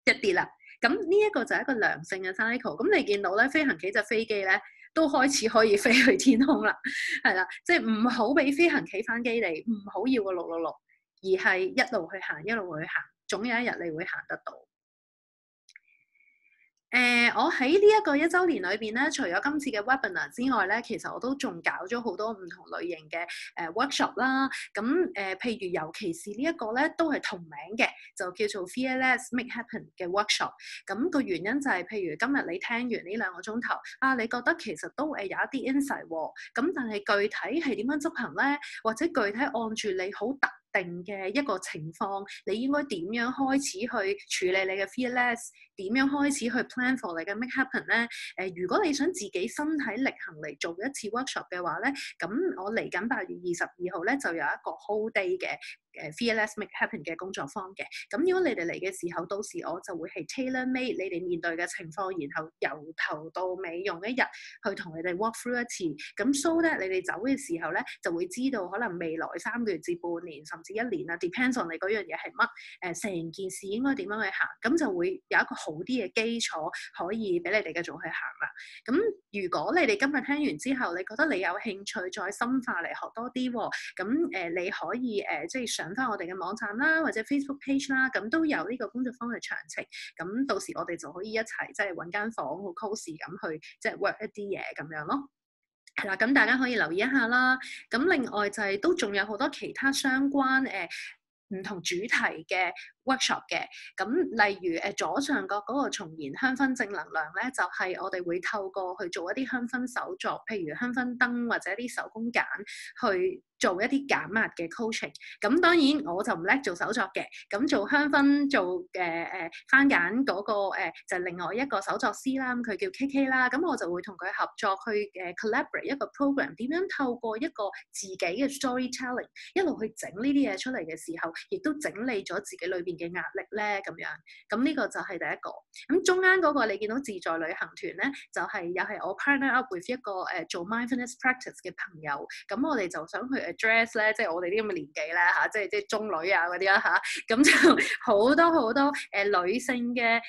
一啲啦，咁呢一個就係一個良性嘅 cycle，咁你見到咧飛行棋隻飛機咧都開始可以飛去天空啦，係啦，即係唔好俾飛行棋翻機你，唔好要個六六六，而係一路去行一路會去行，總有一日你會行得到。誒、呃，我喺呢一個一週年裏邊咧，除咗今次嘅 webinar 之外咧，其實我都仲搞咗好多唔同類型嘅誒 workshop 啦。咁誒、呃，譬如尤其是呢一個咧，都係同名嘅，就叫做 Fear Less Make Happen 嘅 workshop。咁個原因就係、是，譬如今日你聽完呢兩個鐘頭，啊，你覺得其實都誒有一啲 insight 喎。咁但係具體係點樣執行咧？或者具體按住你好定嘅一個情況，你應該點樣開始去處理你嘅 Fear Less？點樣開始去 plan for 你嘅 Make Happen 咧？誒、呃，如果你想自己身體力行嚟做一次 workshop 嘅話咧，咁我嚟緊八月二十二號咧就有一個 whole day 嘅。誒 Fearless make happen 嘅工作坊嘅，咁如果你哋嚟嘅時候，到時我就會係 tailor made 你哋面對嘅情況，然後由頭到尾用一日去同你哋 walk through 一次，咁 so that 你哋走嘅時候咧，就會知道可能未來三個月至半年，甚至一年啊，depends on 你嗰樣嘢係乜，誒成件事應該點樣去行，咁就會有一個好啲嘅基礎可以俾你哋繼續去行啦。咁如果你哋今日聽完之後，你覺得你有興趣再深化嚟學多啲喎，咁誒你可以誒、呃、即係。上翻我哋嘅網站啦，或者 Facebook page 啦，咁都有呢個工作坊嘅詳情。咁到時我哋就可以一齊即係揾間房好 close 咁去即係 work 一啲嘢咁樣咯。係啦，咁大家可以留意一下啦。咁另外就係都仲有好多其他相關誒唔同主題嘅 workshop 嘅，咁例如誒左上角個重燃香薰正能量咧，就係、是、我哋會透過去做一啲香薰手作，譬如香薰燈或者啲手工梘去做一啲減壓嘅 coaching。咁當然我就唔叻做手作嘅，咁做香薰做誒誒番梘個誒、呃、就係、是、另外一個手作師 KK, 啦，佢叫 KK 啦，咁我就會同佢合作去誒 collaborate 一個 program，點樣透過一個自己嘅 storytelling 一路去整呢啲嘢出嚟嘅時候，亦都整理咗自己裏邊。嘅壓力咧咁樣，咁呢個就係第一個。咁中間嗰、嗰個你見到自在旅行團咧，就係又係我 partner up with 一個誒做 mindfulness practice 嘅朋友。咁我哋就想去 address 咧，即係我哋啲咁嘅年紀咧嚇，即係即係中女啊嗰啲啦嚇。咁就好多好多誒女性嘅誒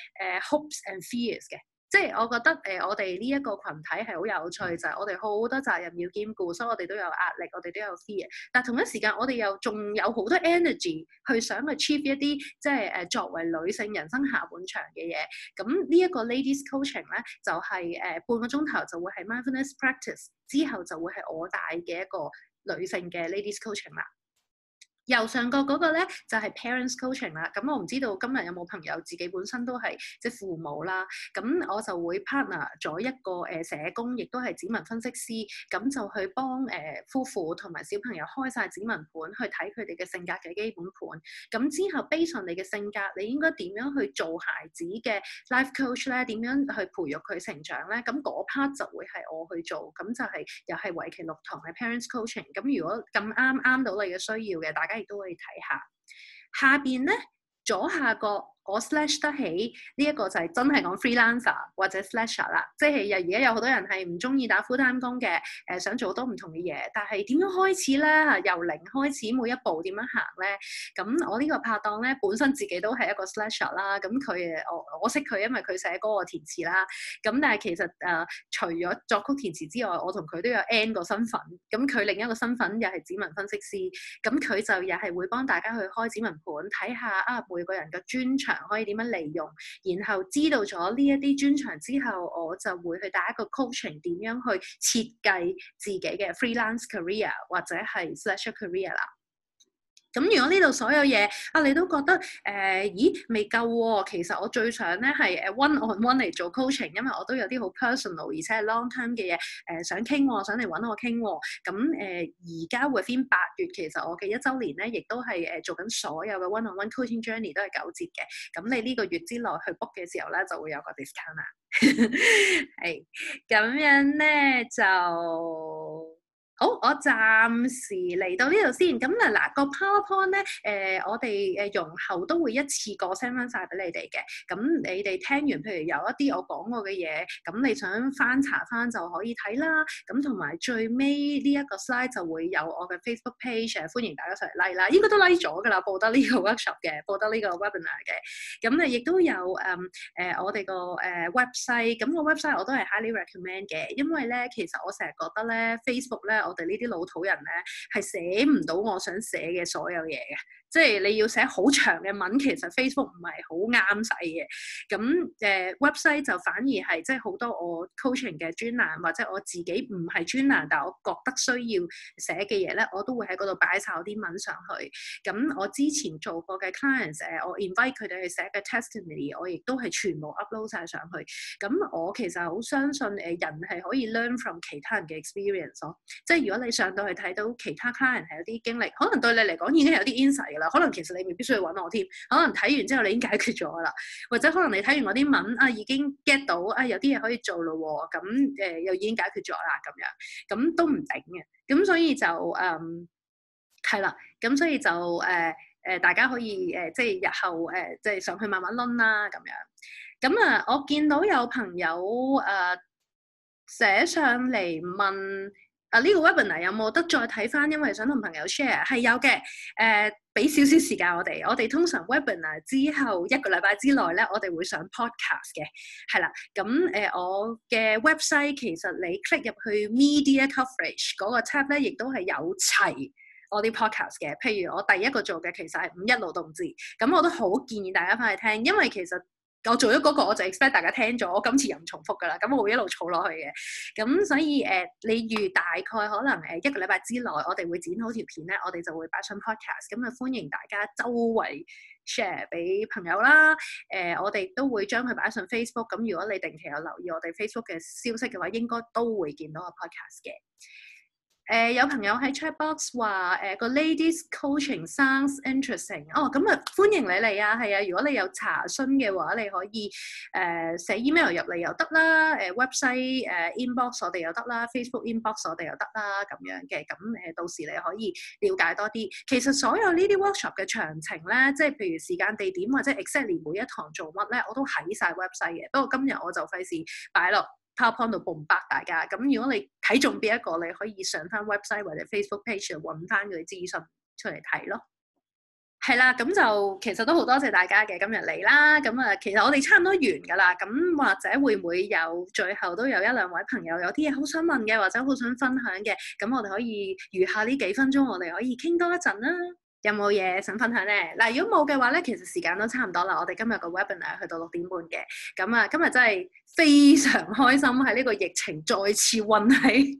hopes and fears 嘅。即係我覺得誒、呃，我哋呢一個群體係好有趣，就係、是、我哋好多責任要兼顧，所以我哋都有壓力，我哋都有 fear。但同一時間，我哋又仲有好多 energy 去想 achieve 一啲即係誒、呃、作為女性人生下半場嘅嘢。咁呢一個 ladies coaching 咧，就係、是、誒、呃、半個鐘頭就會係 mindfulness practice，之後就會係我帶嘅一個女性嘅 ladies coaching 啦。右上角嗰個咧就係、是、parents coaching 啦，咁、嗯、我唔知道今日有冇朋友自己本身都係即係父母啦，咁、嗯、我就會 partner 咗一個誒社工，亦都係指紋分析師，咁、嗯、就去幫誒、呃、夫婦同埋小朋友開晒指紋盤去睇佢哋嘅性格嘅基本盤，咁、嗯、之後 base 上你嘅性格，你應該點樣去做孩子嘅 life coach 咧？點樣去培育佢成長咧？咁嗰 part 就會係我去做，咁、嗯、就係又係為期六堂嘅 parents coaching，咁、嗯、如果咁啱啱到你嘅需要嘅，大家。都可以睇下下邊咧，左下角。我 slash 得起呢一、這個就係真係講 freelancer 或者 slasher 啦，即係又而家有好多人係唔中意打 fulltime 工嘅，誒、呃、想做好多唔同嘅嘢，但係點樣開始咧？嚇，由零開始每一步點樣行咧？咁我呢個拍檔咧本身自己都係一個 slasher 啦，咁佢誒我我識佢，因為佢寫歌我填詞啦，咁但係其實誒、呃、除咗作曲填詞之外，我同佢都有 N 個身份，咁佢另一個身份又係指紋分析師，咁佢就又係會幫大家去開指紋盤，睇下啊每個人嘅專長。可以點樣利用？然後知道咗呢一啲專長之後，我就會去打一個 coaching，點樣去設計自己嘅 freelance career 或者係 slash career 啦。咁如果呢度所有嘢，啊你都覺得誒、呃，咦未夠喎、啊？其實我最想咧係誒 one on one 嚟做 coaching，因為我都有啲好 personal，而且係 long time 嘅嘢誒想傾喎，想嚟揾我傾喎。咁誒而家會喺八月，其實我嘅一周年咧，亦都係誒做緊所有嘅 one on one coaching journey 都係九折嘅。咁你呢個月之內去 book 嘅時候咧，就會有個 discount 啦。 係咁樣咧就。好，我暫時嚟到、那個、呢度先。咁嗱嗱個 PowerPoint 咧，誒我哋誒容後都會一次過 send 翻曬俾你哋嘅。咁你哋聽完，譬如有一啲我講過嘅嘢，咁你想翻查翻就可以睇啦。咁同埋最尾呢一個 slide 就會有我嘅 Facebook page，歡迎大家上嚟 l、like、啦。應該都 like 咗㗎啦，報得呢個 workshop 嘅，報得呢個 webinar 嘅。咁咧亦都有誒誒、嗯呃、我哋個誒 website。咁個 website 我都係 highly recommend 嘅，因為咧其實我成日覺得咧 Facebook 咧。我哋呢啲老土人咧，係寫唔到我想寫嘅所有嘢嘅。即係你要寫好長嘅文，其實 Facebook 唔係好啱使嘅。咁誒 website 就反而係即係好多我 coaching 嘅專欄或者我自己唔係專欄，但係我覺得需要寫嘅嘢咧，我都會喺度擺晒啲文上去。咁我之前做過嘅 clients 誒、呃，我 invite 佢哋去寫嘅 testimony，我亦都係全部 upload 晒上去。咁我其實好相信誒人係可以 learn from 其他人嘅 experience 咯、哦。即係如果你上到去睇到其他 client 係有啲經歷，可能對你嚟講已經有啲 insight 嘅。可能其實你未必需要揾我添，可能睇完之後你已經解決咗啦，或者可能你睇完我啲文啊，已經 get 到啊，有啲嘢可以做咯喎，咁、啊、誒、啊、又已經解決咗啦咁樣，咁都唔頂嘅，咁所以就誒係啦，咁、嗯、所以就誒誒、呃、大家可以誒、呃、即係日後誒、呃、即係上去慢慢攆啦咁樣，咁啊我見到有朋友誒、呃、寫上嚟問。啊，呢個 webinar 有冇得再睇翻？因為想同朋友 share 係有嘅。誒，俾少少時間我哋。我哋通常 webinar 之後一個禮拜之內咧，我哋會上 podcast 嘅。係啦，咁誒，我嘅 website 其實你 click 入去 media coverage 嗰個 tab 咧，亦都係有齊我啲 podcast 嘅。譬如我第一個做嘅其實係五一勞動節，咁我都好建議大家翻去聽，因為其實。我做咗嗰、那個，我就 expect 大家聽咗，我今次又唔重複噶啦，咁我會一路儲落去嘅。咁所以誒，你、呃、預大概可能誒一個禮拜之內，我哋會剪好條片咧，我哋就會擺上 podcast。咁啊，歡迎大家周圍 share 俾朋友啦。誒、呃，我哋都會將佢擺上 Facebook。咁如果你定期有留意我哋 Facebook 嘅消息嘅話，應該都會見到個 podcast 嘅。誒、呃、有朋友喺 chat box 話誒、呃那個 ladies coaching sounds interesting 哦，咁、嗯、啊歡迎你嚟啊，係啊，如果你有查詢嘅話，你可以誒、呃、寫 email 入嚟又得啦，誒、呃、website 誒、呃、inbox 我哋又得啦，Facebook inbox 我哋又得啦，咁樣嘅，咁誒、呃、到時你可以了解多啲。其實所有呢啲 workshop 嘅詳情咧，即係譬如時間地點或者 exactly 每一堂做乜咧，我都喺晒 website 嘅。不過今日我就費事擺落 PowerPoint 度爆畀大家，咁如果你睇中邊一個，你可以上翻 website 或者 Facebook page 揾翻佢資訊出嚟睇咯。係啦，咁就其實都好多謝大家嘅今日嚟啦。咁啊，其實我哋差唔多完噶啦。咁或者會唔會有最後都有一兩位朋友有啲嘢好想問嘅，或者好想分享嘅，咁我哋可以餘下呢幾分鐘，我哋可以傾多一陣啦。有冇嘢想分享咧？嗱，如果冇嘅話咧，其實時間都差唔多啦。我哋今日個 Webinar 去到六點半嘅，咁啊，今日真係非常開心喺呢個疫情再次困喺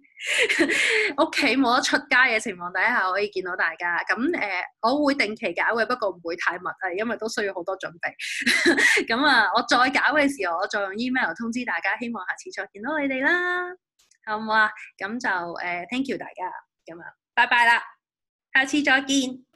屋企冇得出街嘅情況底下，可以見到大家。咁誒，我會定期搞嘅，不過唔會太密啊，因為都需要好多準備。咁 啊，我再搞嘅時候，我再用 email 通知大家，希望下次再見到你哋啦，好唔好啊？咁就誒，uh，thank you 大家，咁啊，拜拜啦，下次再見。